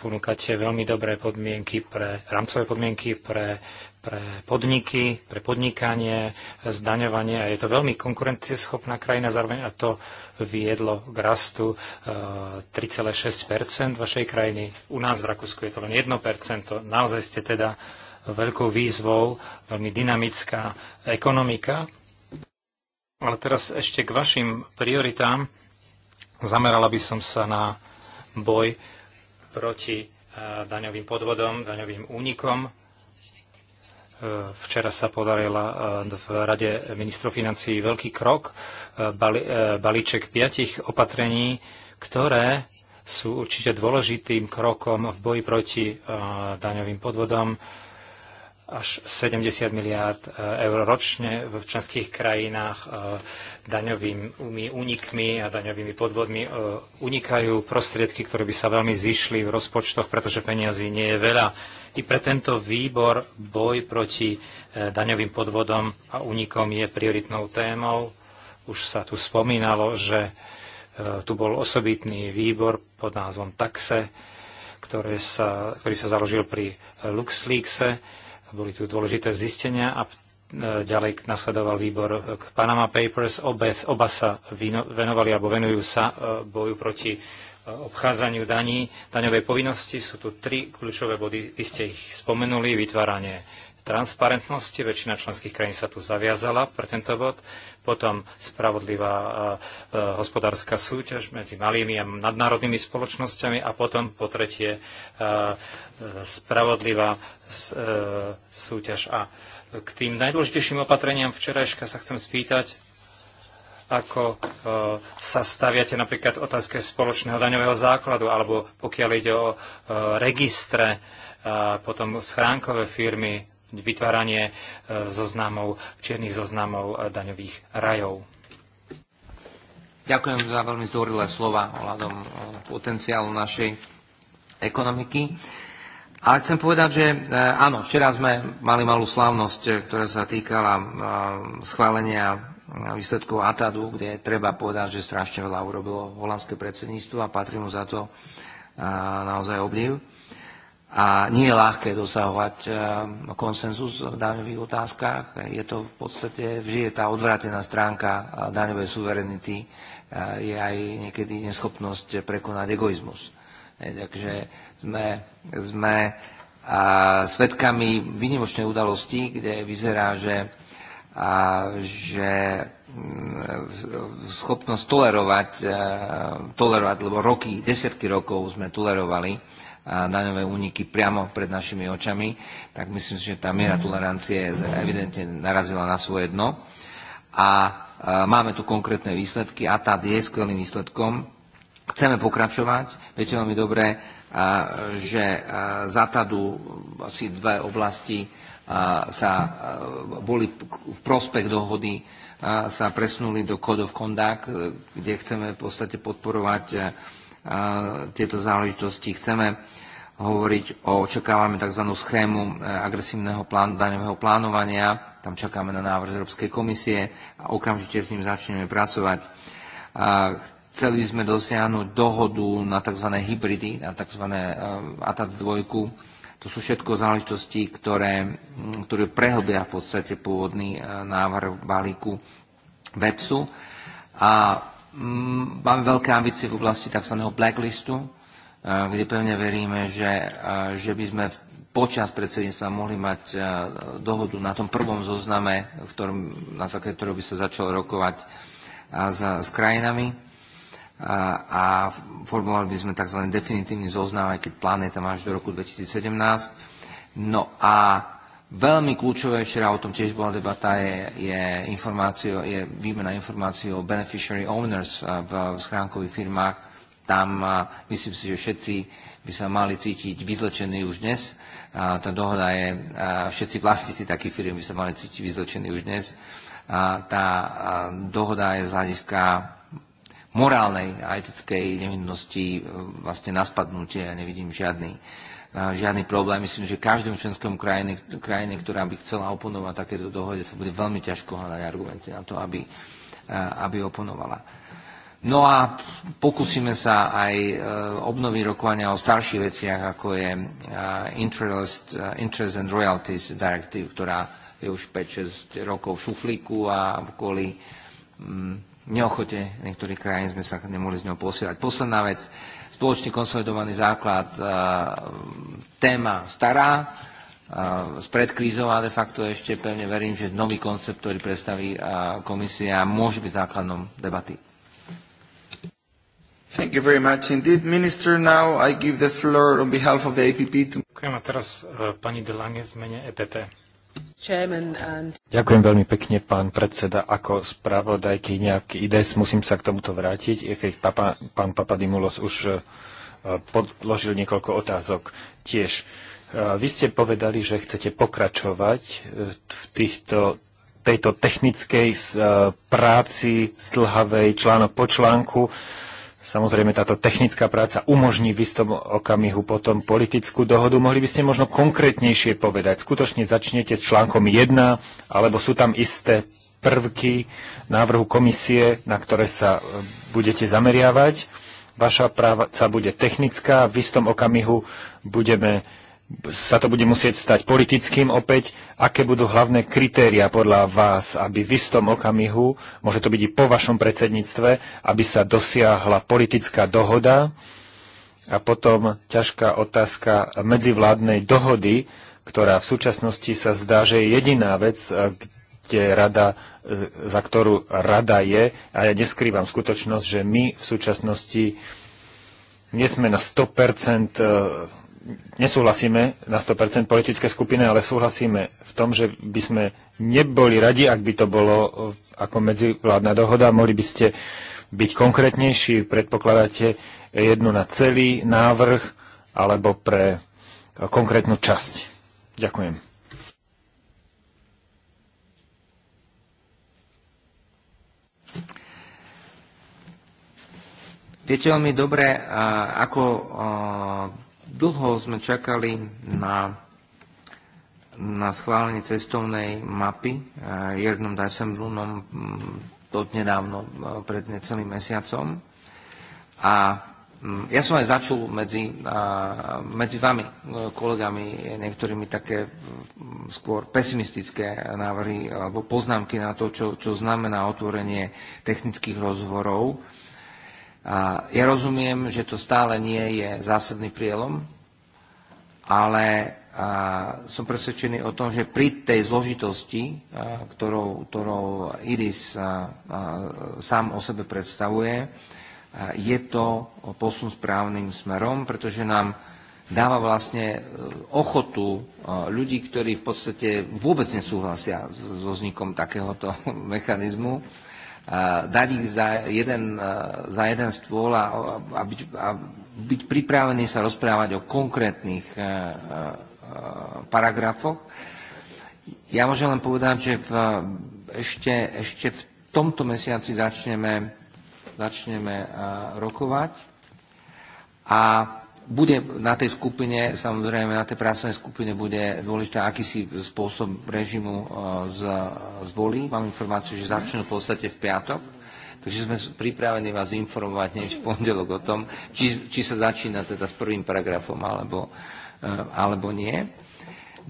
ponúkate veľmi dobré podmienky pre, rámcové podmienky pre, pre podniky, pre podnikanie, zdaňovanie a je to veľmi konkurencieschopná krajina zároveň a to viedlo k rastu 3,6% eh, vašej krajiny. U nás v Rakúsku je to len 1%. Naozaj ste teda veľkou výzvou, veľmi dynamická ekonomika. Ale teraz ešte k vašim prioritám. Zamerala by som sa na boj proti e, daňovým podvodom, daňovým únikom. E, včera sa podarila e, v Rade ministrov financí veľký krok, balíček piatich opatrení, ktoré sú určite dôležitým krokom v boji proti daňovým podvodom. Až 70 miliárd eur ročne v členských krajinách daňovými únikmi a daňovými podvodmi e, unikajú prostriedky, ktoré by sa veľmi zišli v rozpočtoch, pretože peniazy nie je veľa. I pre tento výbor boj proti e, daňovým podvodom a únikom je prioritnou témou. Už sa tu spomínalo, že e, tu bol osobitný výbor pod názvom Taxe, ktoré sa, ktorý sa založil pri LuxLeakse. Boli tu dôležité zistenia a E, ďalej nasledoval výbor k Panama Papers. Obe, oba sa venovali alebo venujú sa e, boju proti e, obchádzaniu daní, daňovej povinnosti. Sú tu tri kľúčové body, vy ste ich spomenuli, vytváranie transparentnosti, väčšina členských krajín sa tu zaviazala pre tento bod, potom spravodlivá hospodárska súťaž medzi malými a nadnárodnými spoločnosťami a potom po tretie spravodlivá súťaž a k tým najdôležitejším opatreniam včerajška sa chcem spýtať, ako e, sa staviate napríklad otázke spoločného daňového základu, alebo pokiaľ ide o e, registre, e, potom schránkové firmy, vytváranie zoznamov, čiernych zoznamov daňových rajov. Ďakujem za veľmi zdvorilé slova ohľadom potenciálu našej ekonomiky. A chcem povedať, že eh, áno, včera sme mali malú slávnosť, eh, ktorá sa týkala eh, schválenia výsledkov ATADu, kde treba povedať, že strašne veľa urobilo holandské predsedníctvo a patrí mu za to naozaj obdiv. A nie je ľahké dosahovať konsenzus v daňových otázkach. Je to v podstate vždy je tá odvrátená stránka daňovej suverenity, je aj niekedy neschopnosť prekonať egoizmus. Takže sme, sme a, svetkami výnimočnej udalosti, kde vyzerá, že, a, že mm, schopnosť tolerovať, a, e, tolerovať, lebo roky, desiatky rokov sme tolerovali a e, daňové úniky priamo pred našimi očami, tak myslím si, že tá miera mhm. tolerancie evidentne narazila na svoje dno. A, a e, máme tu konkrétne výsledky a tá je skvelým výsledkom Chceme pokračovať, viete veľmi dobre, že zatadu asi dve oblasti sa boli v prospech dohody sa presunuli do Code of Conduct, kde chceme v podstate podporovať tieto záležitosti. Chceme hovoriť o, očakávame tzv. schému e, agresívneho plán, daňového plánovania, tam čakáme na návrh Európskej komisie a okamžite s ním začneme pracovať. Chceli sme dosiahnuť dohodu na tzv. hybridy, na tzv. E, ATAT-2. To sú všetko záležitosti, ktoré, mm, ktoré prehlbia v podstate pôvodný e, návrh balíku WebSu. A mm, máme veľké ambície v oblasti tzv. blacklistu, e, kde pevne veríme, že, že by sme počas predsedníctva mohli mať dohodu na tom prvom zozname, v ktorom, na základe ktorého by sa začalo rokovať s, s krajinami a formulovali by sme tzv. definitívny zoznam, aj keď plán je tam až do roku 2017. No a veľmi kľúčové, včera o tom tiež bola debata, je, je, je výmena informácií o beneficiary owners v schránkových firmách. Tam myslím si, že všetci by sa mali cítiť vyzlečení už dnes. Tá dohoda je, všetci vlastníci takých firm by sa mali cítiť vyzlečení už dnes. Tá dohoda je z hľadiska morálnej a etickej nevinnosti e, vlastne na spadnutie. Ja nevidím žiadny, e, žiadny problém. Myslím, že každému členskému krajine, krajine, ktorá by chcela oponovať takéto dohode, sa bude veľmi ťažko hľadať argumenty na to, aby, e, aby oponovala. No a pokúsime sa aj obnoviť rokovania o starších veciach, ako je Interest, Interest and Royalties Directive, ktorá je už 5-6 rokov v šuflíku a kvôli mm, neochote niektorých krajín sme sa nemohli z ňou posielať. Posledná vec, spoločný konsolidovaný základ, eh, téma stará, eh, spredkrízová de facto ešte, pevne verím, že nový koncept, ktorý predstaví eh, komisia, môže byť základom debaty. Thank you very much indeed, Minister. Now I give the floor on behalf of the to... Ďakujem a teraz pani Delange v mene EPP. Ďakujem veľmi pekne, pán predseda. Ako spravodajky nejaký IDES musím sa k tomuto vrátiť, keď papa, pán Papadimulos už e, podložil niekoľko otázok tiež. E, vy ste povedali, že chcete pokračovať e, v týchto, tejto technickej práci, slhavej, článok po článku Samozrejme, táto technická práca umožní v istom okamihu potom politickú dohodu. Mohli by ste možno konkrétnejšie povedať, skutočne začnete s článkom 1, alebo sú tam isté prvky návrhu komisie, na ktoré sa e, budete zameriavať. Vaša práca bude technická, v istom okamihu budeme sa to bude musieť stať politickým opäť. Aké budú hlavné kritéria podľa vás, aby v istom okamihu, môže to byť i po vašom predsedníctve, aby sa dosiahla politická dohoda? A potom ťažká otázka medzivládnej dohody, ktorá v súčasnosti sa zdá, že je jediná vec, eh, kde rada, eh, za ktorú rada je. A ja neskrývam skutočnosť, že my v súčasnosti nie sme na 100% nesúhlasíme na 100% politické skupiny, ale súhlasíme v tom, že by sme neboli radi, ak by to bolo eh, ako medzivládna dohoda. Mohli by ste byť konkrétnejší, predpokladáte jednu na celý návrh alebo pre eh, konkrétnu časť. Ďakujem. Viete veľmi dobre, eh, ako Dlho sme čakali na, na schválenie cestovnej mapy eh, Jernom Dijsselbloemom mm, nedávno, eh, pred necelým mesiacom. A mm, ja som aj začul medzi, eh, medzi vami, kolegami, niektorými také mm, skôr pesimistické návrhy alebo poznámky na to, čo, čo znamená otvorenie technických rozhovorov a ja rozumiem, že to stále nie je zásadný prielom, ale som presvedčený o tom, že pri tej zložitosti, ktorou, ktorou Iris sám o sebe predstavuje, je to posun správnym smerom, pretože nám dáva vlastne e, ochotu e, ľudí, ktorí v podstate vôbec nesúhlasia so vznikom takéhoto mechanizmu, dať ich za jeden, e, za jeden stôl a, a, byť, a byť pripravený sa rozprávať o konkrétnych e, e, paragrafoch. Ja môžem len povedať, že v, ešte, ešte v tomto mesiaci začneme, začneme rokovať a bude na tej skupine, samozrejme na tej pracovnej skupine bude dôležité, aký si spôsob režimu e, zvolí. Mám informáciu, že začnú v podstate v piatok, takže sme pripravení vás informovať niečo v pondelok o tom, či, či sa začína teda s prvým paragrafom alebo, e, alebo nie.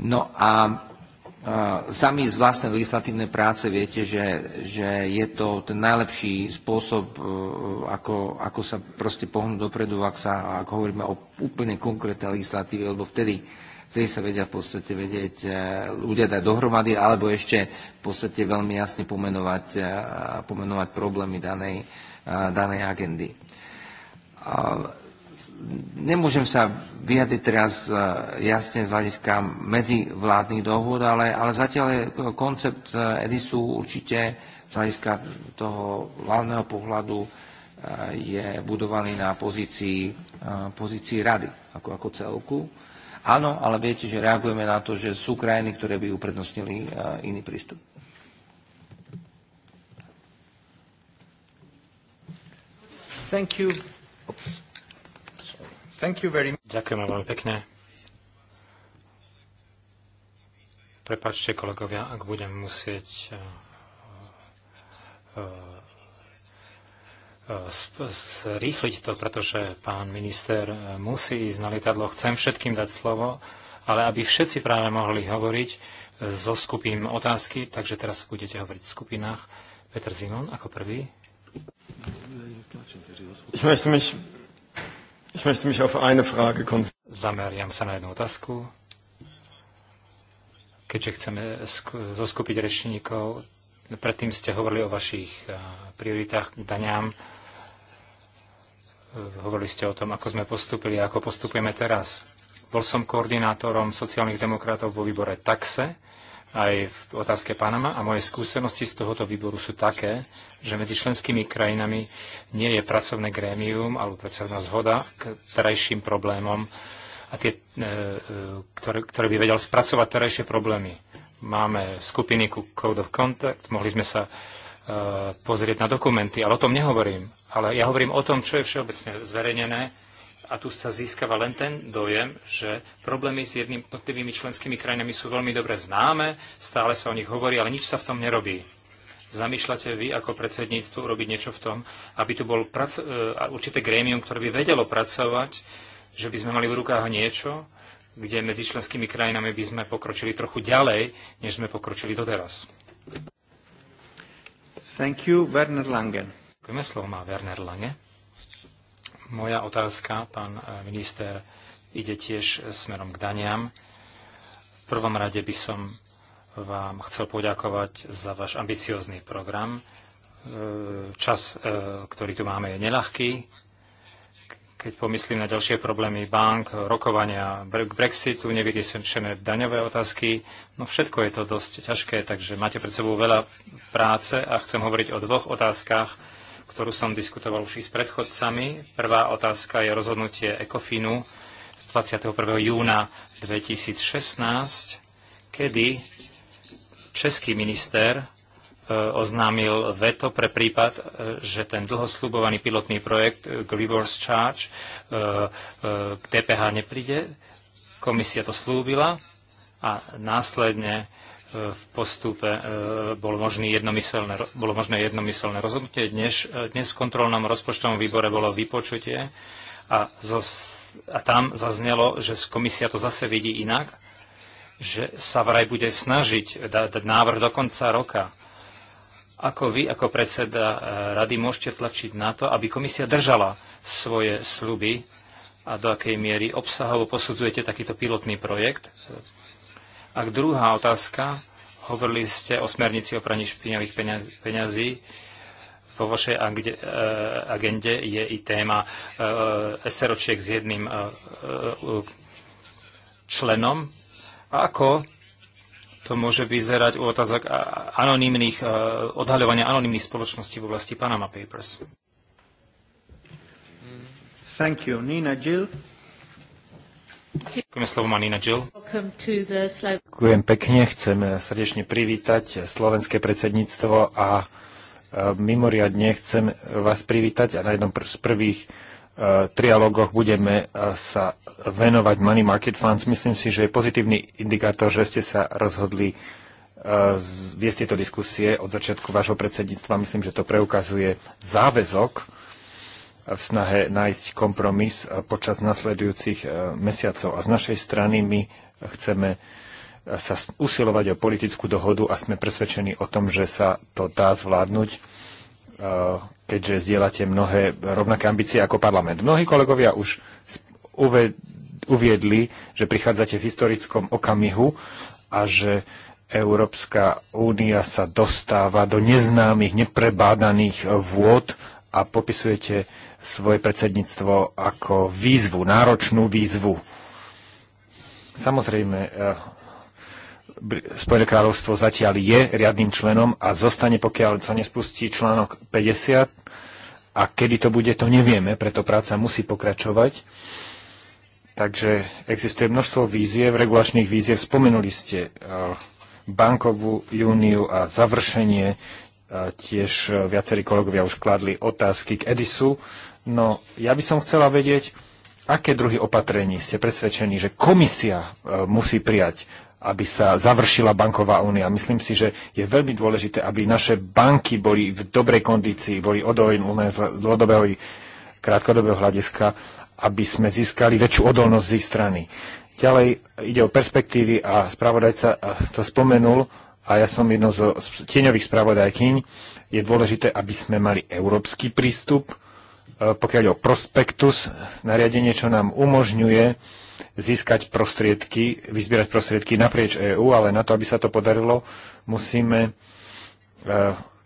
No a sami z vlastnej legislatívnej práce viete, že, že je to ten najlepší spôsob, e, ako, ako sa proste pohnúť dopredu, ak, sa, ak hovoríme o úplne konkrétnej legislatíve, lebo vtedy, vtedy sa vedia v podstate vedieť e, ľudia dať dohromady, alebo ešte v podstate veľmi jasne pomenovať, e, pomenovať problémy danej, danej agendy nemôžem sa vyjadriť teraz e, jasne z hľadiska medzivládnych dohôd, ale, ale zatiaľ je koncept e, Edisu určite z hľadiska toho hlavného pohľadu e, je budovaný na pozícii, pozícii rady ako, ako celku. Áno, ale viete, že reagujeme na to, že sú krajiny, ktoré by uprednostnili iný prístup. Thank you. Oops. Thank you very Ďakujem veľmi pekne. Prepačte, kolegovia, ak budem musieť eh, eh, eh, zrýchliť to, pretože pán minister musí ísť na lietadlo. Chcem všetkým dať slovo, ale aby všetci práve mohli hovoriť, zo so skupín otázky, takže teraz budete hovoriť v skupinách. Peter Zimon ako prvý. Ich möchte mich auf eine Frage Zameriam sa na jednu otázku. Keďže chceme zoskupiť rečníkov, predtým ste hovorili o vašich eh, prioritách k daňám. Eh, hovorili ste o tom, ako sme postupili a ako postupujeme teraz. Bol som koordinátorom sociálnych demokratov vo výbore taxe aj v otázke Panama a moje skúsenosti z tohoto výboru sú také, že medzi členskými krajinami nie je pracovné grémium alebo pracovná zhoda k terajším problémom, a tie, e, e, ktoré, ktoré by vedel spracovať terajšie problémy. Máme skupiny Code of Contact, mohli sme sa e, pozrieť na dokumenty, ale o tom nehovorím. Ale ja hovorím o tom, čo je všeobecne zverejnené a tu sa získava len ten dojem, že problémy s jednotlivými členskými krajinami sú veľmi dobre známe, stále sa o nich hovorí, ale nič sa v tom nerobí. Zamýšľate vy ako predsedníctvo urobiť niečo v tom, aby tu bol prac- e, určité grémium, ktoré by vedelo pracovať, že by sme mali v rukách niečo, kde medzi členskými krajinami by sme pokročili trochu ďalej, než sme pokročili doteraz. Thank you, Werner Langen. Ďakujeme, slovo má Werner Lange. Moja otázka, pán e, minister, ide tiež smerom k daniam. V prvom rade by som vám chcel poďakovať za váš ambiciózny program. E, čas, e, ktorý tu máme, je neľahký. Keď pomyslím na ďalšie problémy bank, rokovania k Brexitu, nevyriešené daňové otázky, no všetko je to dosť ťažké, takže máte pred sebou veľa práce a chcem hovoriť o dvoch otázkach, ktorú som diskutoval už i s predchodcami. Prvá otázka je rozhodnutie ECOFINu z 21. júna 2016, kedy český minister e, oznámil veto pre prípad, e, že ten dlhosľubovaný pilotný projekt k e, reverse charge k DPH nepríde. Komisia to slúbila a následne v postupe e, bolo možné jednomyselné, bolo možné jednomyselné rozhodnutie. Dnes, e, dnes v kontrolnom rozpočtovom výbore bolo vypočutie a, zo, a tam zaznelo, že komisia to zase vidí inak, že sa vraj bude snažiť dať návrh do konca roka. Ako vy, ako predseda e, rady, môžete tlačiť na to, aby komisia držala svoje sluby a do akej miery obsahovo posudzujete takýto pilotný projekt a druhá otázka, hovorili ste o smernici o praní špinavých peňazí. Vo vašej eh, agende je i téma eh, SROčiek s jedným eh, členom. A ako to môže vyzerať u otázok anonimných, odhaľovania anonimných spoločností v oblasti Panama Papers? Thank you. Nina Gill. Ďakujem pekne, chcem srdečne privítať slovenské predsedníctvo a e, mimoriadne chcem vás privítať a na jednom z prvých e, trialógoch budeme e, sa venovať Money Market Funds. Myslím si, že je pozitívny indikátor, že ste sa rozhodli viesť tieto diskusie od začiatku vášho predsedníctva. Myslím, že to preukazuje záväzok v snahe nájsť kompromis e, počas nasledujúcich e, mesiacov. A z našej strany my chceme e, sa usilovať o politickú dohodu a sme presvedčení o tom, že sa to dá zvládnuť, keďže zdieľate mnohé rovnaké ambície ako parlament. Mnohí kolegovia už uviedli, že prichádzate v historickom okamihu a že Európska únia sa dostáva do neznámych, neprebádaných vôd a popisujete svoje predsedníctvo ako výzvu, náročnú výzvu. Samozrejme, eh, Spojené kráľovstvo zatiaľ je riadným členom a zostane, pokiaľ sa nespustí článok 50. A kedy to bude, to nevieme, preto práca musí pokračovať. Takže existuje množstvo víziev, regulačných víziev. Spomenuli ste eh, bankovú júniu a završenie tiež e, viacerí kolegovia už kladli otázky k Edisu. No ja by som chcela vedieť, aké druhy opatrení ste presvedčení, že komisia e, musí prijať, aby sa završila banková únia. Myslím si, že je veľmi dôležité, aby naše banky boli v dobrej kondícii, boli odolné z dlhodobého i krátkodobého hľadiska, aby sme získali väčšiu odolnosť z ich strany. Ďalej ide o perspektívy a spravodajca to spomenul, a ja som jednou zo tieňových spravodajkyň, je dôležité, aby sme mali európsky prístup, e, pokiaľ o prospektus, nariadenie, čo nám umožňuje získať prostriedky, vyzbierať prostriedky naprieč EÚ, ale na to, aby sa to podarilo, musíme e,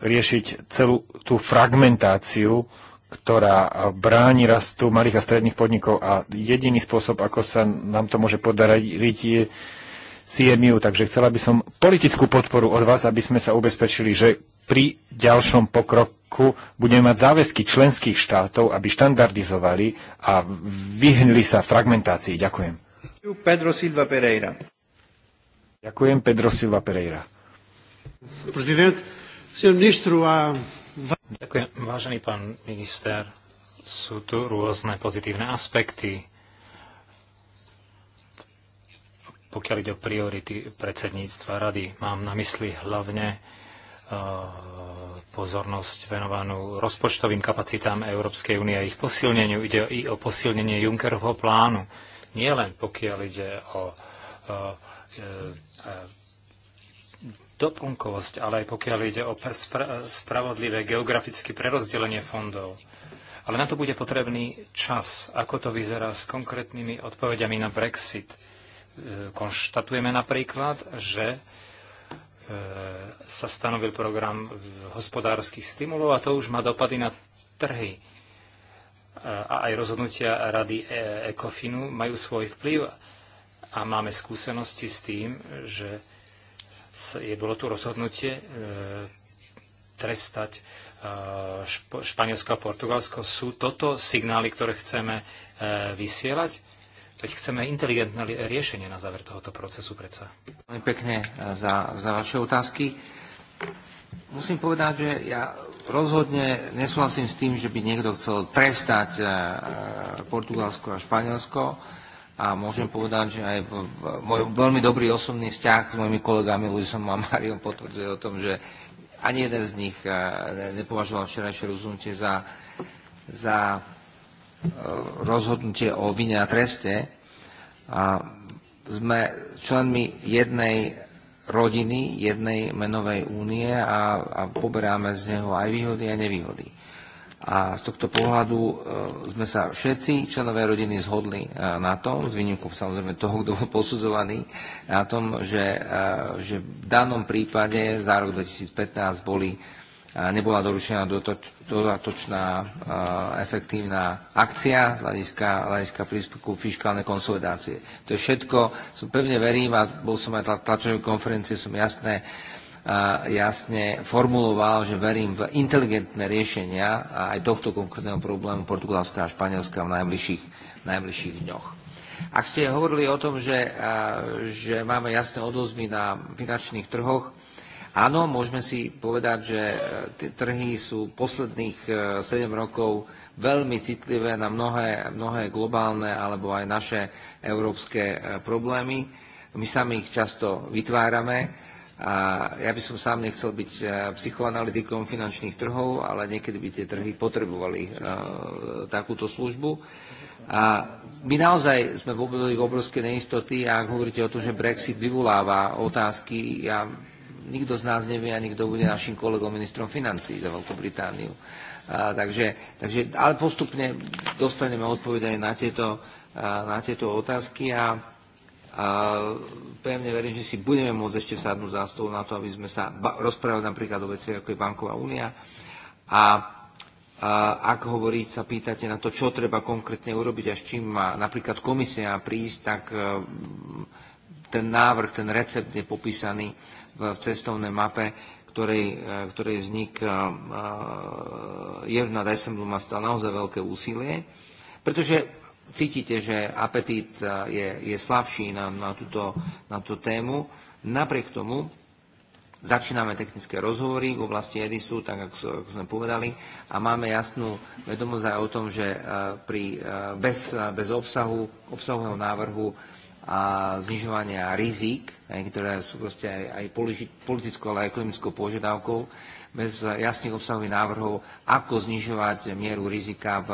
riešiť celú tú fragmentáciu, ktorá e, bráni rastu malých a stredných podnikov a jediný spôsob, ako sa nám to môže podariť, je CMU, takže chcela by som politickú podporu od vás, aby sme sa ubezpečili, že pri ďalšom pokroku budeme mať záväzky členských štátov, aby štandardizovali a vyhnuli sa fragmentácii. Ďakujem. Pedro Silva Pereira. Ďakujem, Pedro Silva Pereira. Prezident, ministru a... Ďakujem, vážený pán minister. Sú tu rôzne pozitívne aspekty pokiaľ ide o priority predsedníctva rady, mám na mysli hlavne e, pozornosť venovanú rozpočtovým kapacitám Európskej únie a ich posilneniu. Ide i o posilnenie Junckerovho plánu. Nie len pokiaľ ide o, o, e, e, doplnkovosť, ale aj pokiaľ ide o spra spravodlivé geografické prerozdelenie fondov. Ale na to bude potrebný čas, ako to vyzerá s konkrétnymi odpovediami na Brexit konštatujeme napríklad, že e, sa stanovil program hospodárskych stimulov a to už má dopady na trhy. E, a aj rozhodnutia rady e- ECOFINu majú svoj vplyv a máme skúsenosti s tým, že je bolo tu rozhodnutie trestať Španielsko a Portugalsko. Sú toto signály, ktoré chceme vysielať? Veď chceme inteligentné riešenie na záver tohoto procesu predsa. Veľmi pekne eh, za, za vaše otázky. Musím povedať, že ja rozhodne nesúhlasím s tým, že by niekto chcel trestať eh, eh, Portugalsko a Španielsko. A môžem povedať, že aj v, v, môj veľmi dobrý osobný vzťah s mojimi kolegami Luisom a Mariom potvrdzuje o tom, že ani jeden z nich nepovažoval včerajšie rozhodnutie za, za rozhodnutie o vine a treste. A sme členmi jednej rodiny, jednej menovej únie a, a poberáme z neho aj výhody a nevýhody. A z tohto pohľadu e, sme sa všetci členové rodiny zhodli e, na tom, s výnimkou samozrejme toho, kto bol posudzovaný, na tom, že, e, že v danom prípade za rok 2015 boli nebola doručená dodatočná efektívna akcia z hľadiska, hľadiska príspevku fiskálnej konsolidácie. To je všetko, som pevne verím a bol som aj na tlačovej konferencie, som jasné, jasne formuloval, že verím v inteligentné riešenia aj tohto konkrétneho problému Portugalska a Španielska v najbližších, najbližších dňoch. Ak ste hovorili o tom, že, že máme jasné odozvy na finančných trhoch, Áno, môžeme si povedať, že e, tie trhy sú posledných 7 e, rokov veľmi citlivé na mnohé, mnohé globálne alebo aj naše európske e, problémy. My sami ich často vytvárame. A ja by som sám nechcel byť psychoanalytikom finančných trhov, ale niekedy by tie trhy potrebovali takúto službu. A my naozaj sme v období obrovskej neistoty a ak hovoríte o tom, že Brexit vyvoláva otázky, ja nikto z nás nevie ani kto bude našim kolegom ministrom financí za Veľkú Britániu. A, takže, takže, ale postupne dostaneme odpovede aj na tieto, a, na tieto otázky a, a pevne verím, že si budeme môcť ešte sadnúť za stôl na to, aby sme sa rozprávali napríklad o veci ako je banková únia. A, a ak hovorí, sa pýtate na to, čo treba konkrétne urobiť a s čím má napríklad komisia prísť, tak e, ten návrh, ten recept je popísaný v cestovnej mape, ktorej, e, ktorej vznik e, e, Jevna má stále naozaj veľké úsilie, pretože cítite, že apetít je, je slabší na, na, túto, na túto tému. Napriek tomu začíname technické rozhovory v oblasti Edisu, tak ako sme povedali, a máme jasnú vedomosť aj o tom, že pri, bez, bez obsahu, obsahového návrhu a znižovania rizik, ktoré sú proste aj, aj politickou, ale aj ekonomickou požiadavkou, bez jasných obsahových návrhov, ako znižovať mieru rizika v,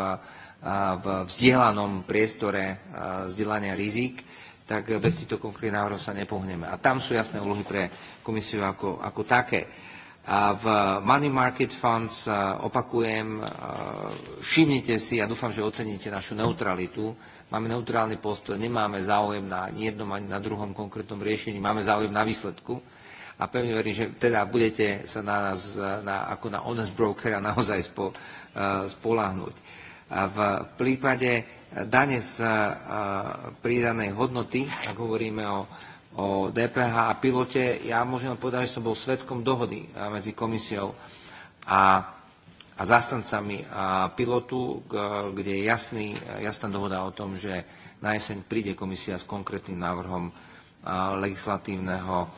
v vzdielanom priestore vzdielania rizik, tak bez týchto konkrétnych návrhov sa nepohneme. A tam sú jasné úlohy pre komisiu ako, ako také. A v Money Market Funds opakujem, všimnite si a ja dúfam, že oceníte našu neutralitu, Máme neutrálny postoj, nemáme záujem na jednom ani na druhom konkrétnom riešení, máme záujem na výsledku. A pevne verím, že teda budete sa na nás, na, ako na honest brokera naozaj spo, e, spolahnuť. A v prípade dane z e, pridanej hodnoty, ak hovoríme o o DPH a pilote, ja môžem povedať, že som bol svetkom dohody e, medzi komisiou a a zástancami pilotu, kde je jasný, jasná dohoda o tom, že na jeseň príde komisia s konkrétnym návrhom legislatívneho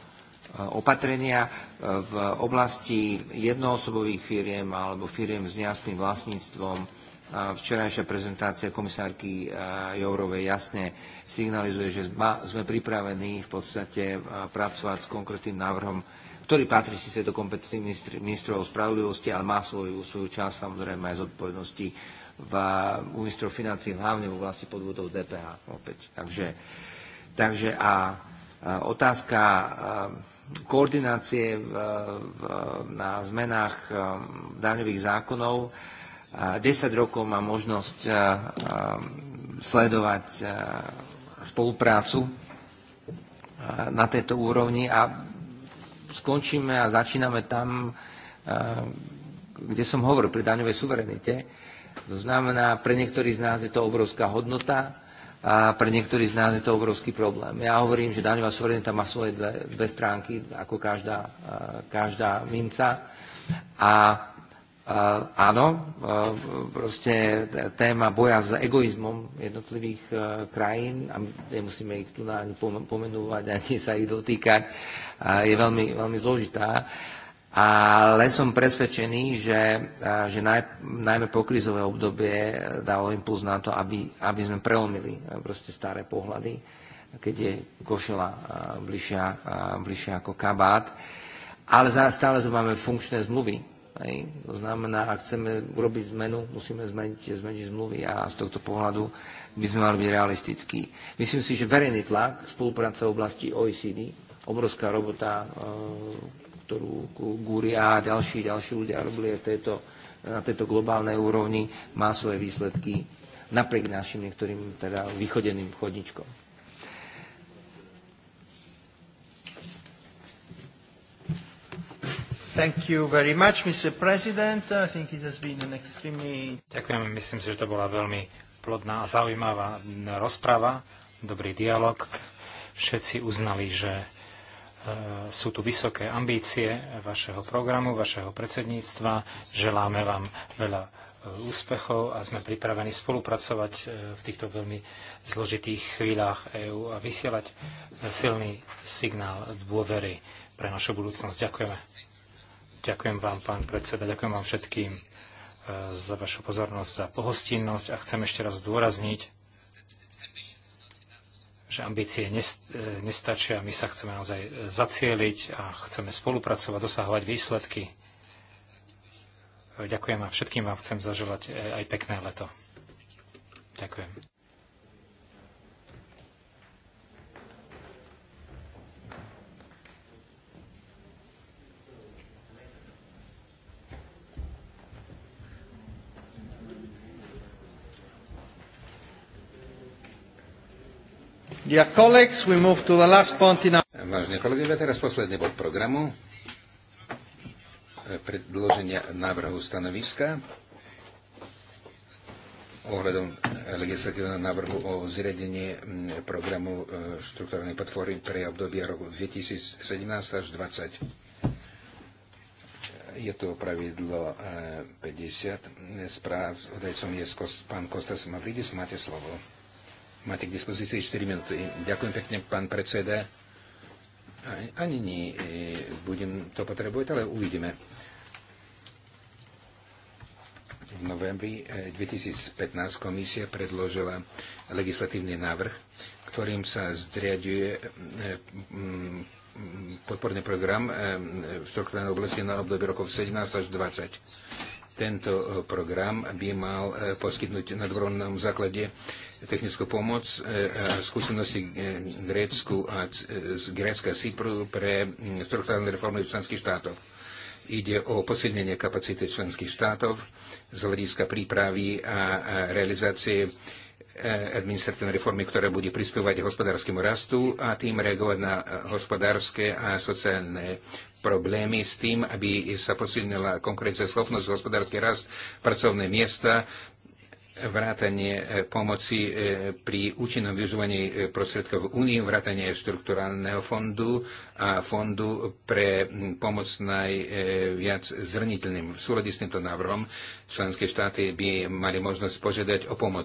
opatrenia e, v oblasti jednoosobových firiem alebo firiem s nejasným vlastníctvom. Včerajšia prezentácia komisárky e, Jourovej jasne signalizuje, že sme pripravení v podstate pracovať s konkrétnym návrhom ktorý patrí síce do kompetencií ministr, ministrov spravodlivosti, ale má svoju, svoju časť samozrejme aj zodpovednosti v, u ministrov financí, hlavne v oblasti podvodov DPH opäť. Takže, takže a, a otázka a, koordinácie v, v, na zmenách daňových zákonov. 10 rokov má možnosť sledovať spoluprácu na tejto úrovni a skončíme a začíname tam, e, kde som hovoril, pri daňovej suverenite. To znamená, pre niektorých z nás je to obrovská hodnota a pre niektorých z nás je to obrovský problém. Ja hovorím, že daňová suverenita má svoje dve, dve stránky, ako každá, e, každá minca. A áno, proste téma boja s egoizmom jednotlivých e, krajín, a nemusíme ich tu ani pomenúvať, ani sa ich dotýkať, je veľmi, veľmi zložitá. Ale som presvedčený, že, že naj, najmä po krizové obdobie dalo impuls na to, aby, aby sme prelomili e, proste staré pohľady, keď je košela e, bližšia, bližšia ako kabát. Ale stále tu máme funkčné zmluvy, Hej. To znamená, ak chceme urobiť zmenu, musíme zmeniť, zmeniť zmluvy a z tohto pohľadu by sme mali byť realistickí. Myslím si, že verejný tlak, spolupráca v oblasti OECD, obrovská robota, e, ktorú Gúria a ďalší, ďalší ľudia robili v tejto, na tejto globálnej úrovni, má svoje výsledky napriek našim niektorým teda východeným chodničkom. Thank you very much, Mr. President. I think it has been an extremely... Ďakujem, myslím si, že to bola veľmi plodná a zaujímavá rozprava, dobrý dialog. Všetci uznali, že e, sú tu vysoké ambície vašeho programu, vašeho predsedníctva. Želáme vám veľa e, úspechov a sme pripravení spolupracovať e, v týchto veľmi zložitých chvíľach EÚ a vysielať silný signál dôvery pre našu budúcnosť. Ďakujeme. Ďakujem vám, pán predseda, ďakujem vám všetkým e, za vašu pozornosť, za pohostinnosť a chcem ešte raz zdôrazniť, že ambície e, nestačia, my sa chceme naozaj e, zacieliť a chceme spolupracovať, dosahovať výsledky. Ďakujem a všetkým vám chcem zaželať aj pekné leto. Ďakujem. Yeah, colleagues, we move to the last point in our... Vážne kolegovia, teraz posledný bod programu. E, Predloženia návrhu stanoviska ohľadom legislatívneho návrhu o zriadení programu e, štruktúrnej podpory pre obdobie roku 2017 až 2020. E, je to pravidlo 50. Správ, odajcom je pán Kostas Mavridis. Máte slovo. Máte k dispozícii 4 minúty. Ďakujem pekne, pán predseda. Ani nie e, budem to potrebovať, ale uvidíme. V novembri 2015 e, komisia predložila legislatívny návrh, ktorým sa zriaduje e, podporný program v strukturálnej oblasti na obdobie rokov 17 až 20. Tento program by mal poskytnúť na dobrovoľnom základe technickú pomoc a e, e, skúsenosti e, Grécku a z Grécka Cypru pre strukturálne mm, reformy členských štátov. Ide o posilnenie kapacity členských štátov z hľadiska prípravy a realizácie administratívnej reformy, ktorá bude prispievať hospodárskému rastu a tým reagovať na hospodárske a sociálne problémy s tým, aby sa posilnila konkurencia schopnosť, hospodársky rast, pracovné miesta, vrátanie e, pomoci e, pri účinnom využívaní e, prostriedkov únie, vrátanie štrukturálneho fondu a fondu pre pomoc najviac zrniteľným. V súlade s týmto návrhom členské štáty by mali možnosť požiadať o pomoc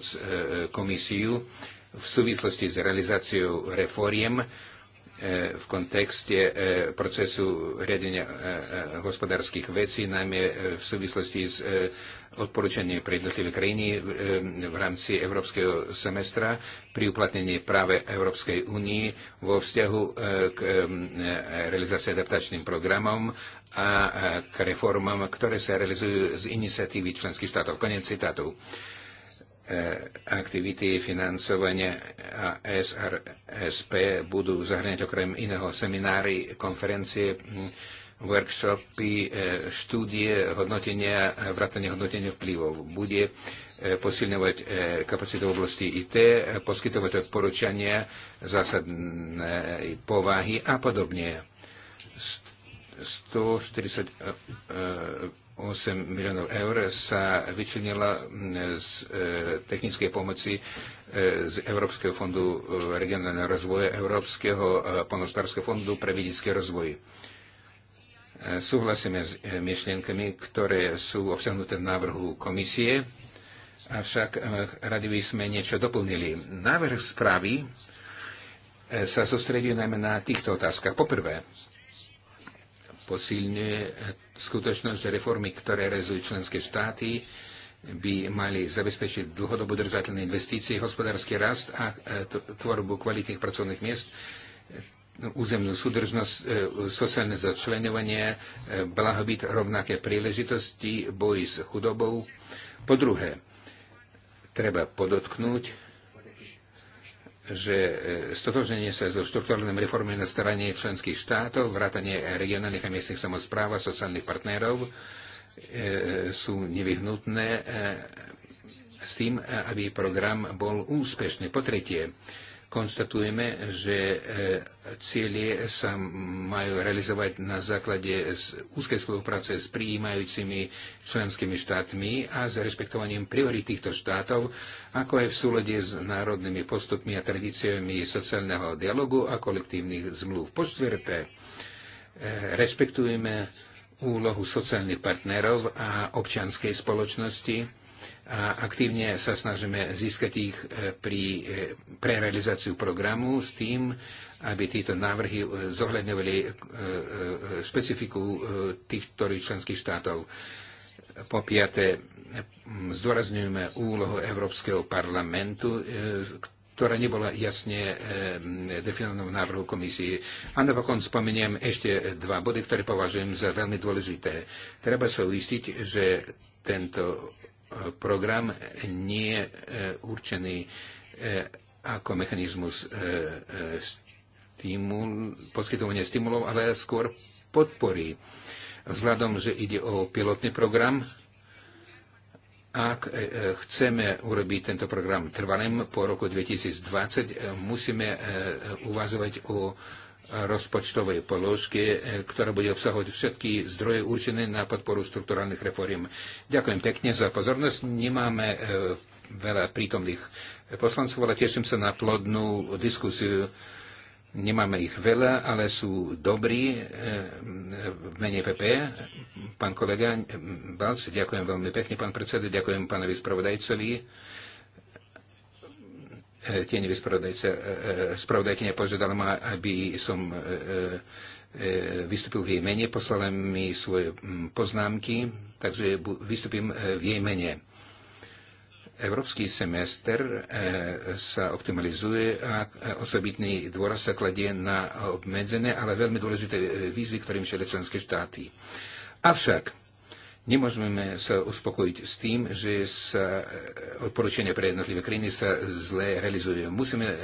komisiu v súvislosti s realizáciou reforiem v kontekste procesu riadenia hospodárskych vecí, najmä v súvislosti s odporúčanie pre jednotlivé krajiny v rámci európskeho semestra pri uplatnení práve Európskej únii vo vzťahu e, k e, realizácii adaptačným programom a e, k reformám, ktoré sa realizujú z iniciatívy členských štátov. Konec citátu aktivity financovania a SRSP budú zahrňať okrem iného seminári, konferencie, workshopy, e, štúdie, hodnotenia, e, vrátanie hodnotenia vplyvov. Bude e, posilňovať kapacitu v oblasti IT, poskytovať odporúčania zásadnej povahy a podobne. 148 miliónov eur sa vyčlenila z technickej pomoci z Európskeho fondu regionálneho rozvoja, Európskeho ponostárskeho fondu pre vidický rozvoj Súhlasíme s eh, myšlienkami, ktoré sú obsahnuté v návrhu komisie, avšak eh, radi by sme niečo doplnili. Návrh správy eh, sa sústredí najmä na týchto otázkach. Poprvé, posilňuje skutočnosť, že reformy, ktoré rezujú členské štáty, by mali zabezpečiť dlhodobo držateľné investície, hospodársky rast a tvorbu kvalitných pracovných miest územnú súdržnosť, e, sociálne začlenovanie, e, blahobyt, rovnaké príležitosti, boj s chudobou. Po druhé, treba podotknúť, že e, stotožnenie sa so štruktúrnym reformy na strane členských štátov, vrátanie regionálnych a miestnych samozpráv a sociálnych partnerov sú nevyhnutné s tým, aby program bol úspešný. Po tretie, konštatujeme, že e, cieľe sa majú realizovať na základe úzkej spolupráce s prijímajúcimi členskými štátmi a s rešpektovaním priorít týchto štátov, ako aj v súlede s národnými postupmi a tradíciami sociálneho dialogu a kolektívnych zmluv. Po štvrté, e, rešpektujeme úlohu sociálnych partnerov a občianskej spoločnosti, a aktívne sa snažíme získať ich e, pri, e, pre realizáciu programu s tým, aby tieto návrhy e, zohľadňovali špecifiku tých, ktorých členských štátov. Po piaté, zdôrazňujeme úlohu Európskeho parlamentu, ktorá nebola jasne definovaná v návrhu komisie. A napokon spomeniem ešte dva body, ktoré považujem za veľmi dôležité. Treba sa uistiť, že tento program nie je určený e, ako mechanizmus e, e, stimul, poskytovania stimulov, ale skôr podpory. Vzhľadom, že ide o pilotný program, ak chceme urobiť tento program trvalým po roku 2020, musíme uvažovať o rozpočtovej položky, e, ktorá bude obsahovať všetky zdroje určené na podporu strukturálnych reforiem. Ďakujem pekne za pozornosť. Nemáme e, veľa prítomných poslancov, ale teším sa na plodnú diskusiu. Nemáme ich veľa, ale sú dobrí e, v mene VP. Pán kolega Balc, ďakujem veľmi pekne, pán predseda, ďakujem pánovi spravodajcovi. E, tieňový e, e, spravodajkynia požiadala ma, aby som vystúpil v jej mene, poslala mi svoje poznámky, takže vystúpim v jej mene. Európsky semester sa optimalizuje a osobitný dôraz sa kladie na obmedzené, ale veľmi dôležité výzvy, ktorým čelia členské štáty. Avšak Nemôžeme sa uspokojiť s tým, že sa e, odporúčania pre jednotlivé krajiny sa zle realizujú. Musíme e,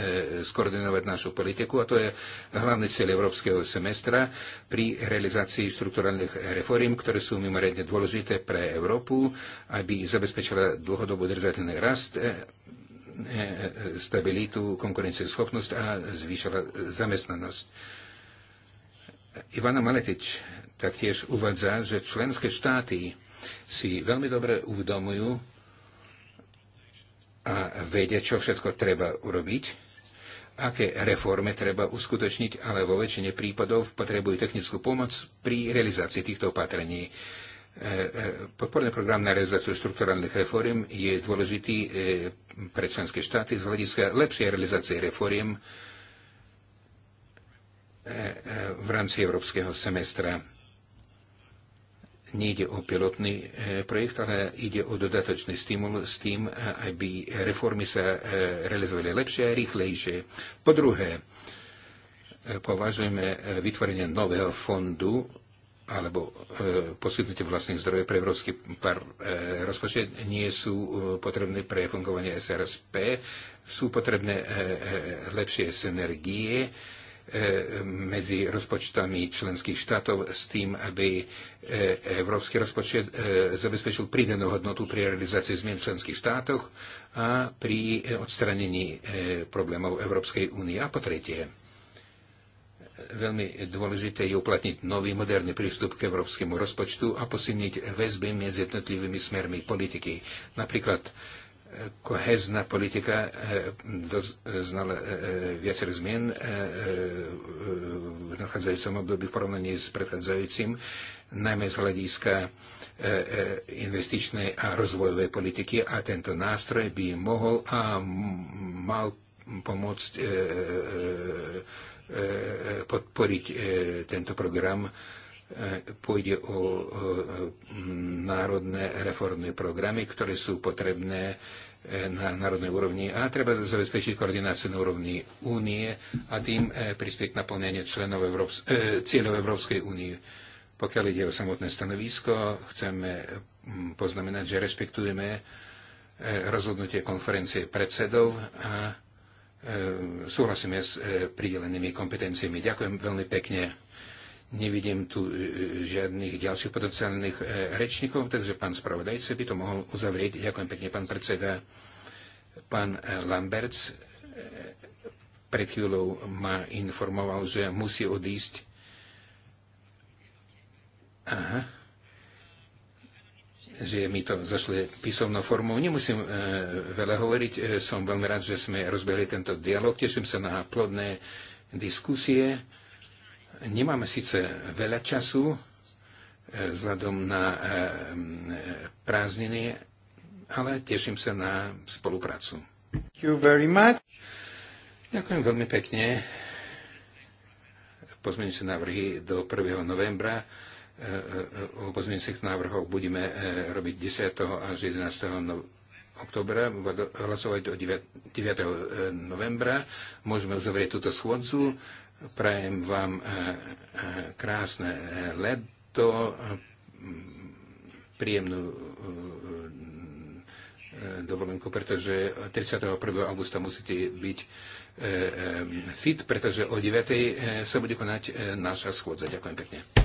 skoordinovať našu politiku a to je hlavný cieľ európskeho semestra pri realizácii štrukturálnych reform, ktoré sú mimoriadne dôležité pre Európu, aby zabezpečila dlhodobo držateľný rast e, stabilitu, konkurencieschopnosť a zvýšila zamestnanosť. Ivana Maletič taktiež uvádza, že členské štáty si veľmi dobre uvedomujú a vedia, čo všetko treba urobiť, aké reforme treba uskutočniť, ale vo väčšine prípadov potrebujú technickú pomoc pri realizácii týchto opatrení. E, e, podporný program na realizáciu štrukturálnych reform je dôležitý e, pre členské štáty z hľadiska lepšej realizácie reform v rámci európskeho semestra nejde o pilotný e, projekt, ale ide o dodatočný stimul s tým, e, aby reformy sa e, realizovali lepšie a rýchlejšie. Po druhé, považujeme vytvorenie nového fondu alebo e, poskytnutie vlastných zdrojov pre európsky par, e, rozpočet nie sú e, potrebné pre fungovanie SRSP, sú potrebné e, e, lepšie synergie, e, E, medzi rozpočtami členských štátov s tým, aby e, európsky rozpočet e, zabezpečil pridanú hodnotu pri realizácii zmien v členských štátoch a pri odstranení problémov Európskej únie. A po tretie, veľmi dôležité je uplatniť nový moderný prístup k európskemu rozpočtu a posilniť väzby medzi jednotlivými smermi politiky. Napríklad kohezná politika eh, doznala eh, eh, viacerých zmien v nadchádzajúcom období v porovnaní s predchádzajúcim, najmä z hľadiska investičnej a rozvojovej politiky a tento nástroj by mohol a mal pomôcť podporiť tento program E, pôjde o národné reformné programy, ktoré sú potrebné e, na národnej úrovni a treba zabezpečiť koordináciu na úrovni únie a tým e, prispieť k naplneniu členov Európs- cieľov Európskej únie. Pokiaľ ide o samotné stanovisko, chceme poznamenať, že rešpektujeme rozhodnutie konferencie predsedov a súhlasíme s pridelenými kompetenciami. Ďakujem veľmi pekne. Nevidím tu e, e, žiadnych ďalších potenciálnych e, rečníkov, takže pán spravodajca by to mohol uzavrieť. Ďakujem pekne, pán predseda. Pán Lamberts pred chvíľou ma informoval, že musí odísť. Aha že mi to zašle písomnou formou. Nemusím e, veľa hovoriť, som veľmi rád, že sme rozbehli tento dialog. Teším sa na plodné diskusie. Nemáme síce veľa času e, vzhľadom na e, e, prázdniny, ale teším sa na spoluprácu. Ďakujem veľmi pekne. Pozmeňujúce návrhy do 1. novembra. O pozmeňujúcich návrhoch budeme robiť 10. až 11. novembra oktobra, hlasovať do 9. novembra. Môžeme uzavrieť túto schôdzu. Prajem vám e, e, krásne e, leto, príjemnú dovolenku, pretože 31. augusta musíte byť fit, pretože o 9. sa bude konať naša schôdza. Ďakujem pekne.